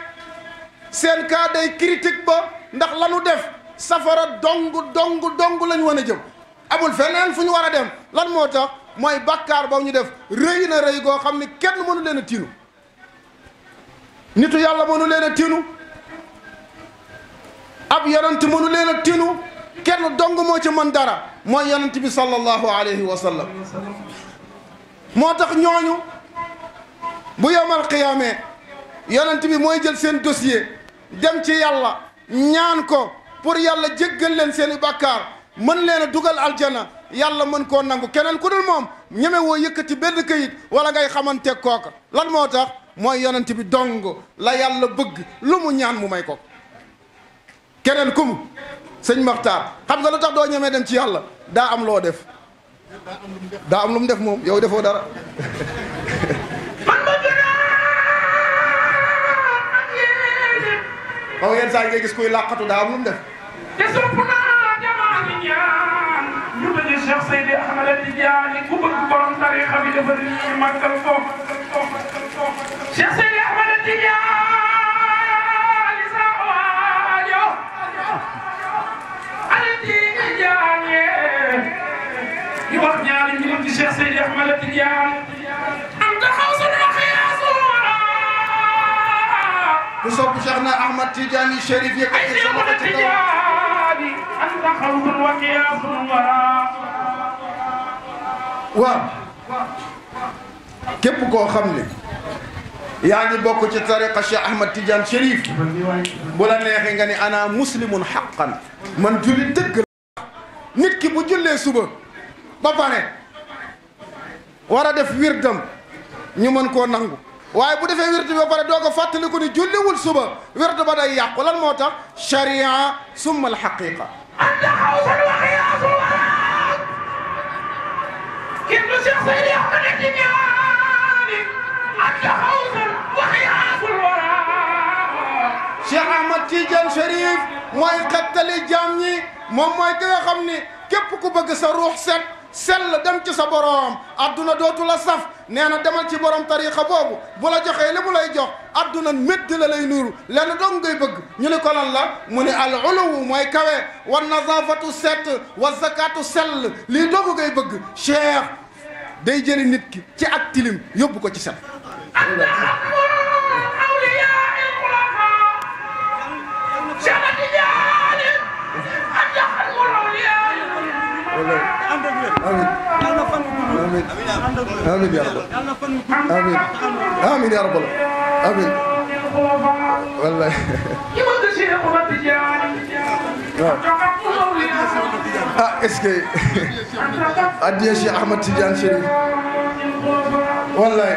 seen kaa day critique ndax lanu def safara dong dong dong lañ wan a jëm amul feneen fu ñu war a dem lan moo tax mooy bàkkaar ba ñu def rëy na rëy goo xam ni kenn mënu leen a tiinu yàlla mënu leen a tiinu ab yonent mënu leen kenn dong moo ci mën dara mooy yonent bi sallallahu alayhi wa sallam moo tax ñooñu bu yomal qiyaamee yonent bi mooy jël seen dossier dem ci yàlla ñaan ko pour yàlla jéggal leen seeni i mën leen a dugal aljana yàlla mën koo nangu keneen ku dul moom ñeme yëkkati benn kayit wala ngay xamante kooka lan moo tax mooy yonent bi dong la yàlla bëgg lu mu ñaan mu may ko keneen kum sëñ Maxtaar xam nga lu tax doo ñemee dem ci yàlla daa am loo def daa am lu mu def moom yow defoo dara xam [laughs] ngeen saa ngay gis kuy làqatu daa am lu mu def Tijaani ku bëgg borom tariixa bi dafa ñu màggal ko Cheikh Seydi Ahmed Tijaani sa waajo ala Tijaani di wax ñaari ñu ci Cheikh Seydi Ahmed Tijaani am ta xawsul raxiyaasura ku sopp Cheikh na Ahmed Tijaani Chérif yëkkati sama ko ci kaw anta xawsul wa qiyasul wara waaw képp koo xam ne yaa ngi bokk ci tariqa Cheikh Ahmad Tidiane Chérif bu la neexee nga ni ana muslimun xaqan man julli dëgg nit ki bu jullee suba ba pare war a def wirdam ñu mën koo nangu waaye bu defee wird bi ba pare doo ko fàttaliku ni julliwul suba wird ba day yàqu lan moo tax charia summa al xaqiqa kenn du Cheikh Seydi Ahmed ak ñaari ak taxawsal wa xiyaasul wara Cheikh Ahmed Tidiane Chérif mooy xettali jaam ñi moom mooy ki ni képp ku bëgg sa ruux set sell dem ci sa boroom àdduna dootu la saf nee na demal ci borom tariixa boobu bu la joxee li mu lay jox adduna médd la lay nuru lenn dong ngay bëgg ñu ne ko lan la mu ni al uluwu mooy kawe wa nazafatu set wa zakatu sell lii doogu ngay bëgg cheikh day jëli nit ki ci ak tilim yóbbu ko ci set ànd ak wér yàlla na fan yu gudd ànd ak wér amiin yàlla na fan yu gudd amiin amiin yaa rabbal amiin wallaay [laughs] ah est-ce que [laughs] addiya Cheikh Ahmad Tidiane Chérif wallaay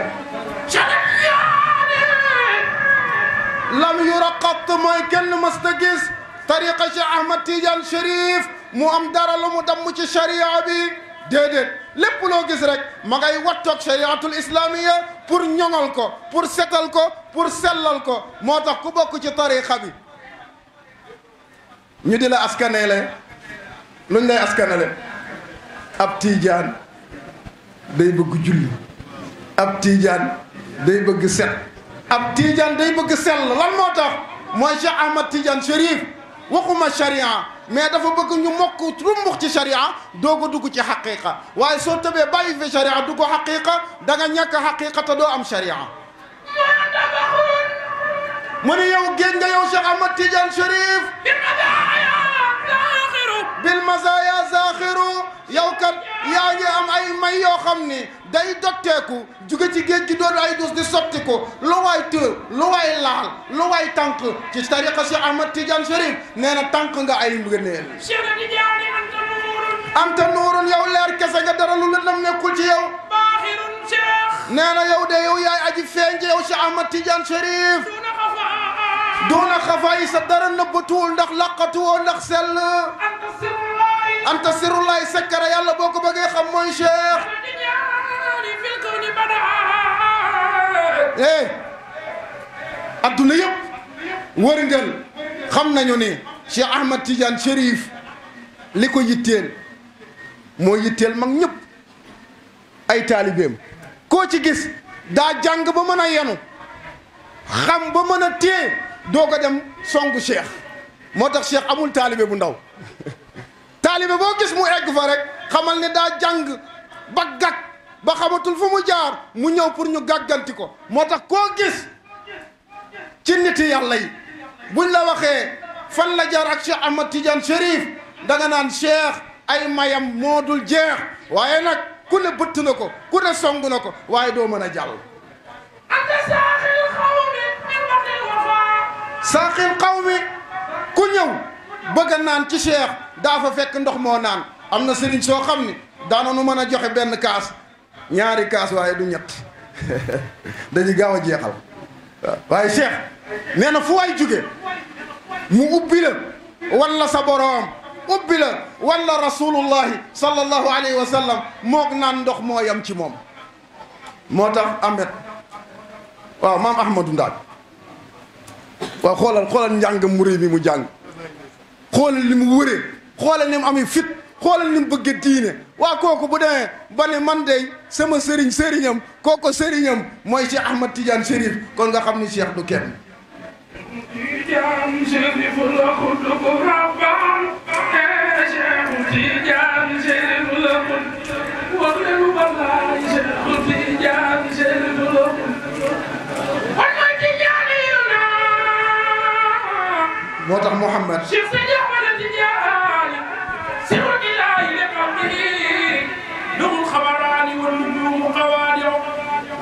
lam yura qatt mooy kenn mas ta gis tariqa Cheikh Ahmad Tidiane Chérif mu am dara lu mu damm ci sharia bi déedéet lépp loo gis rek ma ngay wattoog shariatul islamiya pour ñoŋal ko pour setal ko pour sellal ko moo tax ku bokk ci tariqa bi ñu di la askanele luñ lay askanele ab tiijaan day bëgg julli ab tiijaan day bëgg set ab tiijaan day bëgg sell lan moo tax mooy Cheikh Ahmad Tidiane Chérif waxuma sharia mais dafa bëgg ñu mokk trumbux ci sharia doog a dugg ci xaqiqa waaye soo tëbee bàyyi fi a dugg xaqiqa da nga ñàkk xaqiqa te doo am sharia mu ne yow géej nga yow Cheikh Ahmad Tidiane Chérif bil mazaya zaxiru yow kat yaa ngi am ay may yoo xam ni day dotteeku jóge ci géej gi doon ay dus di sotti ko lu waay tër lu waay laal lu waay tànk ci tariqa Cheikh Ahmad Tidiane Chérif nee na tànk nga ay ngëneel anta nuurun yow leer kese nga dara lu lëndëm nekkul ci yow nee na yow de yow yaay aji feeñ ci yow Cheikh Ahmad Tidiane Chérif duuna xafaay sa dara nëbbatuwul ndax làqatuwoo ndax sell anta sirulaay sekkara yàlla boo ko bëggee xam mooy eh adduna yëpp wër xam nañu ne Cheikh Ahmad Tidiane Chérif li ko yitteel moo yitteel mag ñëpp ay taalibeem koo ci gis daa jàng ba mën a yenu xam ba mën a téye doo ko dem songu Cheikh moo tax Cheikh amul taalibe bu ndaw [laughs] taalibe boo gis mu egg fa rek xamal ne daa jàng ba gàkk ba xamatul fu mu jaar mu ñëw pour ñu gàgganti ko moo tax koo gis ci niti yàlla yi buñ la waxee fan la jaar ak Cheikh Ahmad Tidiane Chérif danga naan Cheikh ay mayam moo dul jeex waaye nag ku ne bëtt na ko ku ne song na ko waaye doo mën a jàll saaxil xaw mi ku ñëw bëgg a naan ci Cheikh daa fa fekk ndox moo naan am na sëriñ soo xam ni daananu mën a joxe benn kaas ñaari kaas waaye du ñett [laughs] dañuy gaaw a jeexal waaye Cheikh nee na fu ay jóge mu ubbi la walla sa boroom ubbi la walla rasulullahi sallallahu alayhi wa moog naan ndox moo yam ci moom moo tax Ahmed waaw maam Ahmadou Ndaak waaw xoolal xoolal njàngam mu réy mi mu jàng xoolal li mu wëree xoolal ni mu amee fit xoolal ni mu bëgg diine waa kooku bu demee ba ne man de sama sëriñ sëriñam kooku sëriñam mooy Cheikh Ahmad Tidiane Chérif kon nga xam ni Cheikh du kenn. moo tax Mouhamad.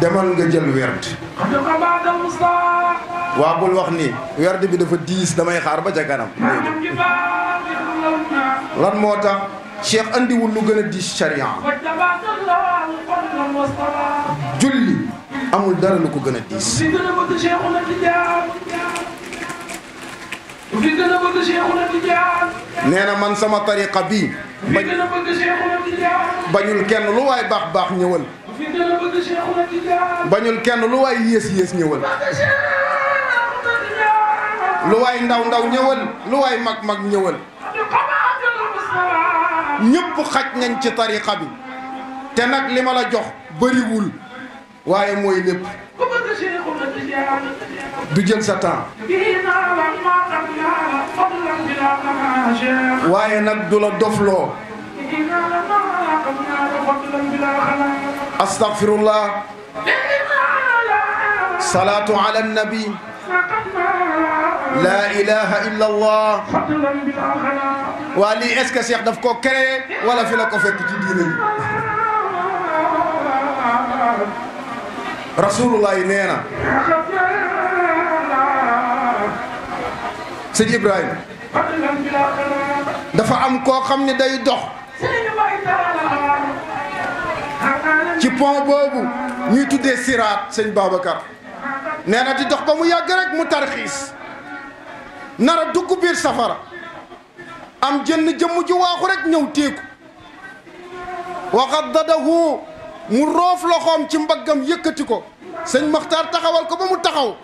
demal nga jël werd waa bul wax ni werd bi dafa diis damay xaar ba ca kanam lan moo tax cheikh andiwul lu gën a diis charia julli amul dara lu ko gën a diis nee na man sama tariqa bi bañul kenn lu waay baax baax ñëwal fi gën a bëgg Cheikhuna bañul kenn lu waay yées yées ñëwal lu waay ndaw ndaw ñëwal lu waay mag mag ñëwal ñëpp xaj nañ ci tariqa bi te nag li ma la jox bariwul waaye mooy lépp du jël sa temps waaye nag du la dofloo astaghfirullah salaatu ala nabi laa ilaha illa allah waa lii est-ce que Cheikh daf ko créé wala fi la ko fekk ci diine bi rasulullah yi nee na sëñ Ibrahima dafa am koo xam ne day dox ci pont boobu ñuy tuddee siraat sëñ Babacar nee na di dox ba mu yàgg rek mu tarxiis nar a dugg biir safara am jënn jëmm ji waaxu rek ñëw téeku waxat dadahu mu roof loxoom ci mbaggam yëkkati ko sëñ Maxtaar taxawal ko ba mu taxaw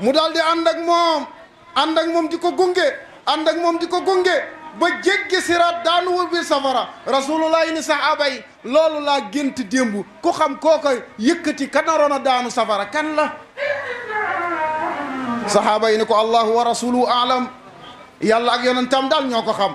mu daal di ànd ak moom ànd ak moom di ko gunge ànd ak moom di ko gunge ba jéggi siraat daan wër biir safara rasulullahi ni sahaaba yi loolu laa gént démb ku xam koo koy yëkkati ka naroon a daanu safara kan la sahaaba yi ni ko allahu wa rasuluhu alam yàlla ak yonentam daal ñoo ko xam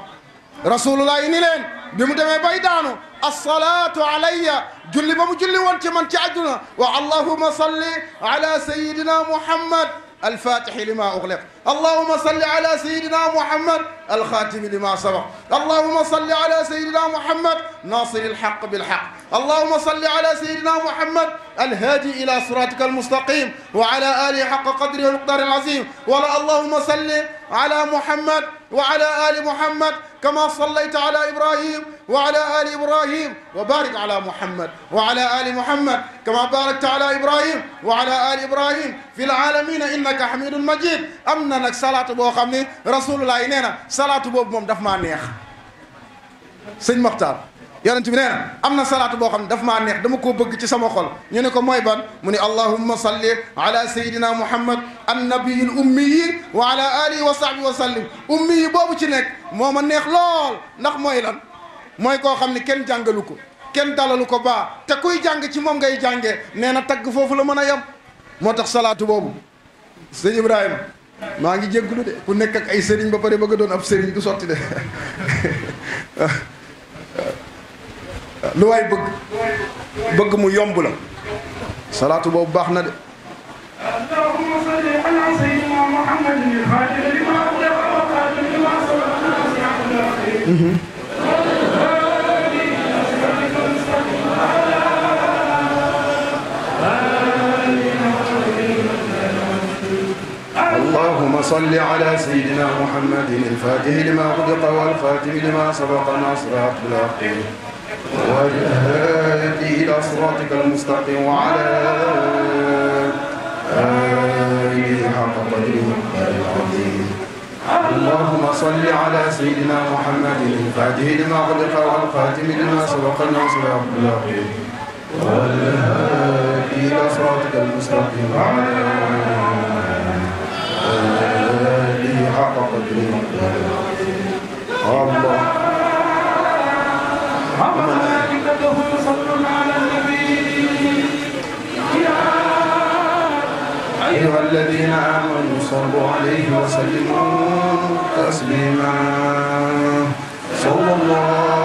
rasulullahi ni leen bi mu demee bay daanu assalaatu alayya julli ba mu julli woon ci man ci àdduna wa allahuma salli ala sayidina muhammad alfatixi lima uxliq allahuma salli ala sayidina muhammad الخاتم لما سبق اللهم صل على سيدنا محمد ناصر الحق بالحق اللهم صل على سيدنا محمد الهادي إلى صراطك المستقيم وعلى آله حق قدره المقدار العظيم ولا اللهم صل على محمد وعلى آل محمد كما صليت على إبراهيم وعلى آل إبراهيم وبارك على محمد وعلى آل محمد كما باركت على إبراهيم وعلى آل إبراهيم في العالمين إنك حميد مجيد أمنا نك صلاة بو خمني رسول الله إننا salaatu boobu moom daf maa neex sëñ Moxtaar yonent bi nee na am na salaatu boo xam ne daf maa neex dama koo bëgg ci sama xol ñu ne ko mooy ban mu ne allahumma salli ala sayidina muhammad annabiyil ummiyi wa ala alihi wa sahbihi wa sallim ummi yi boobu ci nekk moo ma neex lool ndax mooy lan mooy koo xam ne kenn jàngalu ko kenn dalalu ko baa te kuy jàng ci moom ngay jàngee nee na tagg foofu la mën a yem moo tax salaatu boobu sëñ Ibrahima maa ngi jégglu de ku nekk ak ay sëriñ ba pare bëgg doon ab sëriñ du sotti de [laughs] lu waay bëgg bëgg mu yomb la salaatu boobu baax na de صل على سيدنا محمد الفاتح لما خلق والخاتم لما سبق ناصر الحق والهادي إلى صراطك المستقيم وعلى آله حق قدره العظيم اللهم صل على سيدنا محمد الفاتح لما خلق والخاتم لما سبق ناصر الحق والهادي إلى صراطك المستقيم وعلى آله لي حق قدري الله وملائكته يصلون على النبي يا أيها الذين آمنوا صلوا عليه وسلموا تسليما صلى الله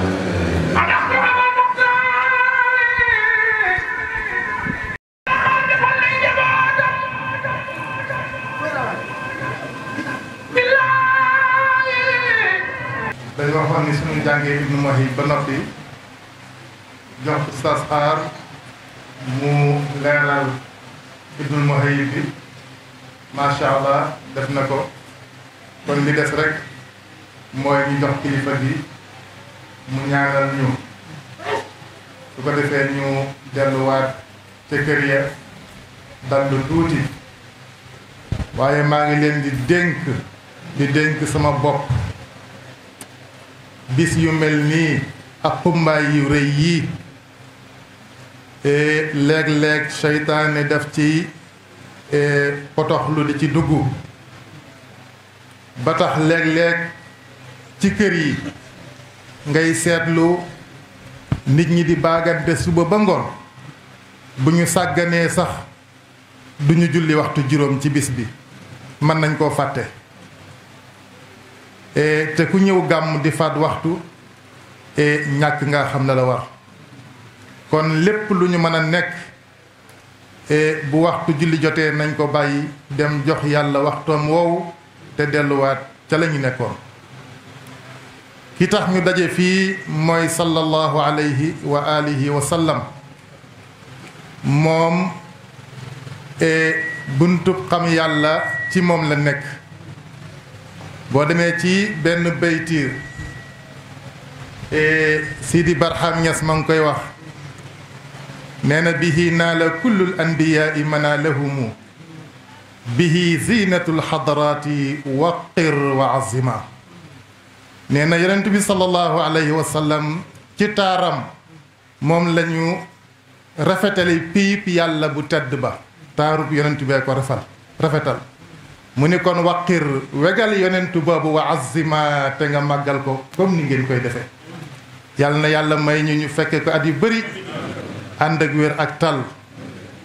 dañu waxoon suñu jàngee ibnu Mohib ba noppi jox sas aar mu leeral ibnu Mohib bi macha allah def na ko kon li des rek mooy ñu jox kilifa gi mu ñaanal ñu su ko defee ñu delluwaat ca kër ya dallu tuuti waaye maa ngi leen di dénk di dénk sama bopp bis yu mel nii ak xumbaay yu rëy yii eh, léeg-léeg seytaane def ci eh, potoxlu di ci dugg ba tax léeg-léeg ci kër yi ngay seetlu nit ñi di baagante suba ba ngoon bu ñu sàgganee sax duñu julli waxtu juróom ci bis bi mën nañ koo fàtte Eh, te ku ñëw gàmm di faat waxtu eh, ñàkk nga xam ne la war kon lépp lu ñu mën a nekk eh, bu waxtu julli jotee nañ ko bàyyi dem jox yàlla waxtoom woowu te delluwaat ca la ñu nekkoon ki tax ñu daje fii mooy sallallahu alayhi wa alihi wa sallam moom buntub xam yàlla ci moom la nekk boo demee ci benn baytiir eh, Sidi Barham Ñas ma ngi koy wax nee na bihi naala kullul anbiyaai manaalahumu bihi ziinatul xadaraati waqir wa azima nee na yonent bi sallallahu alayhi wa sallam ci taaram moom lañu ñu rafetali piip yàlla bu tedd ba taarub yonent bee ko rafal rafetal mu ni kon waqir wegal yonentu boobu wa azima te nga màggal ko comme ni ngeen koy defee yàlla na yàlla may ñu ñu fekke ko at yu bëri ànd ak wér ak tàll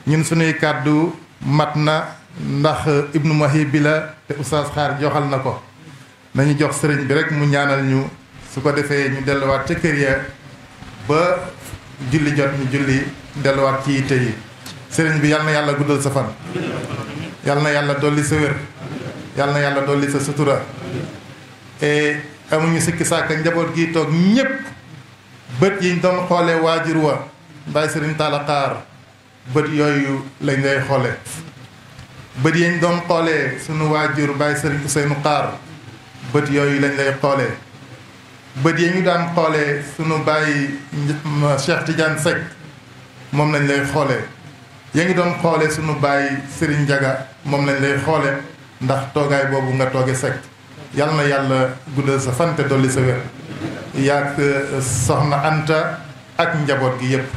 ñun suñuy kàddu mat na ndax ibnu mahib bi la te oustaz xaar joxal na ko nañu jox sëriñ bi rek mu ñaanal ñu su ko defee ñu delluwaat ca kër ya ba julli jot ñu julli delluwaat ci yitte yi sëriñ bi yàlla na yàlla guddal sa fan yàlla na yàlla dolli sa wér yàlla na yàlla dolli sa sutura et amuñu sikki sàkk njaboot gi toog ñépp bët yiñ doon xoole waajur wa ndaay sëriñ Talla Xaar bët yooyu lañ lay xoole bët yañ doon xoolee sunu waajur bàyyi sëriñ Ousseynou Xaar bët yooyu lañ lay xoolee bët ya ñu daan xoolee sunu bàyyi Cheikh Tidiane Seck moom lañ lay xoole yaa ngi doon xoole sunu bàyyi sëriñ jaga moom lañ lay xoolee ndax toogaay boobu nga tooge set yal na yàlla guddal sa fan te dolli sa wér yaag eh, soxna Anta ak njaboot gi yépp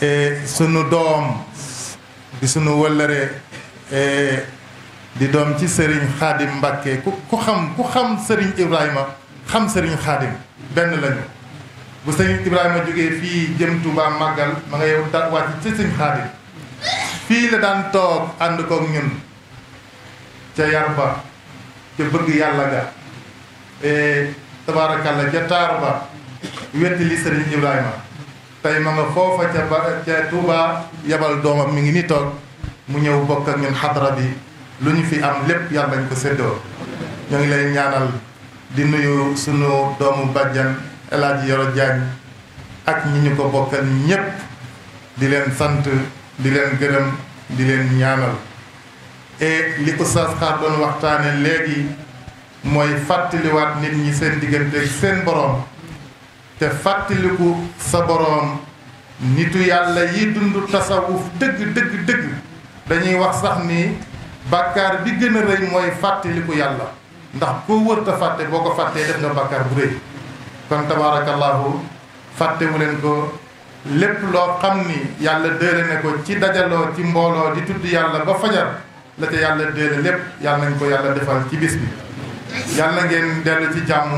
eh, sunu doom di sunu wëllëre eh, di doom ci sëriñ xaadim Mbàkke ku ku xam ku xam sëriñ Ibrahima xam sëriñ xaadim benn lañu bu sëriñ Ibrahima jógee fii jëm Tuubaa màggal ma nga yow da wàcc ci sëriñ xaadim fii la daan toog ànd kook ñun ca yar ba ca bëgg yàlla ga e, tabaarakàlla ca taar ba wetti li sëriñ Ibrahima tey ma nga foofa ca ba yabal doomam mi ngi ni toog mu ñëw bokk ak ñun bi lu ñu fi am lépp yàlla nañ ko séddoo ñoo ngi lay ñaanal di nuyu sunu doomu bàjjan El Hadj Yoro Diagne ak ñi ñu ko bokkal ñépp di leen sant di leen gërëm di leen ñaanal et li oustaz xaar doon waxtaane léegi mooy fàttaliwaat nit ñi seen diggante seen boroom te fàttaliku sa boroom nitu yàlla yi dund tasawuf dëgg dëgg dëgg dañuy wax sax ni bàkkaar bi gën a rëy mooy fàttaliku yàlla ndax koo wërta fàtte boo ko fàttee def nga bàkkaar bu rëy kon tabaarakallaahu fàttewu leen ko lépp loo xam ni yàlla dëere ne ko ci dajaloo ci mbooloo di tudd yàlla ba fajar la te yàlla déele lépp yàlla nañ ko yàlla defal ci bis bi yàlla na ngeen dellu ci jàmm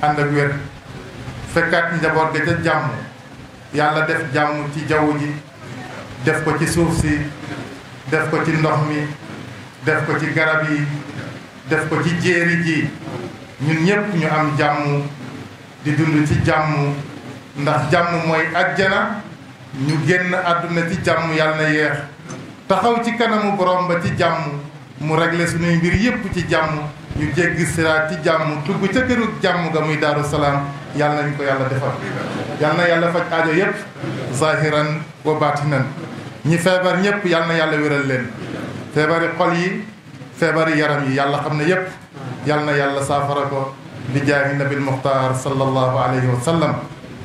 ànd ak wér fekkaat njaboot ga ca jàmm yàlla def jàmm ci jaww ji def ko ci suuf si def ko ci ndox mi def ko ci garab yi def ko ci jéeri ji ñun ñépp ñu am jàmm di dund ci jàmm ndax jàmm mooy ajjana ñu génn àdduna ci jàmm yàlla na yéex taxaw ci kanamu borom ba ci jàmm mu regle suñuy mbir yépp ci jàmm ñu jéggi siraat ci jàmm dugg ca këru jàmm ga muy daaru salaam yàlla nañu ko yàlla defal yàlla na yàlla faj aajo yépp zahiran wa batinan ñi feebar ñépp yàlla na yàlla wéral leen feebari xol yi feebari yaram yi yàlla xam na yépp yàlla na yàlla saafara ko bi jaahi nabil muxtaar sallallahu alayhi wa sallam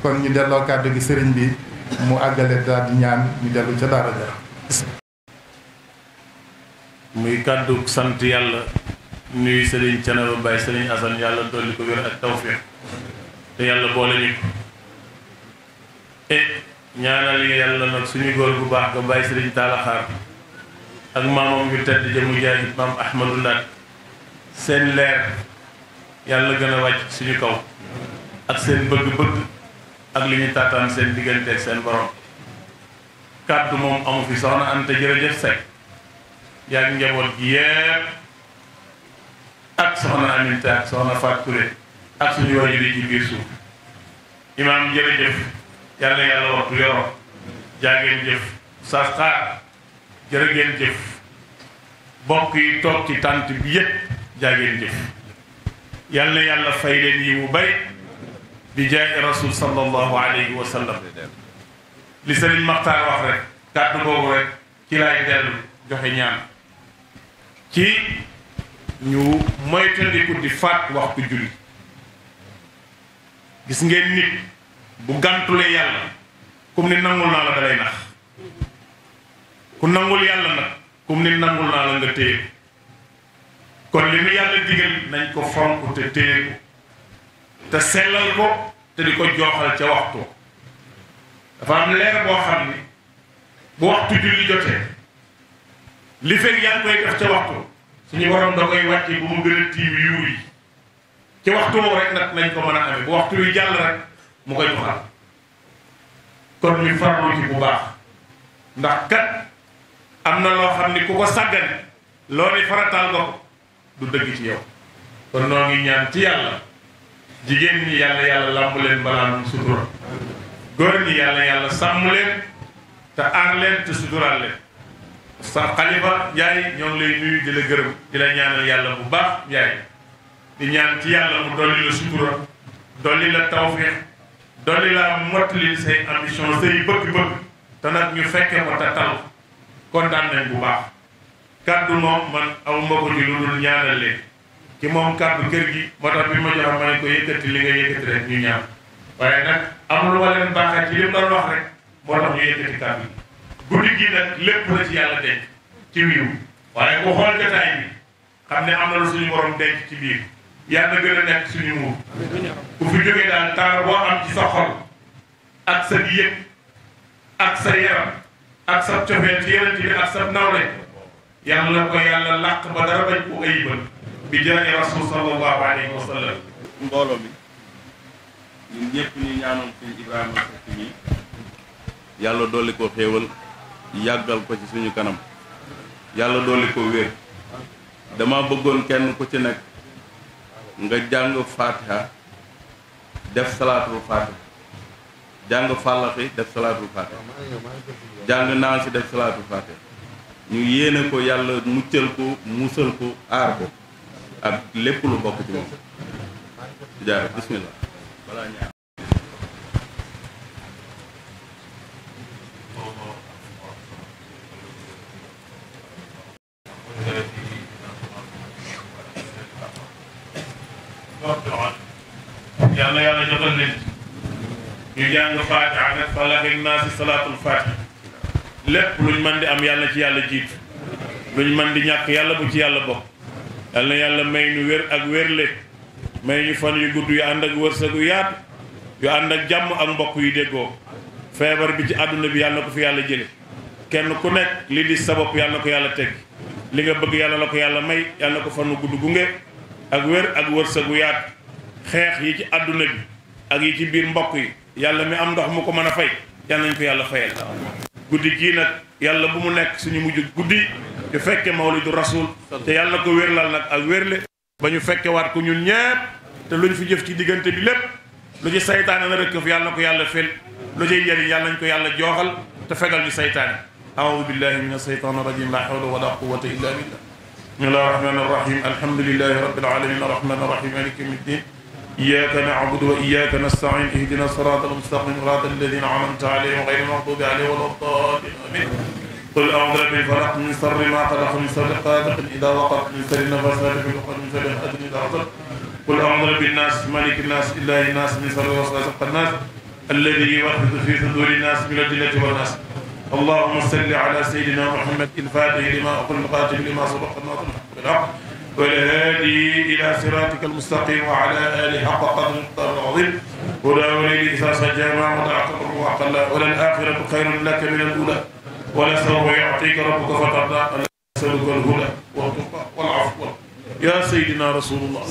kon ñu delloo kàddu gi sëriñ bi mu àggale daal ñaan ñu dellu ca daara muy kàddu sant yàlla nuyu Serigne Thiénaba Baye Serigne Assane yàlla dolli ko wér ak tawfiq te yàlla boole ñu ko e ñaanal yàlla nag suñu góor bu baax nga Baye Serigne Taalaxaar ak maamam yu tedd jëmu jaay maam Ahmadou Ndaat seen leer yàlla gën a wàcc suñu kaw ak seen bëgg-bëgg ak li ñu taataan seen diggante ak seen borom kàddu moom amu fi soxna Anta jërëjëf Seck yaa ngi njaboot gi yépp ak soxna Aminta ak soxna Fatou Touré ak suñu waajur yi ci biir suuf imaam jërëjëf yàlla bi yépp jaageen yàlla fay leen yi mu bari bi jaay rasul sallallahu alayhi wa li sëriñ Maxtaar wax rek kàddu boobu rek ci laay dellu joxe ñaan ci ñu moytandiku di faat waxtu julli gis ngeen nit bu gàntule yàlla comme ni nangul naa la dalay nax ku nangul yàlla nag comme ni nangul naa la nga téye kon li mu yàlla digal nañ ko fonk te téye ko te sellal ko te di ko jooxal ca waxtu dafa am leer boo xam ni bu waxtu julli jotee li fekk yaa ngi koy def ca waxtu suñu borom da koy wàcce bu mu gën tiim yuur yi ci waxtu woowu rek nag nañ ko mën a amee bu waxtu yu jàll rek mu koy joxal kon ñu farlu bu baax ndax kat am na loo xam ni ku ko sàggane loo ni farataal ko du dëgg ci yow kon noo ngi ñaan ci yàlla jigéen ñi yàlla yàlla làmb leen balaa mu sutura góor ñi yàlla yàlla sàmm leen te aar leen te suturaal leen sa xalifa Ndiaye ñoo ngi lay di la gërëm di la ñaanal yàlla bu baax Ndiaye di ñaan ci yàlla mu dolli la sutura dolli la tawfeex dolli la mottali say ambition say bëgg-bëgg te nag ñu fekke ko te tal kontaan nañ bu baax kaddu moom man aw ma lu dul ñaanal leen moom kaddu kër gi moo bi ma jox ma ne ko yëkkati li nga yëkkati rek ñu ñaan waaye nag amul lu ma ci li mu doon rek moo tax ñu yëkkati kaddu guddi gi nag lépp la ci yàlla denc ci wiiw waaye ku xool jotaay bi xam ne am suñu borom denc ci biir yàlla gën a nekk suñu muur ku fi jógee daal taar boo am ci sa xol ak sa yëg ak sa yaram ak sa cofeel ci yeneen ak sa nawle yàlla ko yàlla làq ba dara bañ ko ayibal bi jaay rasul sallallahu alayhi wa sallam mbooloo mi ñun ñëpp ñu ñaanoon sëñ Ibrahima Seck mi yàlla dolli ko xéewal yàggal ko ci suñu kanam yàlla dolli ko wér dama bëggoon kenn ku ci nekk nga jàng fatiha def salaatul fatiha jàng fàllaxi def salaatul fatiha jàng naa si def salaatul fatiha ñu yéene ko yàlla muccal ko musal ko aar ko ak lépp lu bokk ci moom jaare bismillah murtuun yal na ñu jàng mën di am yàlla ci yàlla jiitu luñ mën di ñàkk yàlla bu ci yàlla bokk yàlla may ñu ak wérle may ñu fan yu gudd yu ànd ak wërsëg yu yaatu yu ànd ak jàmm ak mbokk yu déggoo feebar bi ci àdduna bi yàlla na ko fi yàlla jële kenn ku nekk li di sabab yàlla na ko yàlla teg li nga bëgg yàlla la ko yàlla may yàlla ko fan wu gudd gunge ak wér ak wërsëg gu yaat xeex yi ci àdduna bi ak yi ci biir mbokk yi yàlla mi am ndox mu ko mën a fay yàlla nañ ko yàlla fayal guddi gii nag yàlla bu mu nekk suñu mujj guddi ñu fekke mawlidu rasul te yàlla ko wérlal nag ak wérle ba ñu fekkee waat ko ñun ñépp te lu luñ fi jëf ci diggante bi lépp lu ci saytaane na rëkk fi yàlla na ko yàlla fel lu ciy njëriñ yàlla nañ ko yàlla jooxal te fegal ñu saytaane aoudu billahi min asheytan irajim la hawla wala quwata illa billah بسم الله الرحمن الرحيم الحمد لله رب العالمين الرحمن الرحيم مالك يوم الدين إياك نعبد وإياك نستعين اهدنا الصراط المستقيم صراط الذين أنعمت عليهم غير المغضوب عليهم ولا الضالين آمين قل أعوذ برب الفلق من شر ما خلق من شر قادق إذا وقف من شر النفاثات في العقد من شر الحد إذا حصل قل أعوذ برب الناس ملك الناس إله الناس من شر الوسواس الخناس الذي يوحد في صدور الناس من الجنة والناس اللهم صل على سيدنا محمد الفاتح لما أقول القاتل لما سبق الناصر بالحق والهادي إلى صراطك المستقيم وعلى آله حق قدر المقدار العظيم ولا ولي إذا سجى ما وتعقب الروح قلا وللآخرة خير لك من الأولى ولسوف يعطيك ربك فترضى أنا أسألك الهدى والتقى والعفو yaa Seydina Rasulullah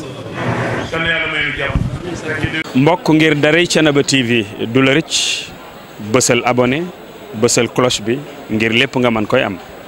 mbokk ngir daray Thiénaba TV du la rëcc bësal abonné bësal cloche bi ngir lépp nga mën koy am